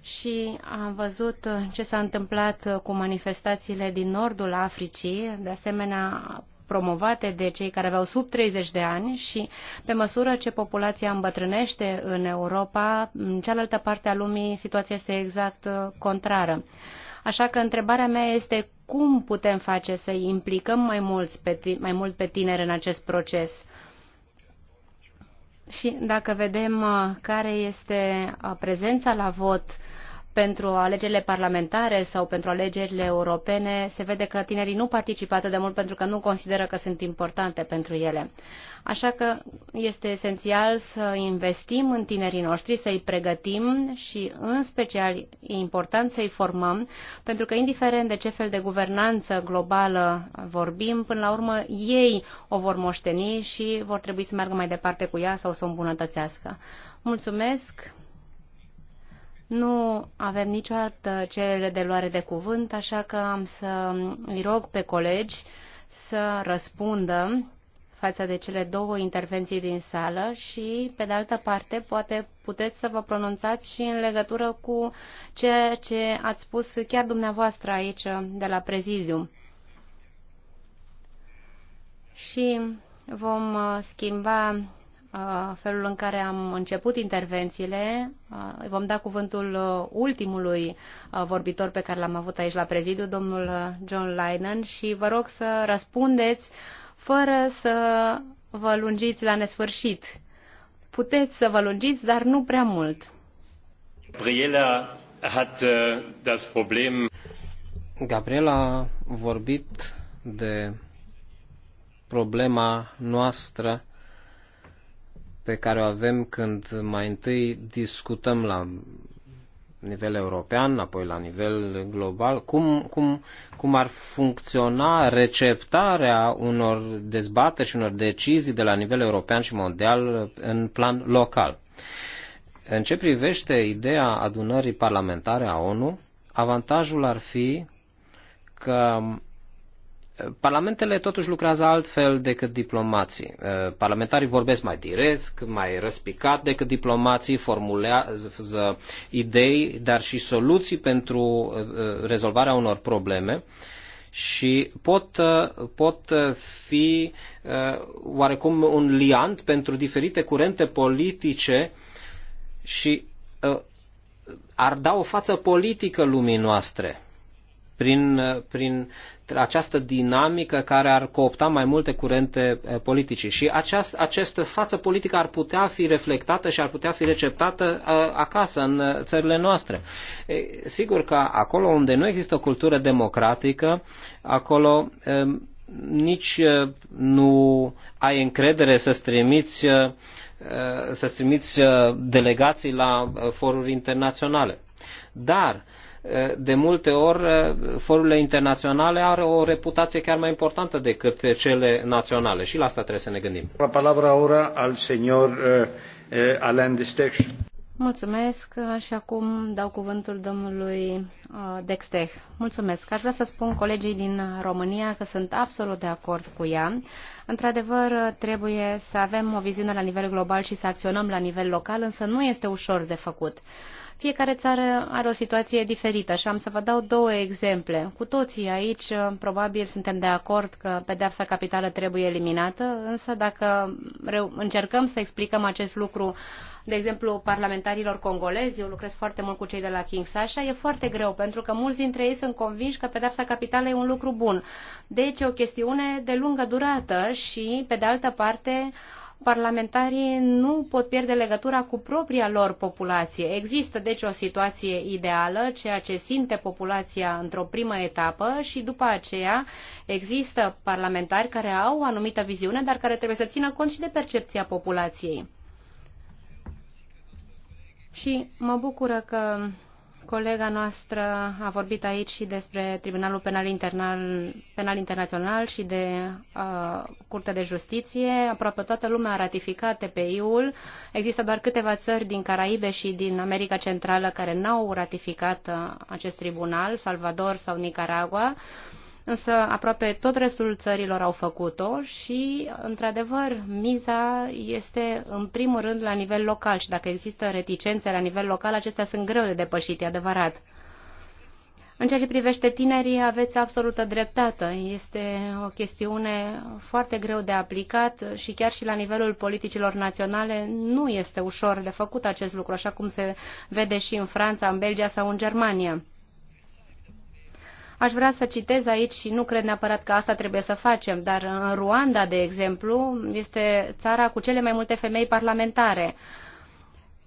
și am văzut uh, ce s-a întâmplat uh, cu manifestațiile din nordul Africii, de asemenea promovate de cei care aveau sub 30 de ani și pe măsură ce populația îmbătrânește în Europa, în cealaltă parte a lumii situația este exact contrară. Așa că întrebarea mea este cum putem face să implicăm mai, mulți pe, mai mult pe tineri în acest proces. Și dacă vedem uh, care este uh, prezența la vot pentru alegerile parlamentare sau pentru alegerile europene, se vede că tinerii nu participă atât de mult pentru că nu consideră că sunt importante pentru ele. Așa că este esențial să investim în tinerii noștri, să-i pregătim și, în special, e important să-i formăm, pentru că, indiferent de ce fel de guvernanță globală vorbim, până la urmă ei o vor moșteni și vor trebui să meargă mai departe cu ea sau să o îmbunătățească. Mulțumesc! Nu avem nicio altă cerere de luare de cuvânt, așa că am să îi rog pe colegi să răspundă față de cele două intervenții din sală și, pe de altă parte, poate puteți să vă pronunțați și în legătură cu ceea ce ați spus chiar dumneavoastră aici de la prezidium. Și vom schimba felul în care am început intervențiile. Vom da cuvântul ultimului vorbitor pe care l-am avut aici la prezidiu, domnul John Lydon, și vă rog să răspundeți fără să vă lungiți la nesfârșit. Puteți să vă lungiți, dar nu prea mult. Gabriela a das Problem. Gabriela a vorbit de problema noastră pe care o avem când mai întâi discutăm la nivel european, apoi la nivel global, cum, cum, cum ar funcționa receptarea unor dezbateri și unor decizii de la nivel european și mondial în plan local. În ce privește ideea adunării parlamentare a ONU, avantajul ar fi că Parlamentele totuși lucrează altfel decât diplomații. Eh, parlamentarii vorbesc mai direct, mai răspicat decât diplomații, formulează idei, dar și soluții pentru eh, eh, rezolvarea unor probleme și pot, pot fi oarecum un liant pentru diferite curente politice și ar da o față politică lumii noastre prin, prin această dinamică care ar coopta mai multe curente eh, politice. Și aceast, această față politică ar putea fi reflectată și ar putea fi receptată eh, acasă, în eh, țările noastre. E, sigur că acolo unde nu există o cultură democratică, acolo e, nici nu ai încredere să trimiți, să trimiți delegații la foruri internaționale. Dar de multe ori eh, forurile internaționale au o reputație chiar mai importantă decât cele naționale și la asta trebuie să ne gândim. La palabra ora al señor uh, Alain Stech. Mulțumesc și acum dau cuvântul domnului Dexteh. Mulțumesc. Aș vrea să spun colegii din România că sunt absolut de acord cu ea. Într-adevăr, trebuie să avem o viziune la nivel global și să acționăm la nivel local, însă nu este ușor de făcut. Fiecare țară are o situație diferită și am să vă dau două exemple. Cu toții aici uh, probabil suntem de acord că pedeapsa capitală trebuie eliminată, însă dacă încercăm să explicăm acest lucru de exemplu, parlamentarilor congolezi, eu lucrez foarte mult cu cei de la King, Sasha, e foarte greu, pentru că mulți dintre ei sunt convinși că pedepsa capitală e un lucru bun. Deci e o chestiune de lungă durată și, pe de altă parte, parlamentarii nu pot pierde legătura cu propria lor populație. Există deci o situație ideală, ceea ce simte populația într-o primă etapă și după aceea există parlamentari care au o anumită viziune, dar care trebuie să țină cont și de percepția populației. Și mă bucură că Colega noastră a vorbit aici și despre Tribunalul Penal, Internal, Penal Internațional și de uh, Curtea de Justiție. Aproape toată lumea a ratificat TPI-ul. Există doar câteva țări din Caraibe și din America Centrală care n-au ratificat uh, acest tribunal, Salvador sau Nicaragua. Uh, însă aproape tot restul țărilor au făcut-o și, într-adevăr, miza este în primul rând la nivel local și dacă există reticențe la nivel local, acestea sunt greu de depășit, e adevărat. În ceea ce privește tinerii, aveți absolută dreptate. Este o chestiune foarte greu de aplicat și chiar și la nivelul politicilor naționale nu este ușor de făcut acest lucru, așa cum se vede și în Franța, în Belgia sau în Germania. Aș vrea să citez aici și nu cred neapărat că asta trebuie să facem, dar în Ruanda, de exemplu, este țara cu cele mai multe femei parlamentare.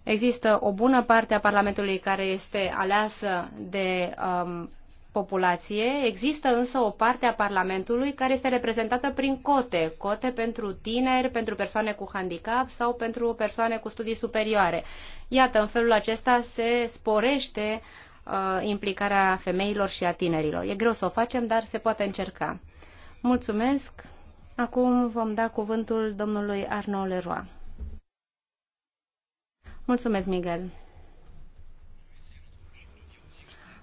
Există o bună parte a Parlamentului care este aleasă de um, populație, există însă o parte a Parlamentului care este reprezentată prin cote, cote pentru tineri, pentru persoane cu handicap sau pentru persoane cu studii superioare. Iată, în felul acesta se sporește uh, Uh, implicarea femeilor și a tinerilor. E greu să o facem, dar se poate încerca. Mulțumesc! Acum vom da cuvântul domnului Arnaud Leroy. Mulțumesc, Miguel!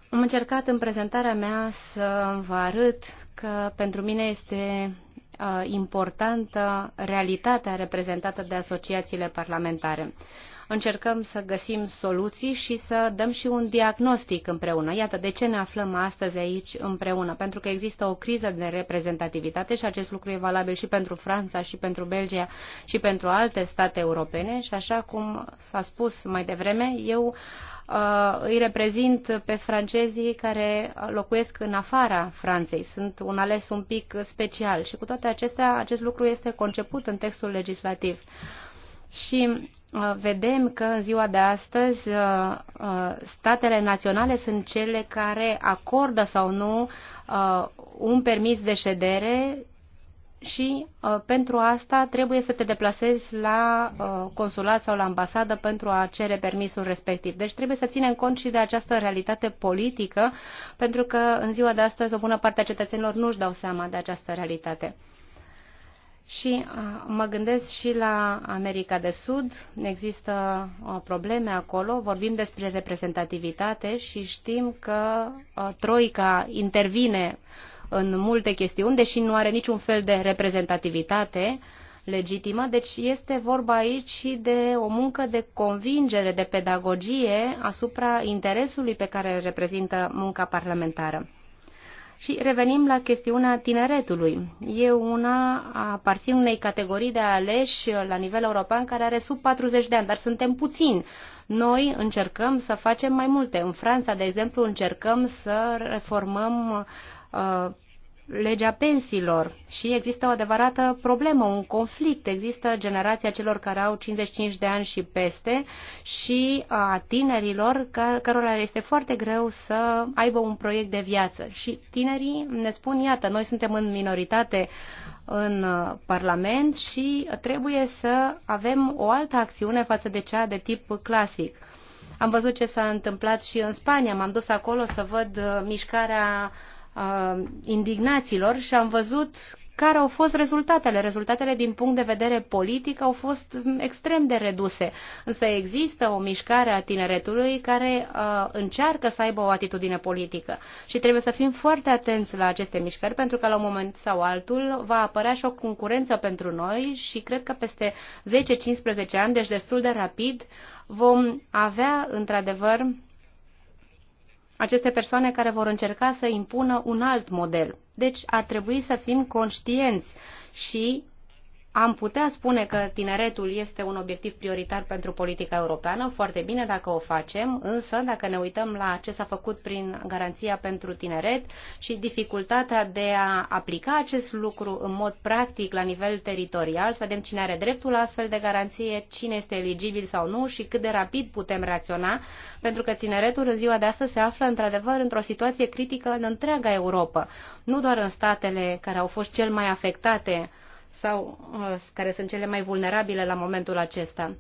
Am încercat în prezentarea mea să vă arăt că pentru mine este uh, importantă realitatea reprezentată de asociațiile parlamentare încercăm să găsim soluții și să dăm și un diagnostic împreună. Iată de ce ne aflăm astăzi aici împreună, pentru că există o criză de reprezentativitate și acest lucru e valabil și pentru Franța, și pentru Belgia, și pentru alte state europene și așa cum s-a spus mai devreme, eu uh, îi reprezint pe francezii care locuiesc în afara Franței. Sunt un ales un pic special și cu toate acestea acest lucru este conceput în textul legislativ. Și Uh, vedem că în ziua de astăzi uh, uh, statele naționale sunt cele care acordă sau nu un permis de ședere și pentru asta trebuie să te deplasezi la consulat sau la ambasadă pentru a cere permisul respectiv. Deci trebuie să ținem cont și de această realitate politică, pentru că în ziua de astăzi o bună parte a cetățenilor nu își dau seama de această realitate. Și mă gândesc și la America de Sud, există probleme acolo, vorbim despre reprezentativitate și știm că Troica intervine în multe chestiuni, deși nu are niciun fel de reprezentativitate legitimă, deci este vorba aici și de o muncă de convingere, de pedagogie asupra interesului pe care îl reprezintă munca parlamentară. Și revenim la chestiunea tineretului. E una aparțin unei categorii de aleși la nivel european care are sub 40 de ani, dar suntem puțini. Noi încercăm să facem mai multe. În Franța, de exemplu, încercăm să reformăm uh, legea pensiilor și există o adevărată problemă, un conflict. Există generația celor care au 55 de ani și peste și a tinerilor care, cărora este foarte greu să aibă un proiect de viață. Și tinerii ne spun, iată, noi suntem în minoritate în uh, Parlament și trebuie să avem o altă acțiune față de cea de tip clasic. Am văzut ce s-a întâmplat și în Spania. M-am dus acolo să văd uh, mișcarea uh, uh, și am văzut care au fost rezultatele. Rezultatele din punct de vedere politic au fost mm, extrem de reduse, însă există o mișcare a tineretului care uh, încearcă să aibă o atitudine politică și trebuie să fim foarte atenți la aceste mișcări pentru că la un moment sau altul va apărea și o concurență pentru noi și cred că peste 10-15 ani, deci destul de rapid, vom avea într-adevăr aceste persoane care vor încerca să impună un alt model. Deci ar trebui să fim conștienți și am putea spune că tineretul este un obiectiv prioritar pentru politica europeană, foarte bine dacă o facem, însă dacă ne uităm la ce s-a făcut prin garanția pentru tineret și dificultatea de a aplica acest lucru în mod practic la nivel teritorial, să vedem cine are dreptul la astfel de garanție, cine este eligibil sau nu și cât de rapid putem reacționa, pentru că tineretul în ziua de astăzi se află într-adevăr într-o situație critică în întreaga Europa, nu doar în statele care au fost cel mai afectate sau uh, care sunt cele mai vulnerabile la momentul acesta.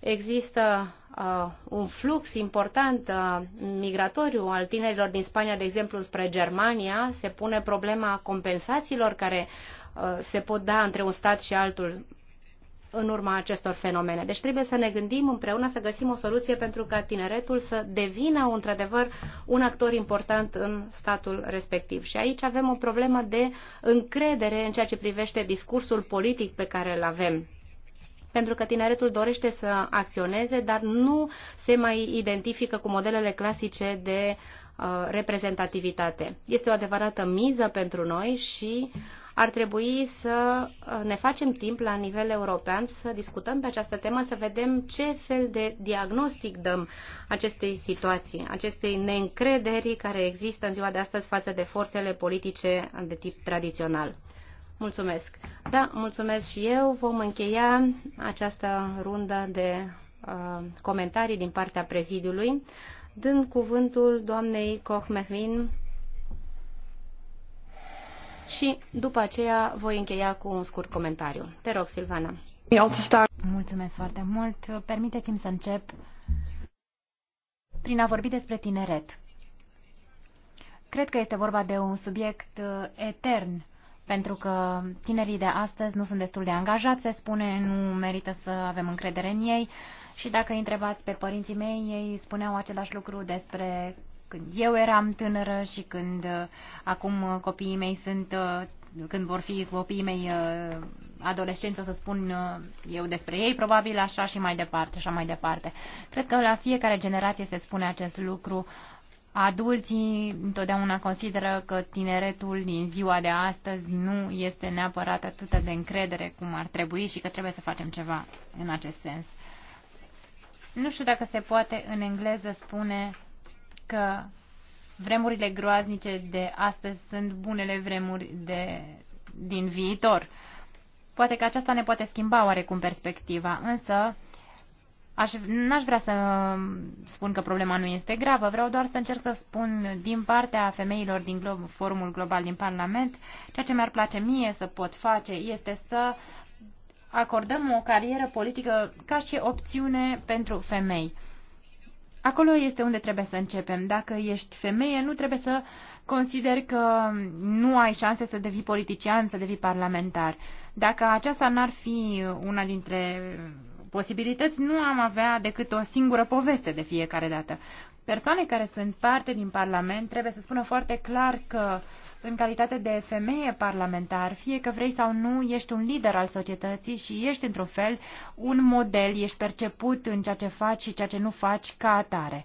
Există uh, un flux important uh, migratoriu al tinerilor din Spania, de exemplu, spre Germania. Se pune problema compensațiilor care uh, se pot da între un stat și altul în urma acestor fenomene. Deci trebuie să ne gândim împreună să găsim o soluție pentru ca tineretul să devină într-adevăr un actor important în statul respectiv. Și aici avem o problemă de încredere în ceea ce privește discursul politic pe care îl avem pentru că tineretul dorește să acționeze, dar nu se mai identifică cu modelele clasice de uh, reprezentativitate. Este o adevărată miză pentru noi și uh, ar trebui să uh, ne facem timp la nivel european să discutăm pe această temă, să vedem ce fel de diagnostic dăm acestei situații, acestei neîncrederi care există în ziua de astăzi față de forțele politice de tip tradițional. Mulțumesc. Da, mulțumesc și eu. Vom încheia această rundă de uh, comentarii din partea prezidiului, dând cuvântul doamnei Koch-Mehlin, și după aceea voi încheia cu un scurt comentariu. Te rog, Silvana. Mulțumesc foarte mult. Permiteți-mi să încep prin a vorbi despre tineret. Cred că este vorba de un subiect uh, etern, pentru că tinerii de astăzi nu sunt destul de angajați, se spune, nu merită să avem încredere în ei. Și dacă îi întrebați pe părinții mei, ei spuneau același lucru despre când eu eram tânără și când uh, acum uh, copiii mei sunt, uh, când vor fi copiii mei adolescenți, o să spun eu despre ei, probabil așa și mai departe, așa mai departe. Cred că la fiecare generație se spune acest lucru. Adulții întotdeauna consideră că tineretul din ziua de astăzi nu este neapărat atât de încredere cum ar trebui și că trebuie să facem ceva în acest sens. Nu știu dacă se poate în engleză spune că vremurile groaznice de astăzi sunt bunele vremuri de, din viitor. Poate că aceasta ne poate schimba oarecum perspectiva, însă aș, n-aș vrea să spun că problema nu este gravă, vreau doar să încerc să spun din partea femeilor din glob, Forumul Global din Parlament, ceea ce mi-ar place mie să pot face este să acordăm o carieră politică ca și opțiune pentru femei. Acolo este unde trebuie să începem. Dacă ești femeie, nu trebuie să consideri că nu ai șanse să devii politician, să devii parlamentar. Dacă aceasta n-ar fi una dintre posibilități, nu am avea decât o singură poveste de fiecare dată persoane care sunt parte din Parlament trebuie să spună foarte clar că în calitate de femeie parlamentar, fie că vrei sau nu, ești un lider al societății și ești într-un fel un model, ești perceput în ceea ce faci și ceea ce nu faci ca atare.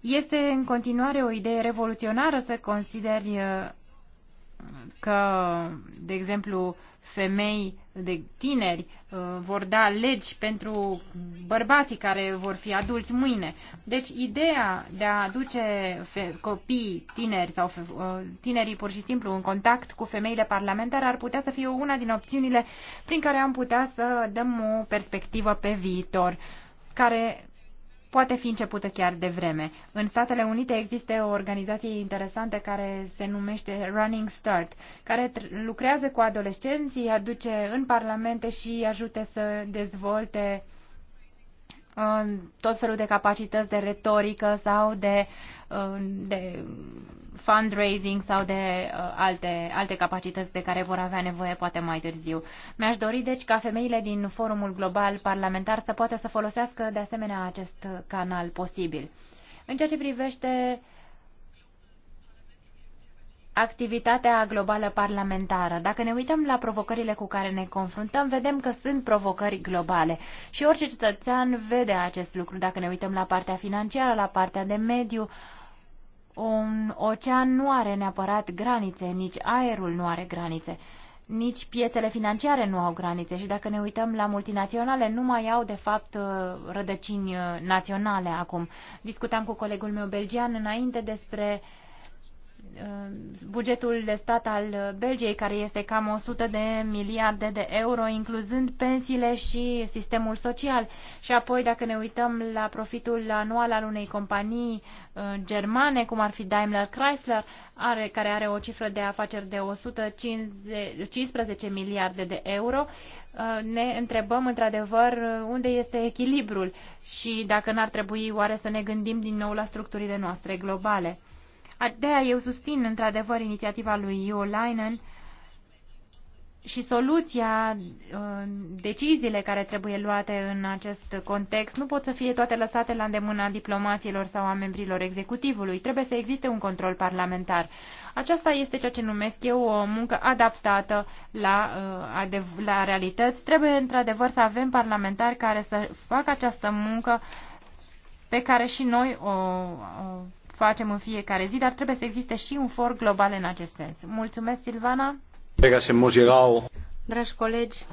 Este în continuare o idee revoluționară să consideri uh, că, de exemplu, femei de tineri uh, vor da legi pentru bărbații care vor fi adulți mâine. Deci ideea de a aduce copii tineri sau uh, tinerii pur și simplu în contact cu femeile parlamentare ar putea să fie una din opțiunile prin care am putea să dăm o perspectivă pe viitor care poate fi începută chiar de vreme. În Statele Unite există o organizație interesantă care se numește Running Start, care lucrează cu adolescenții, îi aduce în parlamente și îi ajute să dezvolte um, tot felul de capacități de retorică sau de Uh, de fundraising sau de uh, alte, alte capacități de care vor avea nevoie poate mai târziu. Mi-aș dori deci ca femeile din Forumul Global Parlamentar să poată să folosească de asemenea acest canal posibil. În ceea ce privește uh, activitatea globală parlamentară. Dacă ne uităm la provocările cu care ne confruntăm, vedem că sunt provocări globale și orice cetățean vede acest lucru. Dacă ne uităm la partea financiară, la partea de mediu, un ocean nu are neapărat granițe, nici aerul nu are granițe, nici piețele financiare nu au granițe și dacă ne uităm la multinaționale, nu mai au de fapt uh, rădăcini uh, naționale acum. Discutam cu colegul meu belgian înainte despre uh, Uh, bugetul de stat al Belgiei, care este cam 100 de miliarde de euro, incluzând pensiile și sistemul social. Și apoi, dacă ne uităm la profitul anual al unei companii uh, germane, cum ar fi Daimler Chrysler, are, care are o cifră de afaceri de 115 miliarde de euro, uh, ne întrebăm într-adevăr unde este echilibrul și dacă n-ar trebui oare să ne gândim din nou la structurile noastre globale. De aia eu susțin într-adevăr inițiativa lui Leinen și soluția, uh, deciziile care trebuie luate în acest context nu pot să fie toate lăsate la îndemâna diplomaților sau a membrilor executivului. Trebuie să existe un control parlamentar. Aceasta este ceea ce numesc eu o muncă adaptată la, uh, la realități. Trebuie într-adevăr să avem parlamentari care să facă această muncă pe care și noi o, o facem în fiecare zi, dar trebuie să existe și un for global în acest sens. Mulțumesc, Silvana! Dragi colegi,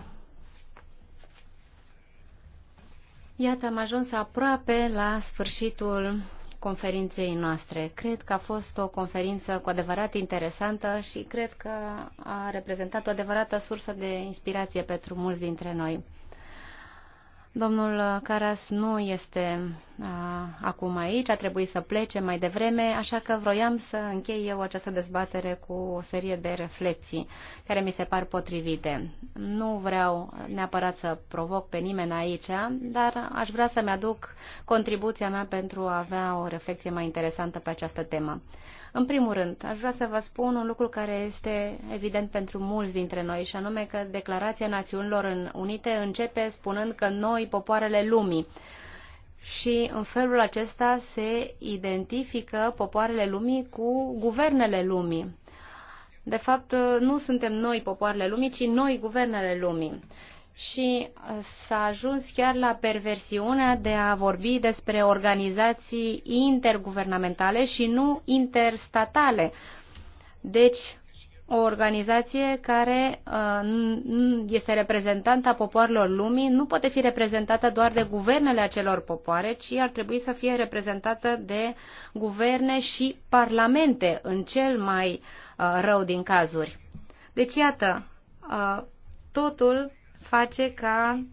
Iată, am ajuns aproape la sfârșitul conferinței noastre. Cred că a fost o conferință cu adevărat interesantă și cred că a reprezentat o adevărată sursă de inspirație pentru mulți dintre noi. Domnul Caras nu este a, acum aici, a trebuit să plece mai devreme, așa că vroiam să închei eu această dezbatere cu o serie de reflexii care mi se par potrivite. Nu vreau neapărat să provoc pe nimeni aici, dar aș vrea să-mi aduc contribuția mea pentru a avea o reflexie mai interesantă pe această temă. În primul rând, aș vrea să vă spun un lucru care este evident pentru mulți dintre noi, și anume că Declarația Națiunilor Unite începe spunând că noi, popoarele lumii, și în felul acesta se identifică popoarele lumii cu guvernele lumii. De fapt, nu suntem noi popoarele lumii, ci noi guvernele lumii și uh, s-a ajuns chiar la perversiunea de a vorbi despre organizații interguvernamentale și nu interstatale. Deci, o organizație care uh, este reprezentantă a popoarelor lumii nu poate fi reprezentată doar de guvernele acelor popoare, ci ar trebui să fie reprezentată de guverne și parlamente, în cel mai uh, rău din cazuri. Deci, iată, totul face ca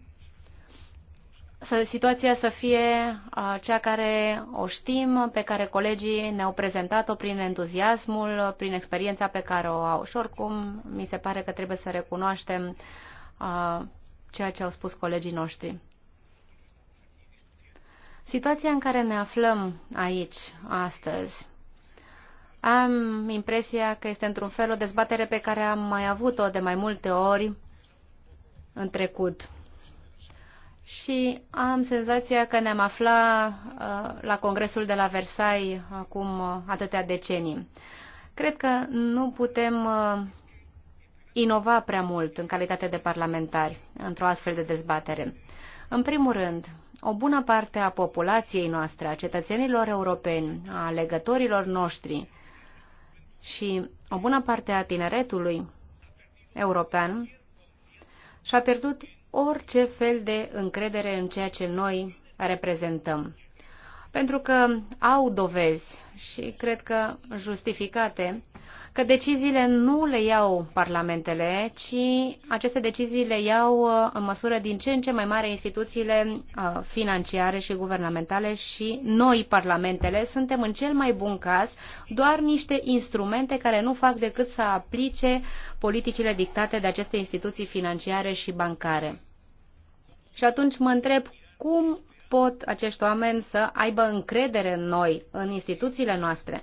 să, situația să fie cea care o știm, pe care colegii ne-au prezentat-o prin entuziasmul, prin experiența pe care o au. Și oricum, mi se pare că trebuie să recunoaștem ceea ce au spus colegii noștri. Situația în care ne aflăm aici, astăzi, am impresia că este într-un fel o dezbatere pe care am mai avut-o de mai multe ori în trecut. Și am senzația că ne-am aflat uh, la congresul de la Versailles acum uh, atâtea decenii. Cred că nu putem uh, inova prea mult în calitate de parlamentari într-o astfel de dezbatere. În primul rând, o bună parte a populației noastre, a cetățenilor europeni, a legătorilor noștri și o bună parte a tineretului european și-a pierdut orice fel de încredere în ceea ce noi reprezentăm. Pentru că au dovezi și cred că justificate că deciziile nu le iau parlamentele, ci aceste decizii le iau uh, în măsură din ce în ce mai mare instituțiile uh, financiare și guvernamentale și noi, parlamentele, suntem în cel mai bun caz doar niște instrumente care nu fac decât să aplice politicile dictate de aceste instituții financiare și bancare. Și atunci mă întreb cum pot acești oameni să aibă încredere în noi, în instituțiile noastre,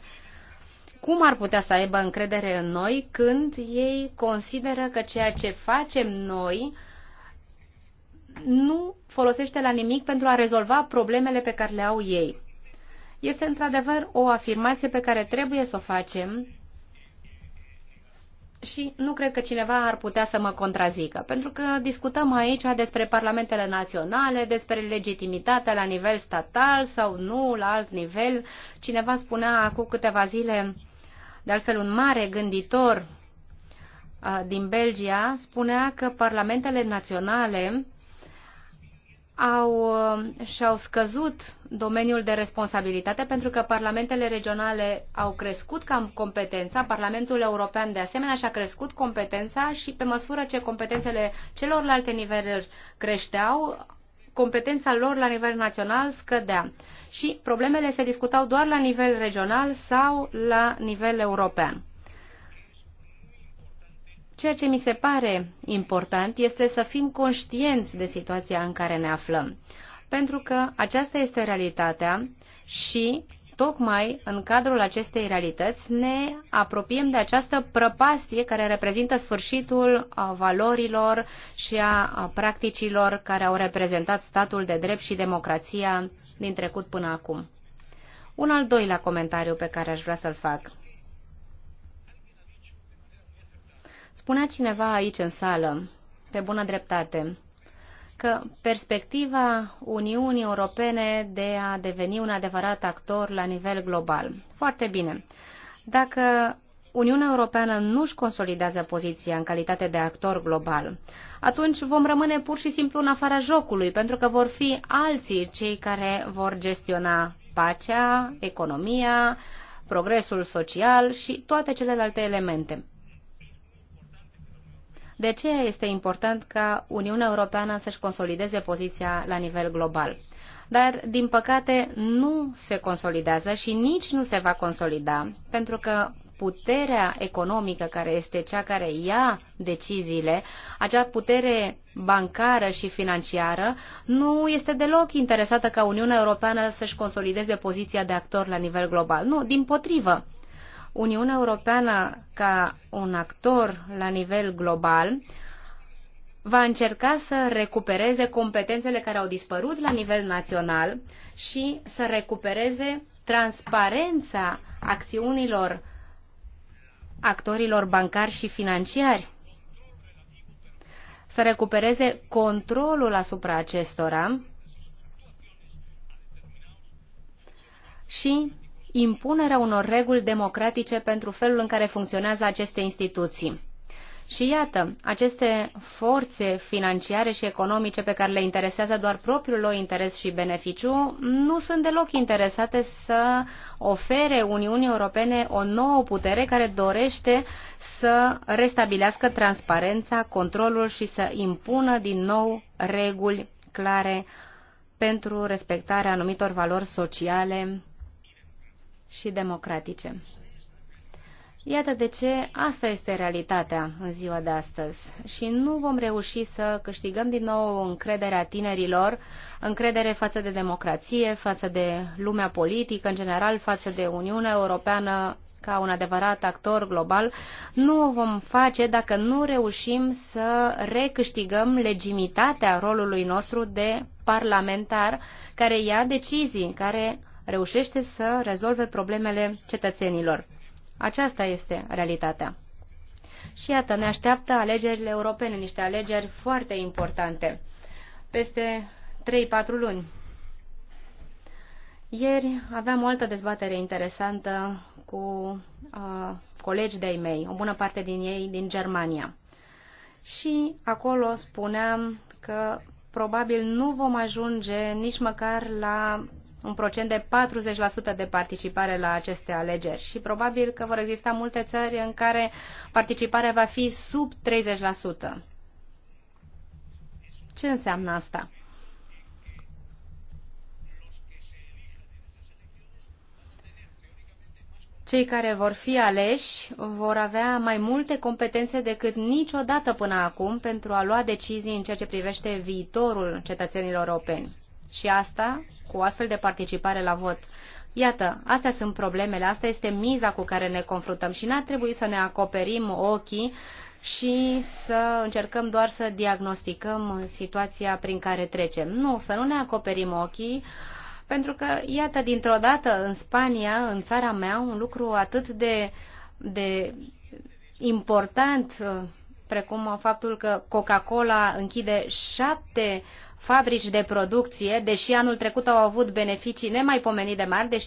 cum ar putea să aibă încredere în noi când ei consideră că ceea ce facem noi nu folosește la nimic pentru a rezolva problemele pe care le au ei. Este într-adevăr o afirmație pe care trebuie să o facem și nu cred că cineva ar putea să mă contrazică, pentru că discutăm aici despre parlamentele naționale, despre legitimitatea la nivel statal sau nu, la alt nivel. Cineva spunea acum câteva zile de altfel, un mare gânditor din Belgia spunea că parlamentele naționale au, și-au scăzut domeniul de responsabilitate pentru că parlamentele regionale au crescut cam competența, Parlamentul European de asemenea și-a crescut competența și pe măsură ce competențele celorlalte niveluri creșteau, competența lor la nivel național scădea și problemele se discutau doar la nivel regional sau la nivel european. Ceea ce mi se pare important este să fim conștienți de situația în care ne aflăm, pentru că aceasta este realitatea și Tocmai în cadrul acestei realități ne apropiem de această prăpastie care reprezintă sfârșitul valorilor și a practicilor care au reprezentat statul de drept și democrația din trecut până acum. Un al doilea comentariu pe care aș vrea să-l fac. Spunea cineva aici în sală, pe bună dreptate, că perspectiva Uniunii Europene de a deveni un adevărat actor la nivel global. Foarte bine. Dacă Uniunea Europeană nu își consolidează poziția în calitate de actor global, atunci vom rămâne pur și simplu în afara jocului, pentru că vor fi alții cei care vor gestiona pacea, economia, progresul social și toate celelalte elemente. De ce este important ca Uniunea Europeană să-și consolideze poziția la nivel global? Dar, din păcate, nu se consolidează și nici nu se va consolida, pentru că puterea economică care este cea care ia deciziile, acea putere bancară și financiară, nu este deloc interesată ca Uniunea Europeană să-și consolideze poziția de actor la nivel global. Nu, din potrivă. Uniunea Europeană, ca un actor la nivel global, va încerca să recupereze competențele care au dispărut la nivel național și să recupereze transparența acțiunilor actorilor bancari și financiari, să recupereze controlul asupra acestora și impunerea unor reguli democratice pentru felul în care funcționează aceste instituții. Și iată, aceste forțe financiare și economice pe care le interesează doar propriul lor interes și beneficiu nu sunt deloc interesate să ofere Uniunii Europene o nouă putere care dorește să restabilească transparența, controlul și să impună din nou reguli clare pentru respectarea anumitor valori sociale și democratice. Iată de ce asta este realitatea în ziua de astăzi și nu vom reuși să câștigăm din nou încrederea tinerilor, încredere față de democrație, față de lumea politică, în general față de Uniunea Europeană ca un adevărat actor global, nu o vom face dacă nu reușim să recâștigăm legimitatea rolului nostru de parlamentar care ia decizii, care reușește să rezolve problemele cetățenilor. Aceasta este realitatea. Și iată, ne așteaptă alegerile europene, niște alegeri foarte importante, peste 3-4 luni. Ieri aveam o altă dezbatere interesantă cu uh, colegi de-ai mei, o bună parte din ei din Germania. Și acolo spuneam că probabil nu vom ajunge nici măcar la un procent de 40% de participare la aceste alegeri și probabil că vor exista multe țări în care participarea va fi sub 30%. Ce înseamnă asta? Cei care vor fi aleși vor avea mai multe competențe decât niciodată până acum pentru a lua decizii în ceea ce privește viitorul cetățenilor europeni. Și asta cu astfel de participare la vot. Iată, astea sunt problemele, asta este miza cu care ne confruntăm și n-ar trebui să ne acoperim ochii și să încercăm doar să diagnosticăm situația prin care trecem. Nu, să nu ne acoperim ochii, pentru că, iată, dintr-o dată, în Spania, în țara mea, un lucru atât de, de important, precum faptul că Coca-Cola închide șapte uh, fabrici de producție, deși anul trecut au avut beneficii nemaipomenit de mari, deci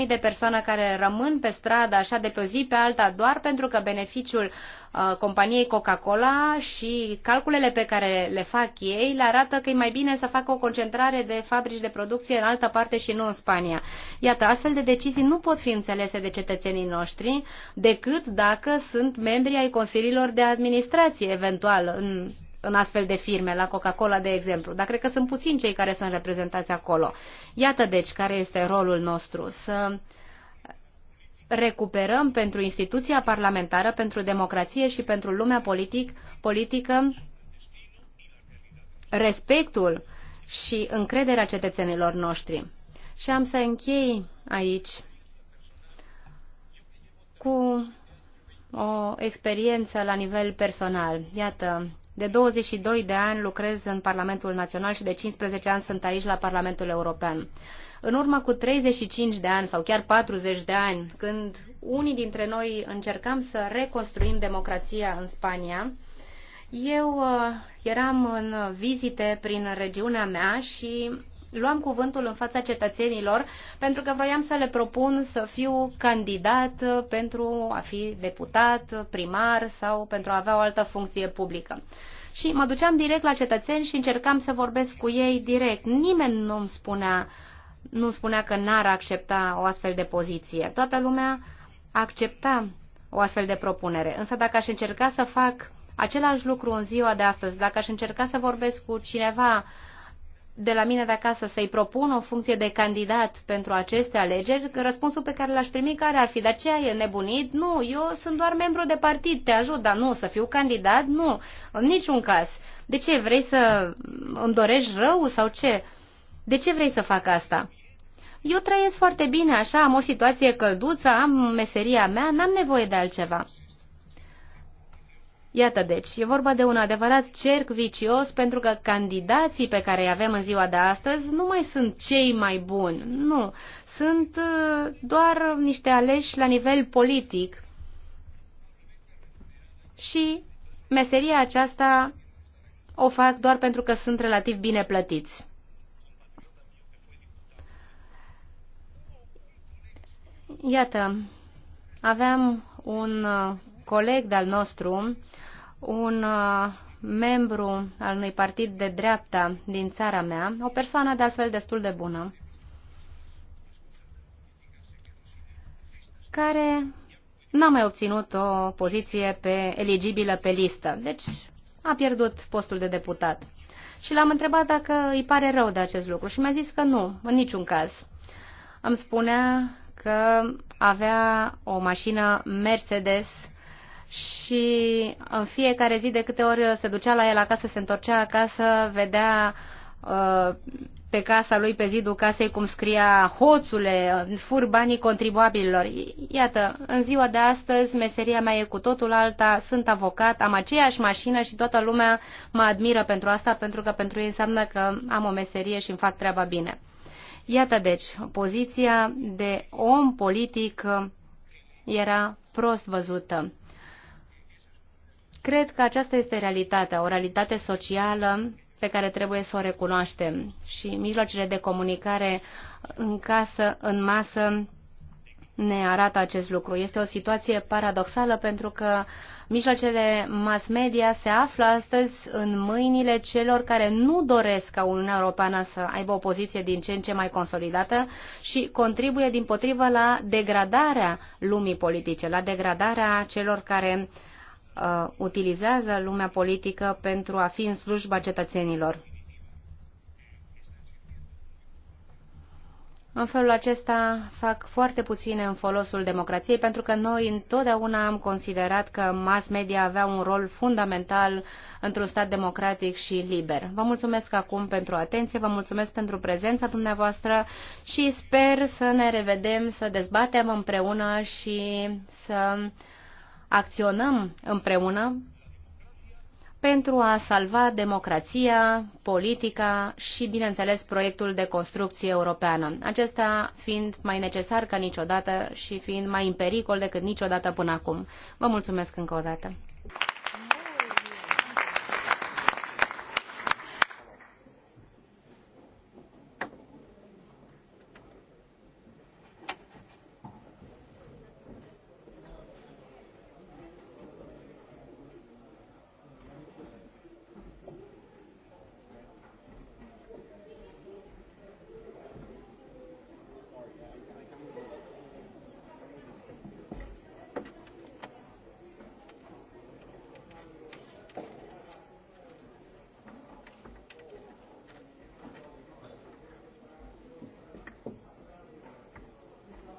15.000 de persoane care rămân pe stradă așa de pe o zi pe alta doar pentru că beneficiul uh, companiei Coca-Cola și calculele pe care le fac ei le arată că e mai bine să facă o concentrare de fabrici de producție în altă parte și nu în Spania. Iată, astfel de decizii nu pot fi înțelese de cetățenii noștri decât dacă sunt membri ai consiliilor de administrație, eventual, în în astfel de firme, la Coca-Cola, de exemplu, dar cred că sunt puțini cei care sunt reprezentați acolo. Iată, deci, care este rolul nostru, să recuperăm pentru instituția parlamentară, pentru democrație și pentru lumea politic, politică respectul și încrederea cetățenilor noștri. Și am să închei aici cu o experiență la nivel personal. Iată, de 22 de ani lucrez în Parlamentul Național și de 15 ani sunt aici la Parlamentul European. În urmă cu 35 de ani sau chiar 40 de ani, când unii dintre noi încercam să reconstruim democrația în Spania, eu uh, eram în vizite prin regiunea mea și luam cuvântul în fața cetățenilor pentru că vroiam să le propun să fiu candidat pentru a fi deputat, primar sau pentru a avea o altă funcție publică. Și mă duceam direct la cetățeni și încercam să vorbesc cu ei direct. Nimeni nu îmi spunea, nu îmi spunea că n-ar accepta o astfel de poziție. Toată lumea accepta o astfel de propunere. Însă dacă aș încerca să fac același lucru în ziua de astăzi, dacă aș încerca să vorbesc cu cineva de la mine de acasă să-i propun o funcție de candidat pentru aceste alegeri, răspunsul pe care l-aș primi care ar fi, dar ce e nebunit? Nu, eu sunt doar membru de partid, te ajut, dar nu, să fiu candidat? Nu, în niciun caz. De ce, vrei să îmi dorești rău sau ce? De ce vrei să fac asta? Eu trăiesc foarte bine așa, am o situație călduță, am meseria mea, n-am nevoie de altceva. Iată deci, e vorba de un adevărat cerc vicios pentru că candidații pe care îi avem în ziua de astăzi nu mai sunt cei mai buni, nu, sunt uh, doar niște aleși la nivel politic și meseria aceasta o fac doar pentru că sunt relativ bine plătiți. Iată, aveam un uh, coleg de-al nostru un uh, membru al unui partid de dreapta din țara mea, o persoană de altfel destul de bună, care n-a mai obținut o poziție pe eligibilă pe listă, deci a pierdut postul de deputat. Și l-am întrebat dacă îi pare rău de acest lucru și mi-a zis că nu, în niciun caz. Îmi spunea că avea o mașină Mercedes și în fiecare zi de câte ori se ducea la el acasă, se întorcea acasă, vedea uh, pe casa lui, pe zidul casei, cum scria hoțule, fur banii contribuabililor. Iată, în ziua de astăzi meseria mea e cu totul alta, sunt avocat, am aceeași mașină și toată lumea mă admiră pentru asta, pentru că pentru ei înseamnă că am o meserie și îmi fac treaba bine. Iată deci, poziția de om politic era prost văzută. Cred că aceasta este realitatea, o realitate socială pe care trebuie să o recunoaștem și mijloacele de comunicare în casă, în masă, ne arată acest lucru. Este o situație paradoxală pentru că mijloacele mass media se află astăzi în mâinile celor care nu doresc ca Uniunea Europeană să aibă o poziție din ce în ce mai consolidată și contribuie din potrivă la degradarea lumii politice, la degradarea celor care uh, uh, utilizează lumea politică pentru a fi în slujba cetățenilor. În felul acesta fac foarte puține în folosul democrației, pentru că noi întotdeauna am considerat că mass media avea un rol fundamental într-un stat democratic și liber. Vă mulțumesc acum pentru atenție, vă mulțumesc pentru prezența dumneavoastră și sper să ne revedem, să dezbatem împreună și să acționăm împreună pentru a salva democrația, politica și, bineînțeles, proiectul de construcție europeană, acesta fiind mai necesar ca niciodată și fiind mai în pericol decât niciodată până acum. Vă mulțumesc încă o dată.